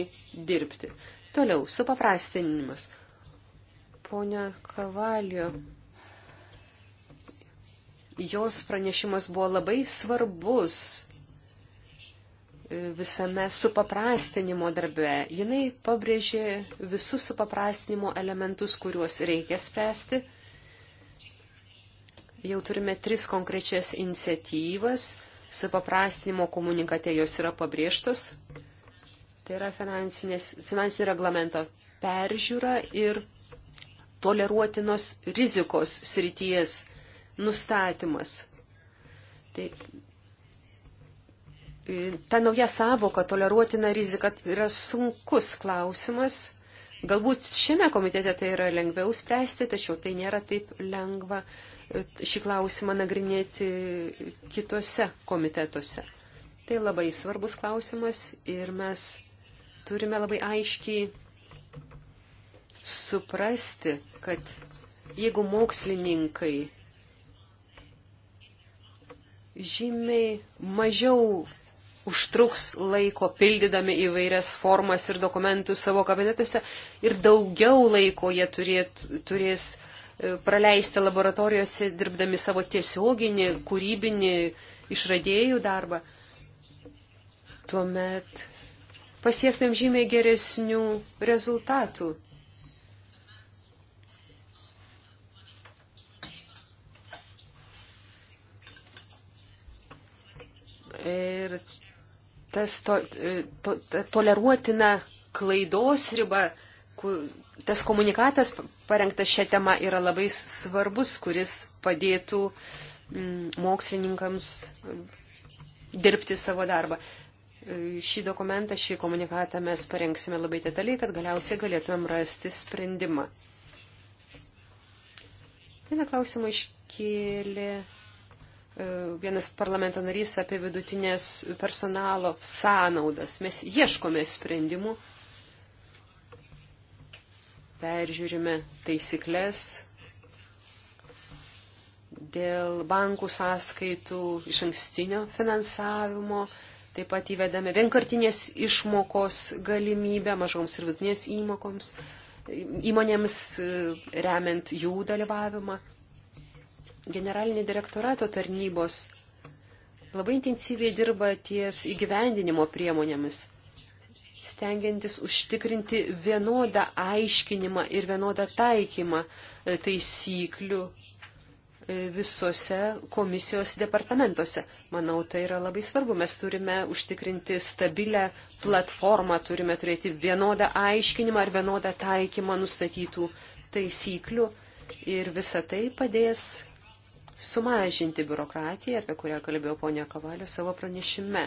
dirbti. Toliau, supaprastinimas. Pone Kavalio, jos pranešimas buvo labai svarbus visame supaprastinimo darbe. Jinai pabrėžė visus supaprastinimo elementus, kuriuos reikia spręsti. Jau turime tris konkrečias iniciatyvas. Supaprastinimo komunikate jos yra pabrėžtos. Tai yra finansinio reglamento peržiūra ir toleruotinos rizikos srities nustatymas. Tai ta nauja savoka toleruotina rizika tai yra sunkus klausimas. Galbūt šiame komitete tai yra lengviau spręsti, tačiau tai nėra taip lengva e, šį klausimą nagrinėti kitose komitetuose. Tai labai svarbus klausimas ir mes turime labai aiškiai suprasti, kad jeigu mokslininkai žymiai mažiau užtruks laiko pildydami įvairias formas ir dokumentus savo kabinetuose ir daugiau laiko jie turėt, turės e, praleisti laboratorijose, dirbdami savo tiesioginį, kūrybinį, išradėjų darbą. Tuomet pasiektam žymiai geresnių rezultatų. Ir tas to, e, to, toleruotina klaidos riba, tas komunikatas parengtas šią temą yra labai svarbus, kuris padėtų mm, mokslininkams e, dirbti savo darbą. E, šį dokumentą, šį komunikatą mes parengsime labai detaliai, kad galiausiai galėtumėm rasti sprendimą. Vieną klausimą iškėlė E, vienas parlamento narys apie vidutinės personalo sąnaudas. Mes ieškome sprendimų, peržiūrime taisyklės dėl bankų sąskaitų iš ankstinio finansavimo, taip pat įvedame vienkartinės išmokos galimybę mažoms ir vidutinės įmokoms, įmonėms e, remiant jų dalyvavimą generalinio direktorato tarnybos labai intensyviai dirba ties įgyvendinimo priemonėmis, stengiantis užtikrinti vienodą aiškinimą ir vienodą taikymą e, taisyklių e, visose komisijos departamentuose. Manau, tai yra labai svarbu. Mes turime užtikrinti stabilę platformą, turime turėti vienodą aiškinimą ir vienodą taikymą nustatytų taisyklių. Ir visa tai padės sumažinti biurokratiją, apie kurią kalbėjo ponia Kavalio savo pranešime.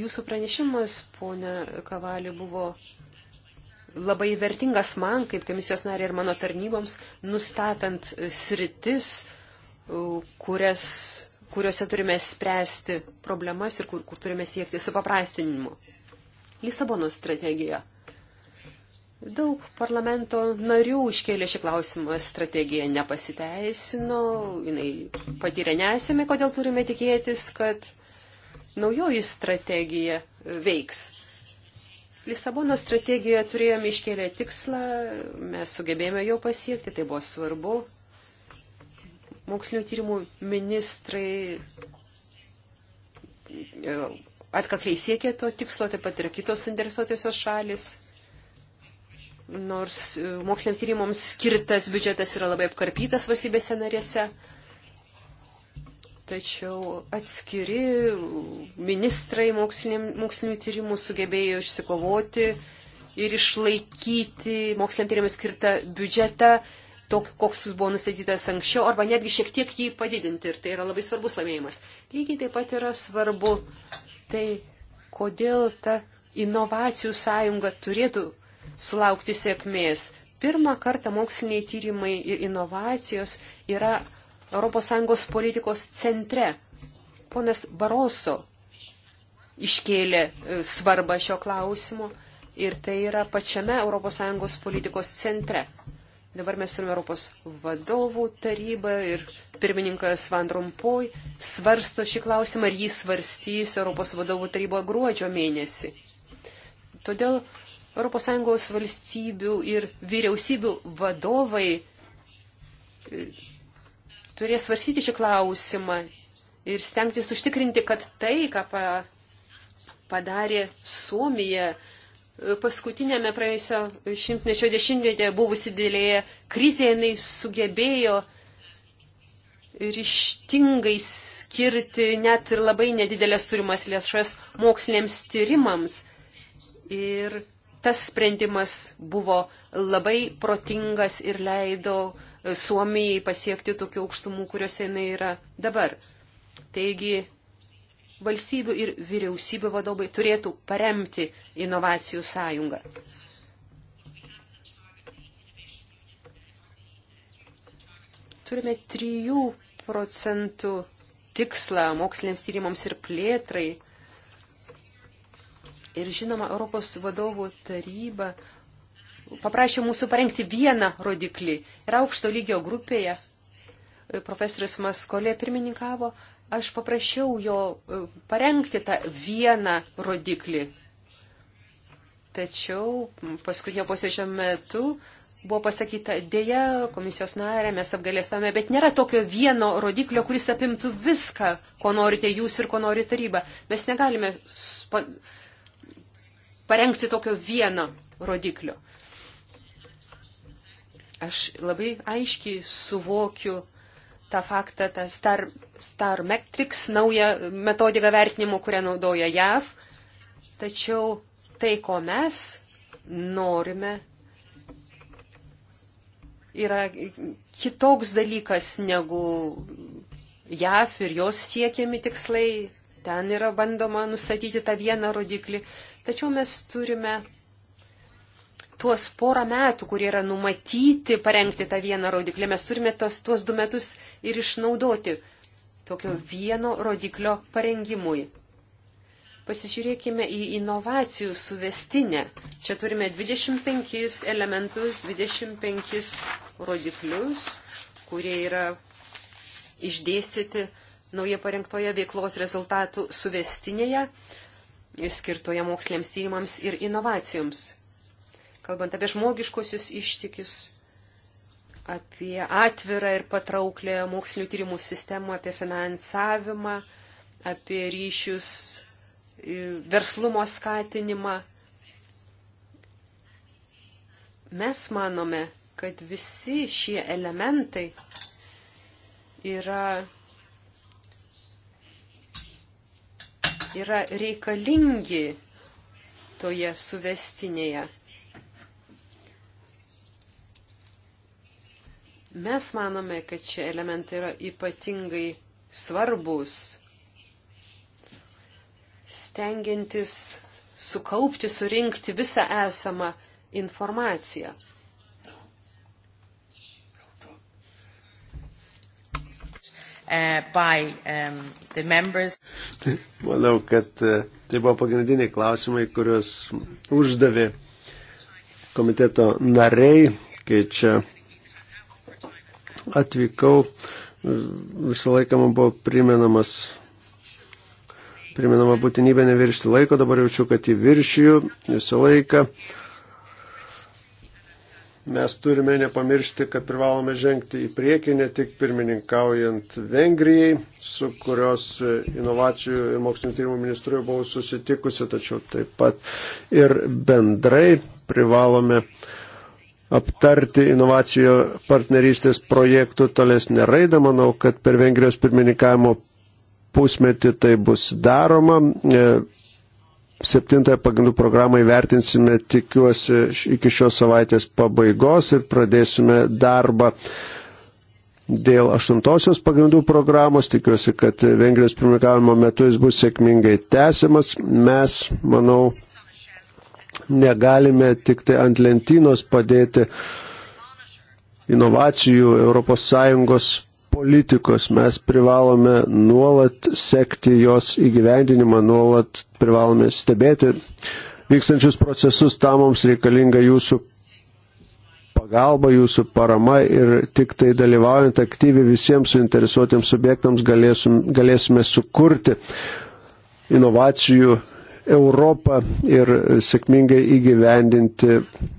Jūsų pranešimas, ponia Kavalio, buvo labai vertingas man, kaip komisijos nariai ir mano tarnyboms, nustatant sritis, kurias, kuriuose turime spręsti problemas ir kur, kur turime siekti supaprastinimo. Lisabonos strategija Daug parlamento narių iškėlė šį klausimą, strategija nepasiteisino, jinai patyrė nesėmė, kodėl turime tikėtis, kad naujoji strategija veiks. Lisabono strategijoje turėjome iškėlę tikslą, mes sugebėjome jo pasiekti, tai buvo svarbu. Mokslinio tyrimų ministrai e, atkakliai siekė to tikslo, taip pat ir kitos suinteresuotėsios šalis nors e, moksliniams tyrimams skirtas biudžetas yra labai apkarpytas valstybėse narėse. Tačiau atskiri ministrai mokslinių tyrimų sugebėjo išsikovoti ir išlaikyti moksliniam tyrimams skirtą biudžetą, tokį, koks buvo nustatytas anksčiau, arba netgi šiek tiek jį padidinti. Ir tai yra labai svarbus laimėjimas. Lygiai taip pat yra svarbu tai, kodėl ta inovacijų sąjunga turėtų sulaukti sėkmės. Pirmą kartą moksliniai tyrimai ir inovacijos yra ES politikos centre. Ponas Baroso iškėlė e, svarbą šio klausimo ir tai yra pačiame ES politikos centre. Dabar mes turime Europos vadovų tarybą ir pirmininkas Van Rompuy svarsto šį klausimą ir jį svarstys Europos vadovų taryboje gruodžio mėnesį. Todėl ES valstybių ir vyriausybių vadovai e, turės svarstyti šį klausimą ir stengtis užtikrinti, kad tai, ką pa, padarė Suomija e, paskutinėme praėjusio šimtmečio dešimtmetėje buvusi dėlėje krizėje, jinai sugebėjo ryštingai skirti net ir labai nedidelės turimas lėšas moksliniams tyrimams. Ir tas sprendimas buvo labai protingas ir leido e, Suomijai pasiekti tokių aukštumų, kuriuose jinai yra dabar. Taigi valstybių ir vyriausybių vadovai turėtų paremti inovacijų sąjungą. Turime 3 procentų tikslą moksliniams tyrimams ir plėtrai Ir žinoma, Europos vadovų taryba paprašė mūsų parengti vieną rodiklį. Ir aukšto lygio grupėje e, profesorius Maskolė pirmininkavo, aš paprašiau jo e, parengti tą vieną rodiklį. Tačiau paskutinio posėdžio metu buvo pasakyta, dėja, komisijos narė, mes apgalėstame, bet nėra tokio vieno rodiklio, kuris apimtų viską, ko norite jūs ir ko nori taryba. Mes negalime parengti tokio vieno rodiklio. Aš labai aiškiai suvokiu tą faktą, tą Star, Star Metrics naują metodiką vertinimo, kurią naudoja JAV. Tačiau tai, ko mes norime, yra kitoks dalykas negu JAF ir jos siekiami tikslai. Ten yra bandoma nustatyti tą vieną rodiklį. Tačiau mes turime tuos porą metų, kurie yra numatyti parengti tą vieną rodiklį, mes turime tos, tuos du metus ir išnaudoti tokio vieno rodiklio parengimui. Pasižiūrėkime į inovacijų suvestinę. Čia turime 25 elementus, 25 rodiklius, kurie yra išdėstyti nauja parengtoje veiklos rezultatų suvestinėje skirtoje moksliniams tyrimams ir inovacijoms. Kalbant apie žmogiškosius ištikis, apie atvirą ir patrauklę mokslinių tyrimų sistemą, apie finansavimą, apie ryšius, verslumo skatinimą. Mes manome, kad visi šie elementai yra yra reikalingi toje suvestinėje. Mes manome, kad šie elementai yra ypatingai svarbus, stengiantis sukaupti, surinkti visą esamą informaciją. Uh, by um, the members. Tai manau, kad uh, tai buvo pagrindiniai klausimai, kuriuos uždavė komiteto nariai, kai čia atvykau. Visą laiką man buvo primenamas priminama būtinybė neviršti laiko, dabar jaučiu, kad jį viršiju visą laiką mes turime nepamiršti, kad privalome žengti į priekį ne tik pirmininkaujant Vengrijai, su kurios e, inovacijų ir mokslinio tyrimų ministru buvau susitikusi, tačiau taip pat ir bendrai privalome aptarti inovacijų partnerystės projektų tolesnę raidą. Manau, kad per Vengrijos pirmininkavimo pusmetį tai bus daroma. E, septintąją pagrindų programą įvertinsime, tikiuosi, iki šios savaitės pabaigos ir pradėsime darbą dėl aštuntosios pagrindų programos. Tikiuosi, kad Vengrijos pirmininkavimo metu jis bus sėkmingai tęsiamas. Mes, manau, negalime tik tai ant lentynos padėti inovacijų ES politikos. Mes privalome nuolat sekti jos įgyvendinimą, nuolat privalome stebėti vykstančius procesus, tam mums reikalinga jūsų pagalba, jūsų parama ir tik tai dalyvaujant aktyviai visiems suinteresuotiems subjektams galėsim, galėsime sukurti inovacijų Europą ir sėkmingai įgyvendinti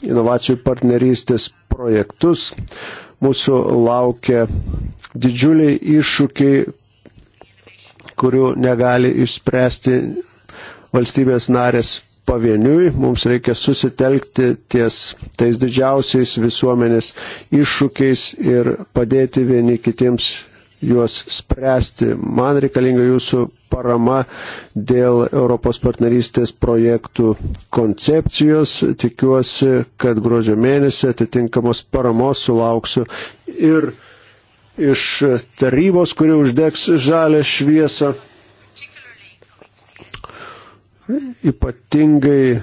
inovacijų partnerystės projektus. Mūsų laukia didžiuliai iššūkiai, kurių negali išspręsti valstybės narės pavieniui. Mums reikia susitelkti ties tais didžiausiais visuomenės iššūkiais ir padėti vieni kitiems juos spręsti. Man reikalinga jūsų parama dėl Europos partnerystės projektų koncepcijos. Tikiuosi, kad gruodžio mėnesį atitinkamos paramos sulauksiu ir iš tarybos, kuri uždegs žalę šviesą. Ypatingai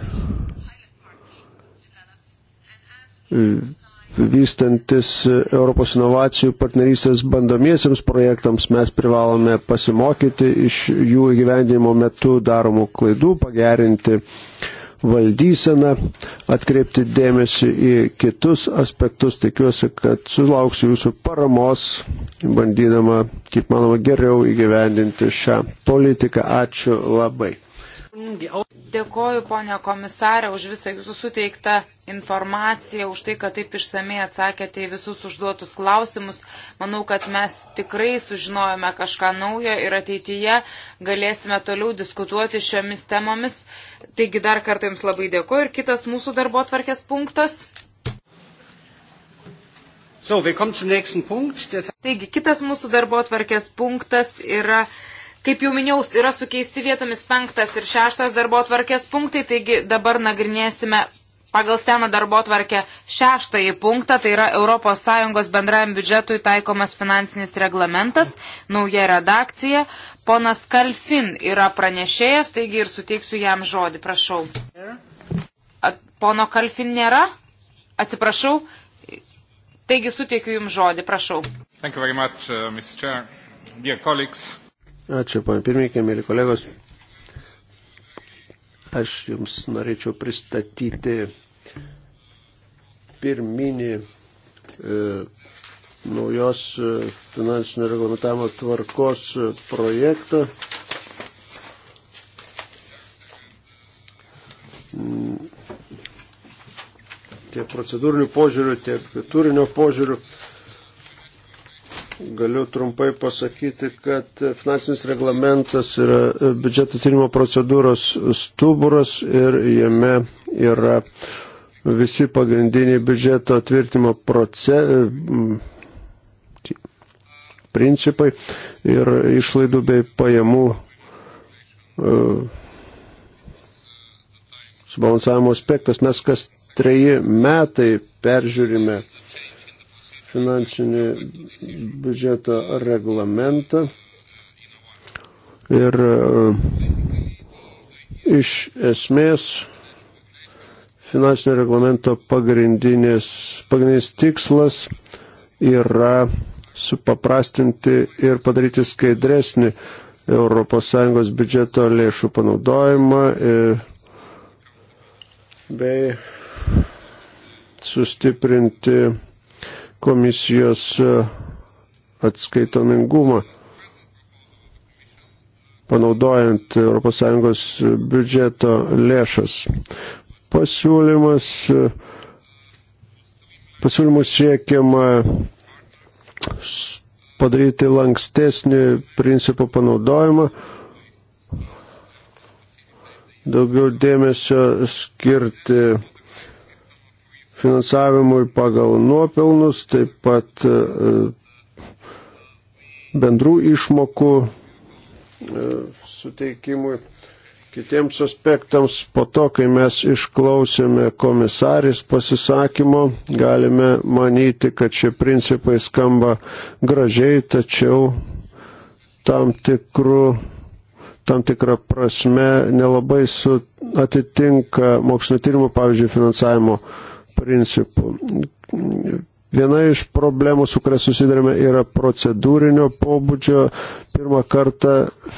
vystantis Europos inovacijų partnerystės bandomiesiams projektams, mes privalome pasimokyti iš jų įgyvendinimo metu daromų klaidų, pagerinti valdyseną, atkreipti dėmesį į kitus aspektus. Tikiuosi, kad sulauksiu jūsų paramos, bandydama, kaip manoma, geriau įgyvendinti šią politiką. Ačiū labai. Dėkoju, ponė komisarė, už visą jūsų suteiktą informaciją, už tai, kad taip išsamei atsakėte į visus užduotus klausimus. Manau, kad mes tikrai sužinojome kažką naujo ir ateityje galėsime toliau diskutuoti šiomis temomis. Taigi dar kartą Jums labai dėkoju ir kitas mūsų darbo tvarkės punktas. So, Taigi kitas mūsų darbo tvarkės punktas yra Kaip jau minėjau, yra sukeisti vietomis penktas ir šeštas darbo tvarkės punktai, taigi dabar nagrinėsime pagal seną darbo tvarkę šeštąjį punktą, tai yra ES bendrajam biudžetui taikomas finansinis reglamentas, nauja redakcija. Ponas Kalfin yra pranešėjas, taigi ir suteiksiu jam žodį, prašau. At, pono Kalfin nėra? Atsiprašau. Taigi suteikiu jums žodį, prašau. Thank you very much, uh, Mr. Chair. Dear colleagues. Ačiū, pana pirmininkė, mėly kolegos. Aš jums norėčiau pristatyti pirminį e, naujos e, finansinio reglamentavimo tvarkos e, projektą. Mm. Tiek procedūrinių požiūrių, tiek turinio požiūrių. E, Galiu trumpai pasakyti, kad finansinis reglamentas yra e, biudžeto tyrimo procedūros stuburas ir jame yra visi pagrindiniai biudžeto tvirtimo proce... E, principai ir išlaidų bei pajamų e, subalansavimo aspektas. Mes kas treji metai peržiūrime finansinį biudžeto reglamentą ir e, iš esmės finansinio reglamento pagrindinis, pagrindinis tikslas yra supaprastinti ir padaryti skaidresnį ES biudžeto lėšų panaudojimą e, bei sustiprinti komisijos e, atskaitomingumą, panaudojant ES biudžeto lėšas. Pasiūlymas, e, pasiūlymus siekiama padaryti lankstesnį principų panaudojimą, daugiau dėmesio skirti finansavimui pagal nuopelnus, taip pat e, bendrų išmokų e, suteikimui kitiems aspektams. Po to, kai mes išklausėme komisarės pasisakymo, galime manyti, kad šie principai skamba gražiai, tačiau tam tikrų tam tikrą prasme nelabai su, atitinka mokslinio tyrimo, pavyzdžiui, finansavimo uh, principų. Viena iš problemų, su kuria susidarėme, yra procedūrinio pobūdžio. Pirmą kartą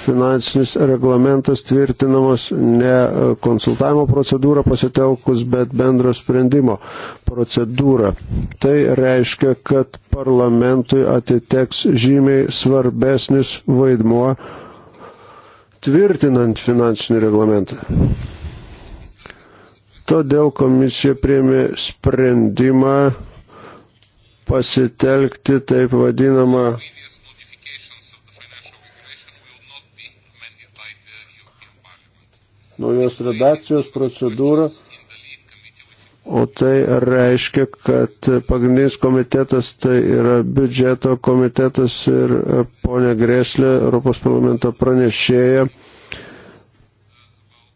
finansinis reglamentas tvirtinamas ne konsultavimo procedūrą pasitelkus, bet bendro sprendimo procedūrą. Tai reiškia, kad parlamentui atiteks žymiai svarbesnis vaidmuo tvirtinant finansinį reglamentą. Todėl komisija priemė sprendimą pasitelkti taip vadinamą naujos redakcijos procedūrą, o tai reiškia, kad pagrindinis komitetas tai yra biudžeto komitetas ir e, ponė Greslė, Europos parlamento pranešėja,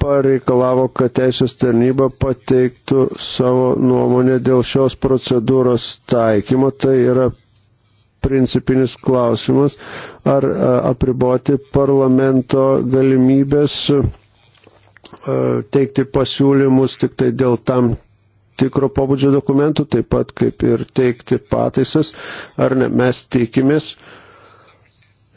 pareikalavo, kad teisės tarnyba pateiktų savo nuomonę dėl šios procedūros taikymo. Tai yra principinis klausimas, ar e, apriboti parlamento galimybės e, teikti pasiūlymus tik tai dėl tam tikro pobūdžio dokumentų, taip pat kaip ir teikti pataisas, ar ne, mes tikimės,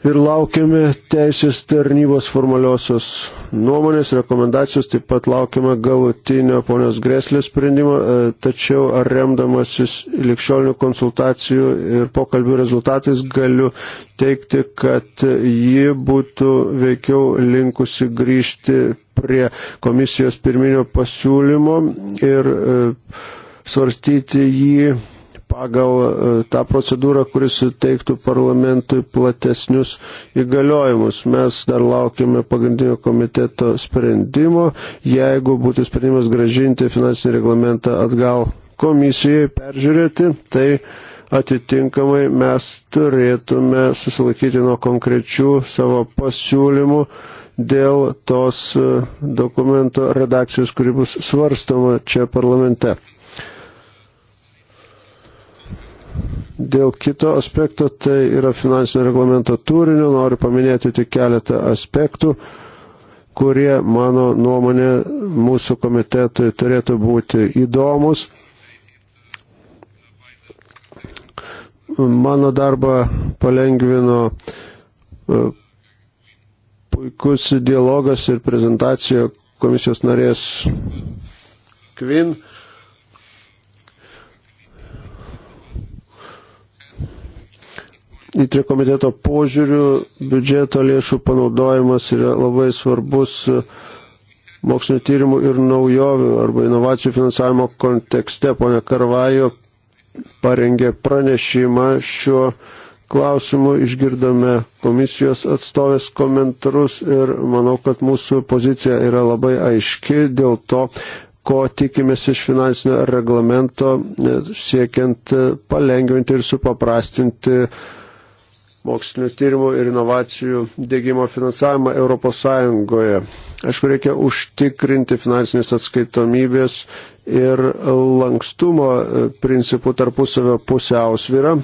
ir laukiame teisės tarnybos formaliosios nuomonės, rekomendacijos, taip pat laukiame galutinio ponios Greslės sprendimo, e, tačiau ar remdamasis likščiolinių konsultacijų ir pokalbių rezultatais galiu teikti, kad ji būtų veikiau linkusi grįžti prie komisijos pirminio pasiūlymo ir e, svarstyti jį pagal e, tą procedūrą, kuris suteiktų parlamentui platesnius įgaliojimus. Mes dar laukiame pagrindinio komiteto sprendimo. Jeigu būtų sprendimas gražinti finansinį reglamentą atgal komisijai peržiūrėti, tai atitinkamai mes turėtume susilaikyti nuo konkrečių savo pasiūlymų dėl tos e, dokumento redakcijos, kuri bus svarstoma čia parlamente. Dėl kito aspekto, tai yra finansinio reglamento turinio, noriu paminėti tik keletą aspektų, kurie, mano nuomonė, mūsų komitetui turėtų būti įdomus. Mano darbą palengvino e, puikus dialogas ir prezentacija komisijos narės Kvin įtrio komiteto požiūrių biudžeto lėšų panaudojimas yra labai svarbus e, mokslinio tyrimų ir naujovių arba inovacijų finansavimo kontekste. Pone Karvajo parengė pranešimą šiuo klausimu, išgirdome komisijos atstovės komentarus ir manau, kad mūsų pozicija yra labai aiški dėl to, ko tikimės iš finansinio reglamento e, siekiant e, palengvinti ir supaprastinti uh, mokslinio tyrimų ir inovacijų dėgymo finansavimą ES. Aišku, reikia užtikrinti finansinės atskaitomybės ir lankstumo e, principų tarpusavio pusiausvyrą,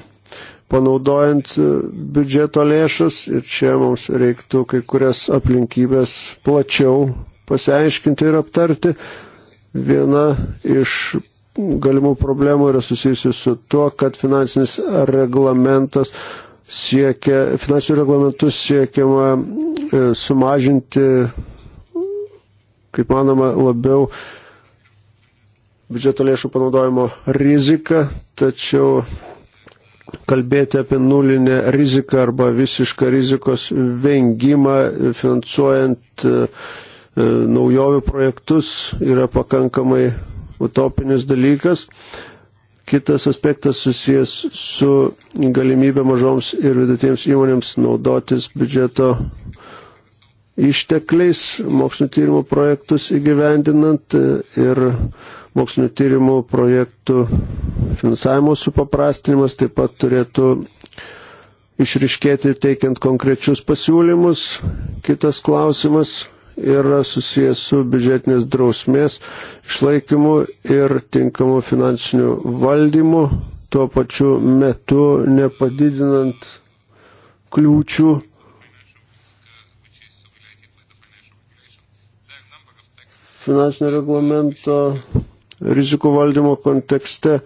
panaudojant e, biudžeto lėšas ir čia mums reiktų kai kurias aplinkybės plačiau pasiaiškinti ir aptarti. Viena iš galimų problemų yra susijusi su tuo, kad finansinis reglamentas siekia, finansinių reglamentus siekiama e, sumažinti, kaip manoma, labiau biudžeto lėšų panaudojimo riziką, tačiau kalbėti apie nulinę riziką arba visišką rizikos vengimą, finansuojant e, e, naujovių projektus yra pakankamai utopinis dalykas. Kitas aspektas susijęs su galimybė mažoms ir vidutinėms įmonėms naudotis biudžeto ištekliais mokslinio tyrimo projektus įgyvendinant ir mokslinio tyrimo projektų finansavimo supaprastinimas taip pat turėtų išriškėti teikiant konkrečius pasiūlymus. Kitas klausimas yra susijęs su biudžetinės drausmės išlaikymu ir tinkamu finansiniu valdymu, tuo pačiu metu nepadidinant kliūčių finansinio reglamento rizikų valdymo kontekste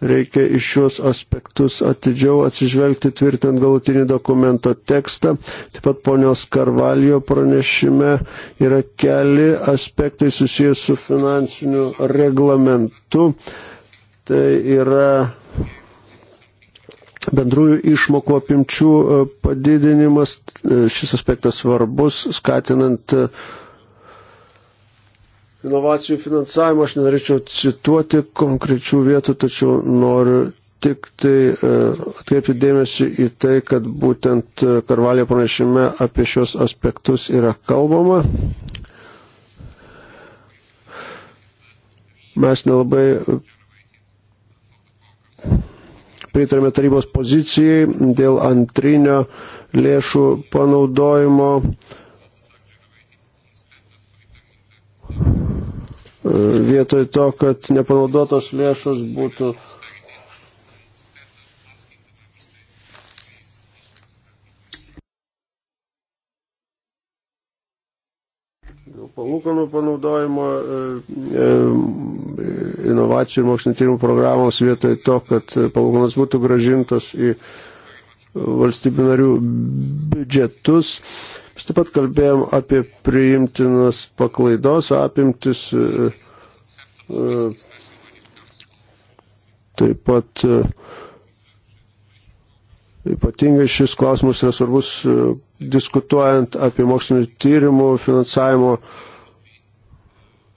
reikia iš šios aspektus atidžiau atsižvelgti tvirtinant galutinį dokumento tekstą. Taip pat ponios Karvalijo pranešime yra keli aspektai susijęs su finansiniu reglamentu. Tai yra bendrųjų išmokų apimčių e, padidinimas. E, šis aspektas svarbus, skatinant e, inovacijų finansavimo. Aš nenorėčiau cituoti konkrečių vietų, tačiau noriu tik tai e, atkreipti dėmesį į tai, kad būtent e, Karvalio pranešime apie šios aspektus yra kalbama. Mes nelabai pritarėme tarybos pozicijai dėl antrinio lėšų panaudojimo vietoj to, kad nepanaudotos lėšos būtų palūkanų panaudojimo e, e, inovacijų ir mokslinio tyrimų programos vietoj to, kad palūkanos būtų gražintos į valstybių narių biudžetus. Mes taip pat kalbėjom apie priimtinas paklaidos apimtis, e, e, taip pat e, ypatingai šis klausimas yra svarbus diskutuojant apie mokslinio tyrimų finansavimo,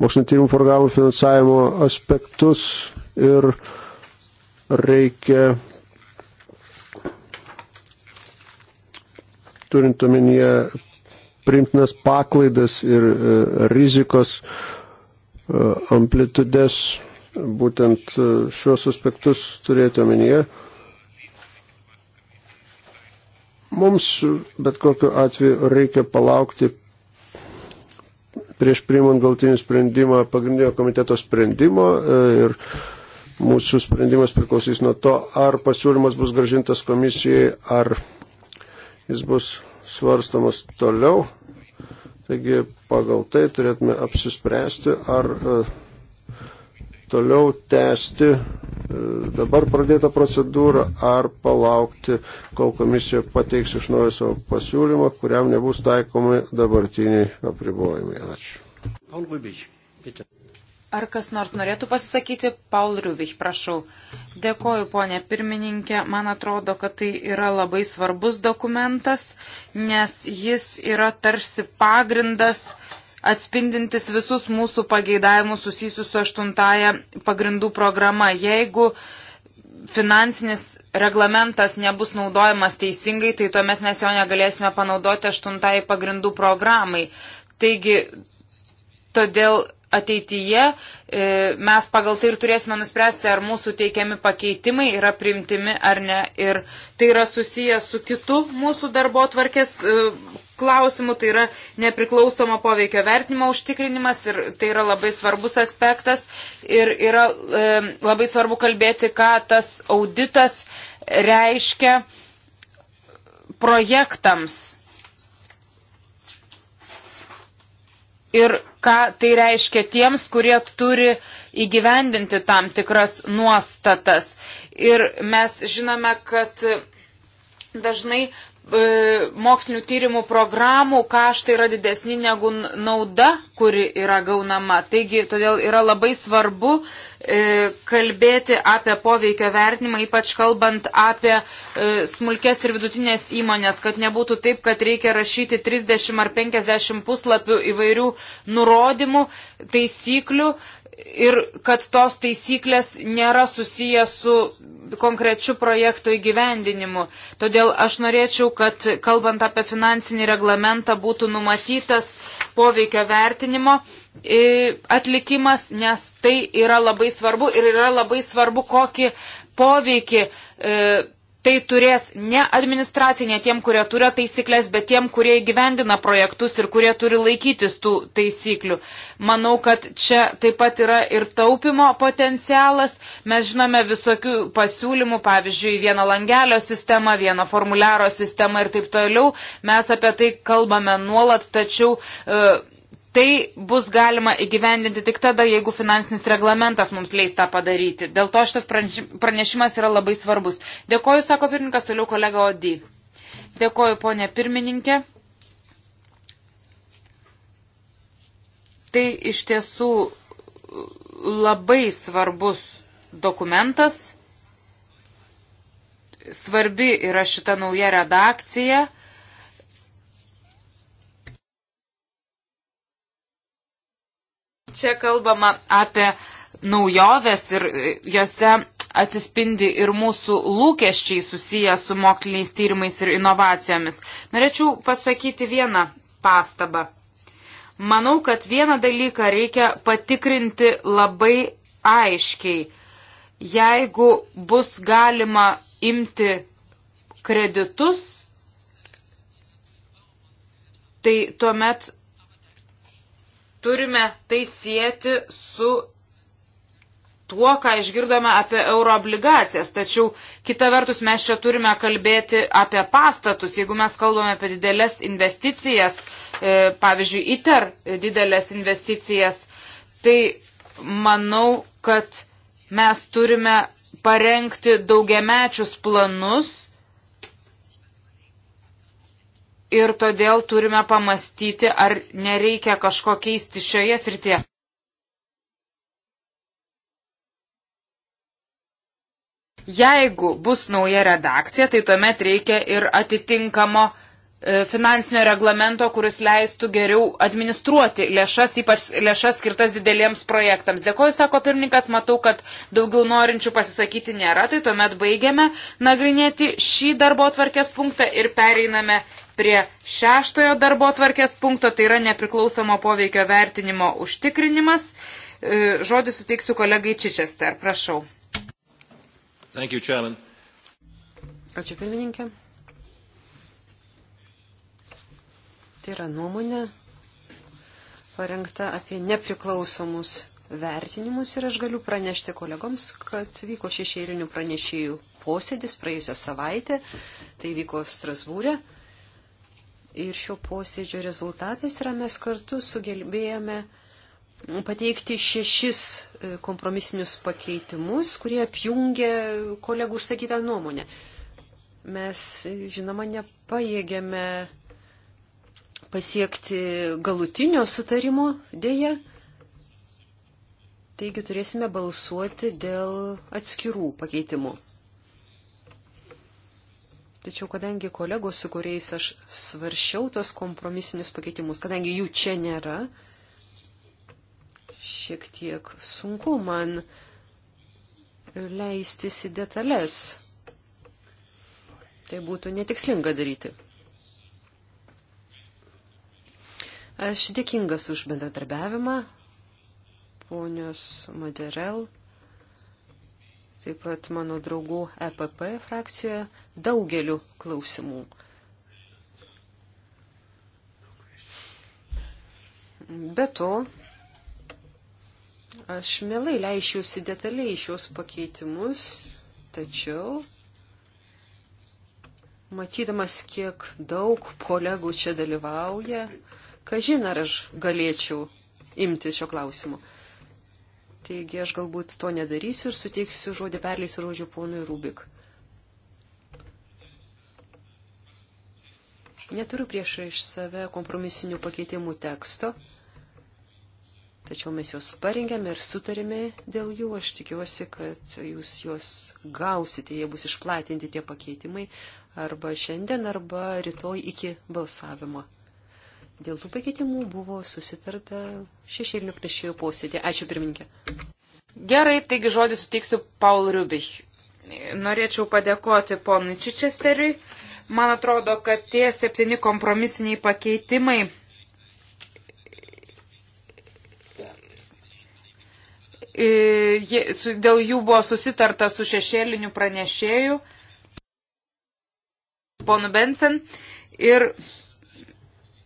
mokslinio tyrimų programų finansavimo aspektus ir reikia turint omenyje priimtinas paklaidas ir e, rizikos e, amplitudes, būtent e, šios aspektus turėti omenyje. Mums bet kokiu atveju reikia palaukti prieš priimant galtinį sprendimą pagrindinio komiteto sprendimo ir mūsų sprendimas priklausys nuo to, ar pasiūlymas bus gražintas komisijai, ar jis bus svarstamas toliau. Taigi pagal tai turėtume apsispręsti, ar e, toliau tęsti e, dabar pradėtą procedūrą, ar palaukti, kol komisija pateiks iš naujo savo pasiūlymą, kuriam nebus taikomi dabartiniai apribojimai. Ačiū. Ar kas nors norėtų pasisakyti? Paul Riubich, prašau. Dėkoju, ponė pirmininkė. Man atrodo, kad tai yra labai svarbus dokumentas, nes jis yra tarsi pagrindas atspindintis visus mūsų pageidavimus susijusius su aštuntaja pagrindų programa. Jeigu finansinis reglamentas nebus naudojamas teisingai, tai tuomet mes jo negalėsime panaudoti aštuntai pagrindų programai. Taigi, todėl ateityje e, mes pagal tai ir turėsime nuspręsti, ar mūsų teikiami pakeitimai yra primtimi ar ne. Ir tai yra susiję su kitu mūsų darbo tvarkės e, klausimu, tai yra nepriklausomo poveikio vertinimo užtikrinimas ir tai yra labai svarbus aspektas ir yra e, labai svarbu kalbėti, ką tas auditas reiškia projektams. Ir ką tai reiškia tiems, kurie turi įgyvendinti tam tikras nuostatas. Ir mes žinome, kad dažnai E, mokslinių tyrimų programų kaštai yra didesni negu nauda, kuri yra gaunama. Taigi, todėl yra labai svarbu e, kalbėti apie poveikio vertinimą, ypač kalbant apie e, smulkės ir vidutinės įmonės, kad nebūtų taip, kad reikia rašyti 30 ar 50 puslapių įvairių nurodymų, taisyklių. E, ir kad tos taisyklės nėra susiję su konkrečiu projekto įgyvendinimu. Todėl aš norėčiau, kad kalbant apie finansinį reglamentą būtų numatytas poveikio vertinimo e, atlikimas, nes tai yra labai svarbu ir yra labai svarbu, kokį poveikį e, tai turės ne administracinė tiem, kurie turi taisyklės, bet tiem, kurie įgyvendina projektus ir kurie turi laikytis tų taisyklių. Manau, kad čia taip pat yra ir taupimo potencialas. Mes žinome visokių pasiūlymų, pavyzdžiui, vieno langelio sistema, vieno formuliaro sistema ir taip toliau. Mes apie tai kalbame nuolat, tačiau. Uh, tai bus galima įgyvendinti tik tada, jeigu finansinis reglamentas mums leis tą padaryti. Dėl to šitas pranešimas yra labai svarbus. Dėkoju, sako pirmininkas, toliau kolega Odi. Dėkoju, ponė pirmininkė. Tai iš tiesų labai svarbus dokumentas. Svarbi yra šita nauja redakcija Čia kalbama apie naujoves ir jose atsispindi ir mūsų lūkesčiai susiję su moksliniais tyrimais ir inovacijomis. Norėčiau pasakyti vieną pastabą. Manau, kad vieną dalyką reikia patikrinti labai aiškiai. Jeigu bus galima imti kreditus, tai tuomet turime tai sieti su tuo, ką išgirdome apie euroobligacijas. Tačiau kita vertus mes čia turime kalbėti apie pastatus. Jeigu mes kalbame apie didelės investicijas, e, pavyzdžiui, ITER didelės investicijas, tai manau, kad mes turime parengti daugiamečius planus ir todėl turime pamastyti, ar nereikia kažko keisti šioje srityje. Jeigu bus nauja redakcija, tai tuomet reikia ir atitinkamo e, finansinio reglamento, kuris leistų geriau administruoti lėšas, ypač lėšas skirtas dideliems projektams. Dėkoju, sako pirmininkas, matau, kad daugiau norinčių pasisakyti nėra, tai tuomet baigiame nagrinėti šį darbo atvarkės punktą ir pereiname prie šeštojo darbo tvarkės punkto, tai yra nepriklausomo poveikio vertinimo užtikrinimas. E, žodį suteiksiu kolegai Čičester, prašau. Thank you, Chairman. Ačiū pirmininkė. Tai yra nuomonė parengta apie nepriklausomus vertinimus ir aš galiu pranešti kolegoms, kad vyko šešėlinių pranešėjų posėdis praėjusią savaitę, tai vyko Strasbūrė. E ir šio posėdžio rezultatas yra mes kartu sugelbėjome pateikti šešis e, kompromisinius pakeitimus, kurie apjungia kolegų užsakytą nuomonę. Mes, e, žinoma, nepajėgėme pasiekti galutinio sutarimo dėje, taigi turėsime balsuoti dėl atskirų pakeitimų. Tačiau kadangi kolegos, su kuriais aš svaršiau tos kompromisinius pakeitimus, kadangi jų čia nėra, šiek tiek sunku man leistis į detalės. Tai būtų netikslinga daryti. Aš dėkingas už bendradarbiavimą, ponios Maderel taip pat mano draugų EPP frakcijoje daugeliu klausimų. Be to, aš mielai leišiuosi detaliai šios pakeitimus, tačiau matydamas, kiek daug kolegų čia dalyvauja, kažin ar aš galėčiau imti šio klausimo. Taigi aš galbūt to nedarysiu ir suteiksiu žodį, perleisiu žodžių ponui Rubik. Neturiu prieš iš save kompromisinių pakeitimų teksto, tačiau mes juos parengėme ir sutarėme dėl jų. Aš tikiuosi, kad jūs juos gausite, jie bus išplatinti tie pakeitimai arba šiandien, arba rytoj iki balsavimo. Dėl tų pakeitimų buvo susitarta šešėlinio priešėjo posėdė. Ačiū pirmininkė. Gerai, taigi žodį suteiksiu Paul Rubich. Norėčiau padėkoti ponui Čičesteriui. Man atrodo, kad tie septyni kompromisiniai pakeitimai dėl jų buvo susitarta su šešėliniu pranešėju, ponu Bensen. Ir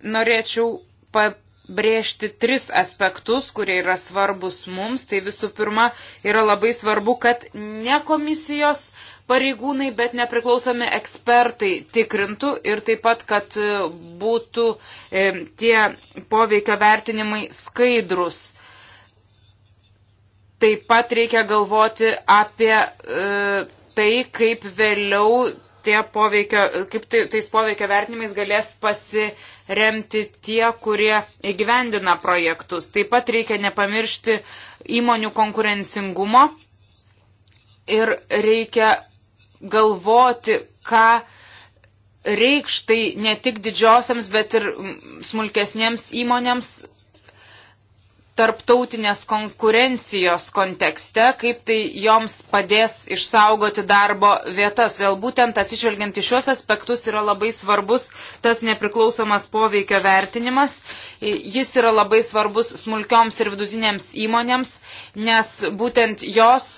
norėčiau pabrėžti tris aspektus, kurie yra svarbus mums. Tai visų pirma, yra labai svarbu, kad ne komisijos pareigūnai, bet nepriklausomi ekspertai tikrintų ir taip pat, kad e, būtų e, tie poveikio vertinimai skaidrus. Taip pat reikia galvoti apie e, tai, kaip vėliau tie poveikio, kaip tai, tais poveikio vertinimais galės pasi, remti tie, kurie įgyvendina projektus. Taip pat reikia nepamiršti įmonių konkurencingumo ir reikia galvoti, ką reikš tai ne tik didžiosiams, bet ir smulkesniems įmonėms tarptautinės konkurencijos kontekste, kaip tai joms padės išsaugoti darbo vietas. Todėl būtent atsižvelgiant į šios aspektus yra labai svarbus tas nepriklausomas poveikio vertinimas. Jis yra labai svarbus smulkioms ir vidutinėms įmonėms, nes būtent jos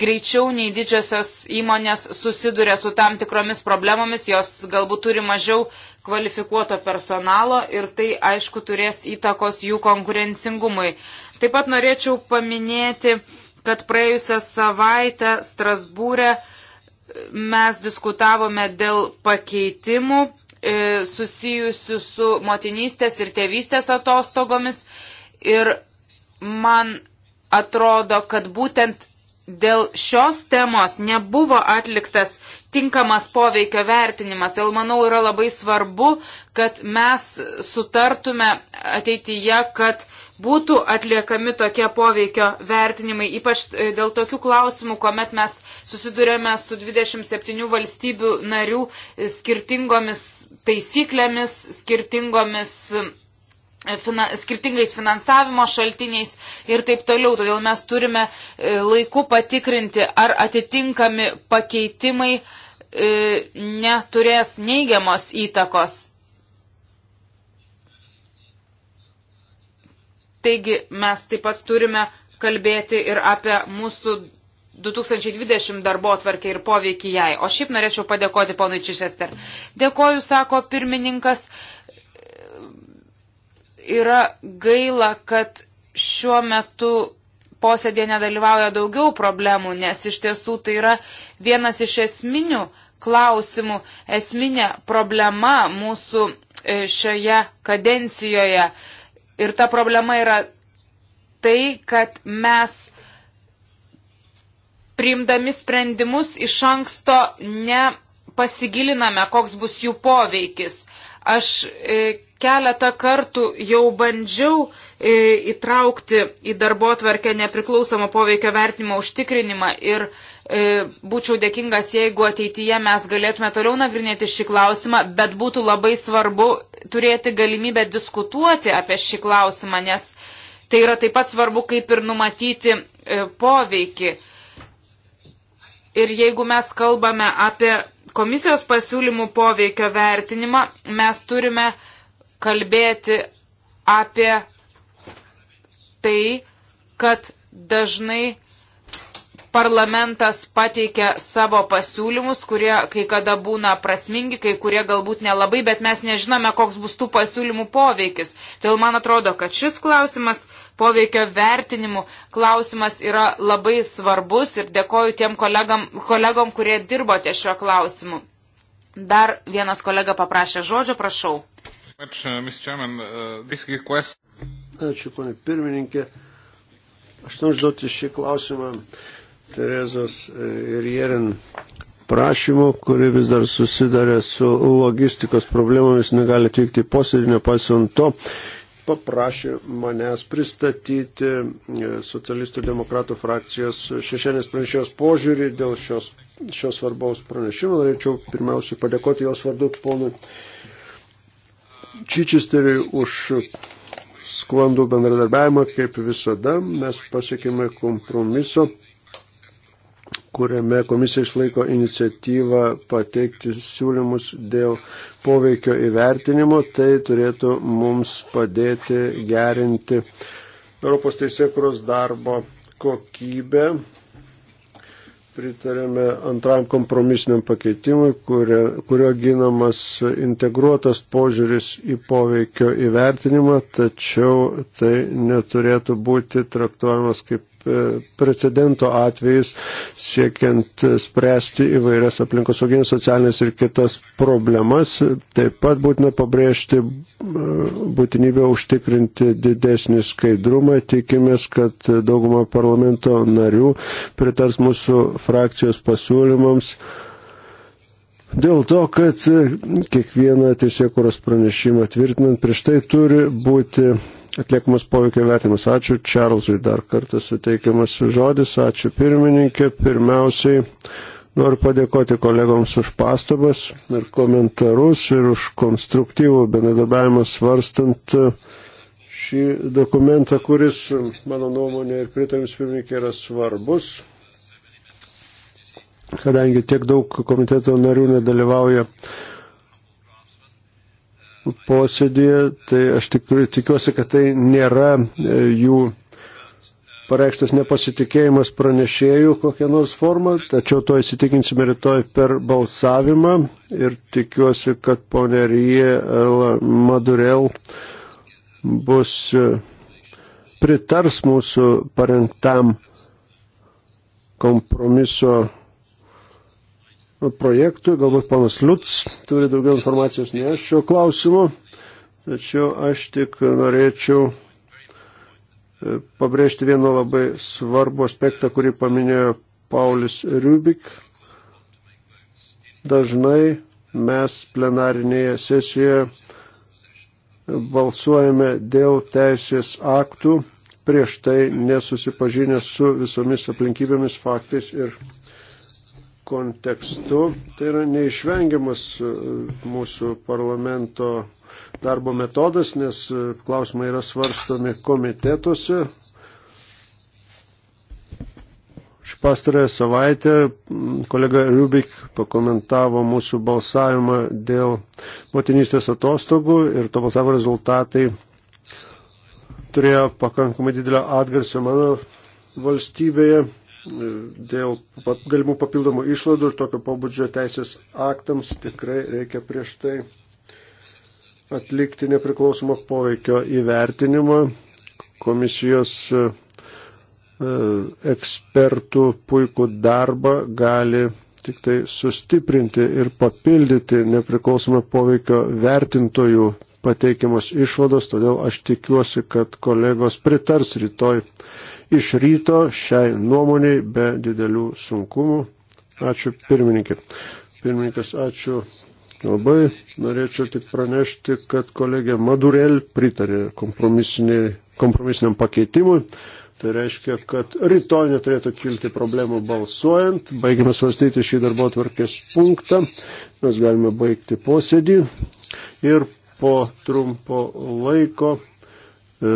greičiau nei didžiosios įmonės susiduria su tam tikromis problemomis, jos galbūt turi mažiau kvalifikuoto personalo ir tai aišku turės įtakos jų konkurencingumui. Taip pat norėčiau paminėti, kad praėjusią savaitę Strasbūrė e, mes diskutavome dėl pakeitimų e, susijusių su motinystės ir tėvystės atostogomis ir man atrodo, kad būtent dėl šios temos nebuvo atliktas tinkamas poveikio vertinimas. Jau manau yra labai svarbu, kad mes sutartume ateityje, kad būtų atliekami tokie poveikio vertinimai, ypač e, dėl tokių klausimų, kuomet mes susidurėme su 27 valstybių narių e, skirtingomis taisyklėmis, skirtingomis fina, skirtingais finansavimo šaltiniais ir taip toliau. Todėl mes turime e, laiku patikrinti, ar atitinkami pakeitimai e, neturės neigiamos įtakos. Taigi mes taip pat turime kalbėti ir apie mūsų 2020 darbo atvarkę ir poveikį jai. O šiaip norėčiau padėkoti ponui Čišester. Dėkoju, sako pirmininkas yra gaila, kad šiuo metu posėdė nedalyvauja daugiau problemų, nes iš tiesų tai yra vienas iš esminių klausimų, esminė problema mūsų e, šioje kadencijoje. Ir ta problema yra tai, kad mes priimdami sprendimus iš anksto nepasigiliname, koks bus jų poveikis. Aš e, keletą kartų jau bandžiau e, įtraukti į darbo tvarkę nepriklausomą poveikio vertinimo užtikrinimą ir e, būčiau dėkingas, jeigu ateityje mes galėtume toliau nagrinėti šį klausimą, bet būtų labai svarbu turėti galimybę diskutuoti apie šį klausimą, nes tai yra taip pat svarbu kaip ir numatyti e, poveikį. Ir jeigu mes kalbame apie komisijos pasiūlymų poveikio vertinimą, mes turime uh, kalbėti apie tai, kad dažnai parlamentas pateikia savo pasiūlymus, kurie kai kada būna prasmingi, kai kurie galbūt nelabai, bet mes nežinome, koks bus tų pasiūlymų poveikis. Todėl man atrodo, kad šis klausimas, poveikio vertinimų klausimas yra labai svarbus ir dėkoju tiem kolegam, kolegom, kurie dirbote šiuo klausimu. Dar vienas kolega paprašė žodžio, prašau. Uh, uh, Ačiū, ponė pirmininkė. Aš noriu užduoti šį klausimą Terezos e, ir Jerin prašymu, kuri vis dar susidarė su logistikos problemomis, negali atvykti į posėdį, nepaisant to, paprašė manęs pristatyti e, socialistų demokratų frakcijos šešienės pranešėjos požiūrį dėl šios, šios svarbaus pranešimo. Norėčiau pirmiausiai padėkoti jos vardu ponui Čičisteriui už sklandų bendradarbiavimą, kaip visada. Mes pasiekime kompromiso, kuriame komisija išlaiko iniciatyvą pateikti siūlymus dėl poveikio įvertinimo. Tai turėtų mums padėti gerinti Europos teisėkuros darbo kokybę Pritarėme antrajam kompromisiniam pakeitimui, kurio, kurio ginamas integruotas požiūris į poveikio įvertinimą, tačiau tai neturėtų būti traktuojamas kaip E, precedento atvejais, siekiant spręsti įvairias aplinkosauginės, socialinės ir kitas problemas. Taip pat būtina pabrėžti e, būtinybę užtikrinti didesnį skaidrumą. Tikimės, kad dauguma parlamento narių pritars mūsų frakcijos pasiūlymams. Dėl to, kad kiekvieną teisėkuros pranešimą tvirtinant prieš tai turi būti atliekamas poveikio vertimas. Ačiū Čarlzui dar kartą suteikiamas žodis. Ačiū pirmininkė. Pirmiausiai noriu padėkoti kolegoms už pastabas ir komentarus ir už konstruktyvų bendradarbiavimą svarstant e, šį dokumentą, kuris, mano nuomonė ir pritarims pirmininkė, yra svarbus. Kadangi tiek daug komiteto narių nedalyvauja posėdėje, tai aš tikrai tikiuosi, kad tai nėra e, jų pareikštas nepasitikėjimas pranešėjų kokią nors formą, tačiau to įsitikinsime rytoj per balsavimą ir tikiuosi, kad ponė Rie Madurel bus e, pritars mūsų parengtam kompromiso projektui, galbūt panas Liuts turi daugiau informacijos nei aš šio klausimu, tačiau aš tik norėčiau e, pabrėžti vieną labai svarbų aspektą, kurį paminėjo Paulius Rubik. Dažnai mes plenarinėje sesijoje balsuojame dėl teisės aktų prieš tai nesusipažinę su visomis aplinkybėmis, faktais ir kontekstu. Tai yra neišvengiamas e, mūsų parlamento darbo metodas, nes e, klausimai yra svarstomi komitetuose. Šį pastarąją savaitę kolega Rubik pakomentavo mūsų balsavimą dėl motinystės atostogų ir to balsavimo rezultatai turėjo pakankamai didelio atgarsio mano valstybėje dėl galimų papildomų išlaidų ir tokio pobūdžio teisės aktams tikrai reikia prieš tai atlikti nepriklausomą poveikio įvertinimą. Komisijos e, e, ekspertų puikų darbą gali tik tai sustiprinti ir papildyti nepriklausomą poveikio vertintojų pateikiamos išvados, todėl aš tikiuosi, kad kolegos pritars rytoj iš ryto šiai nuomoniai be didelių sunkumų. Ačiū pirmininkė. Pirmininkas, ačiū labai. Norėčiau tik pranešti, kad kolegė Madurel pritarė kompromisiniam pakeitimui. Tai reiškia, kad rytoj neturėtų kilti problemų balsuojant. Baigime svarstyti šį darbo tvarkės punktą. Mes galime baigti posėdį. Ir po trumpo laiko. E,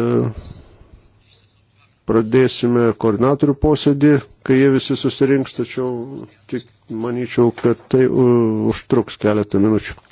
pradėsime koordinatorių posėdį, kai jie visi susirinks, tačiau tik manyčiau, kad tai uh, užtruks keletą minučių.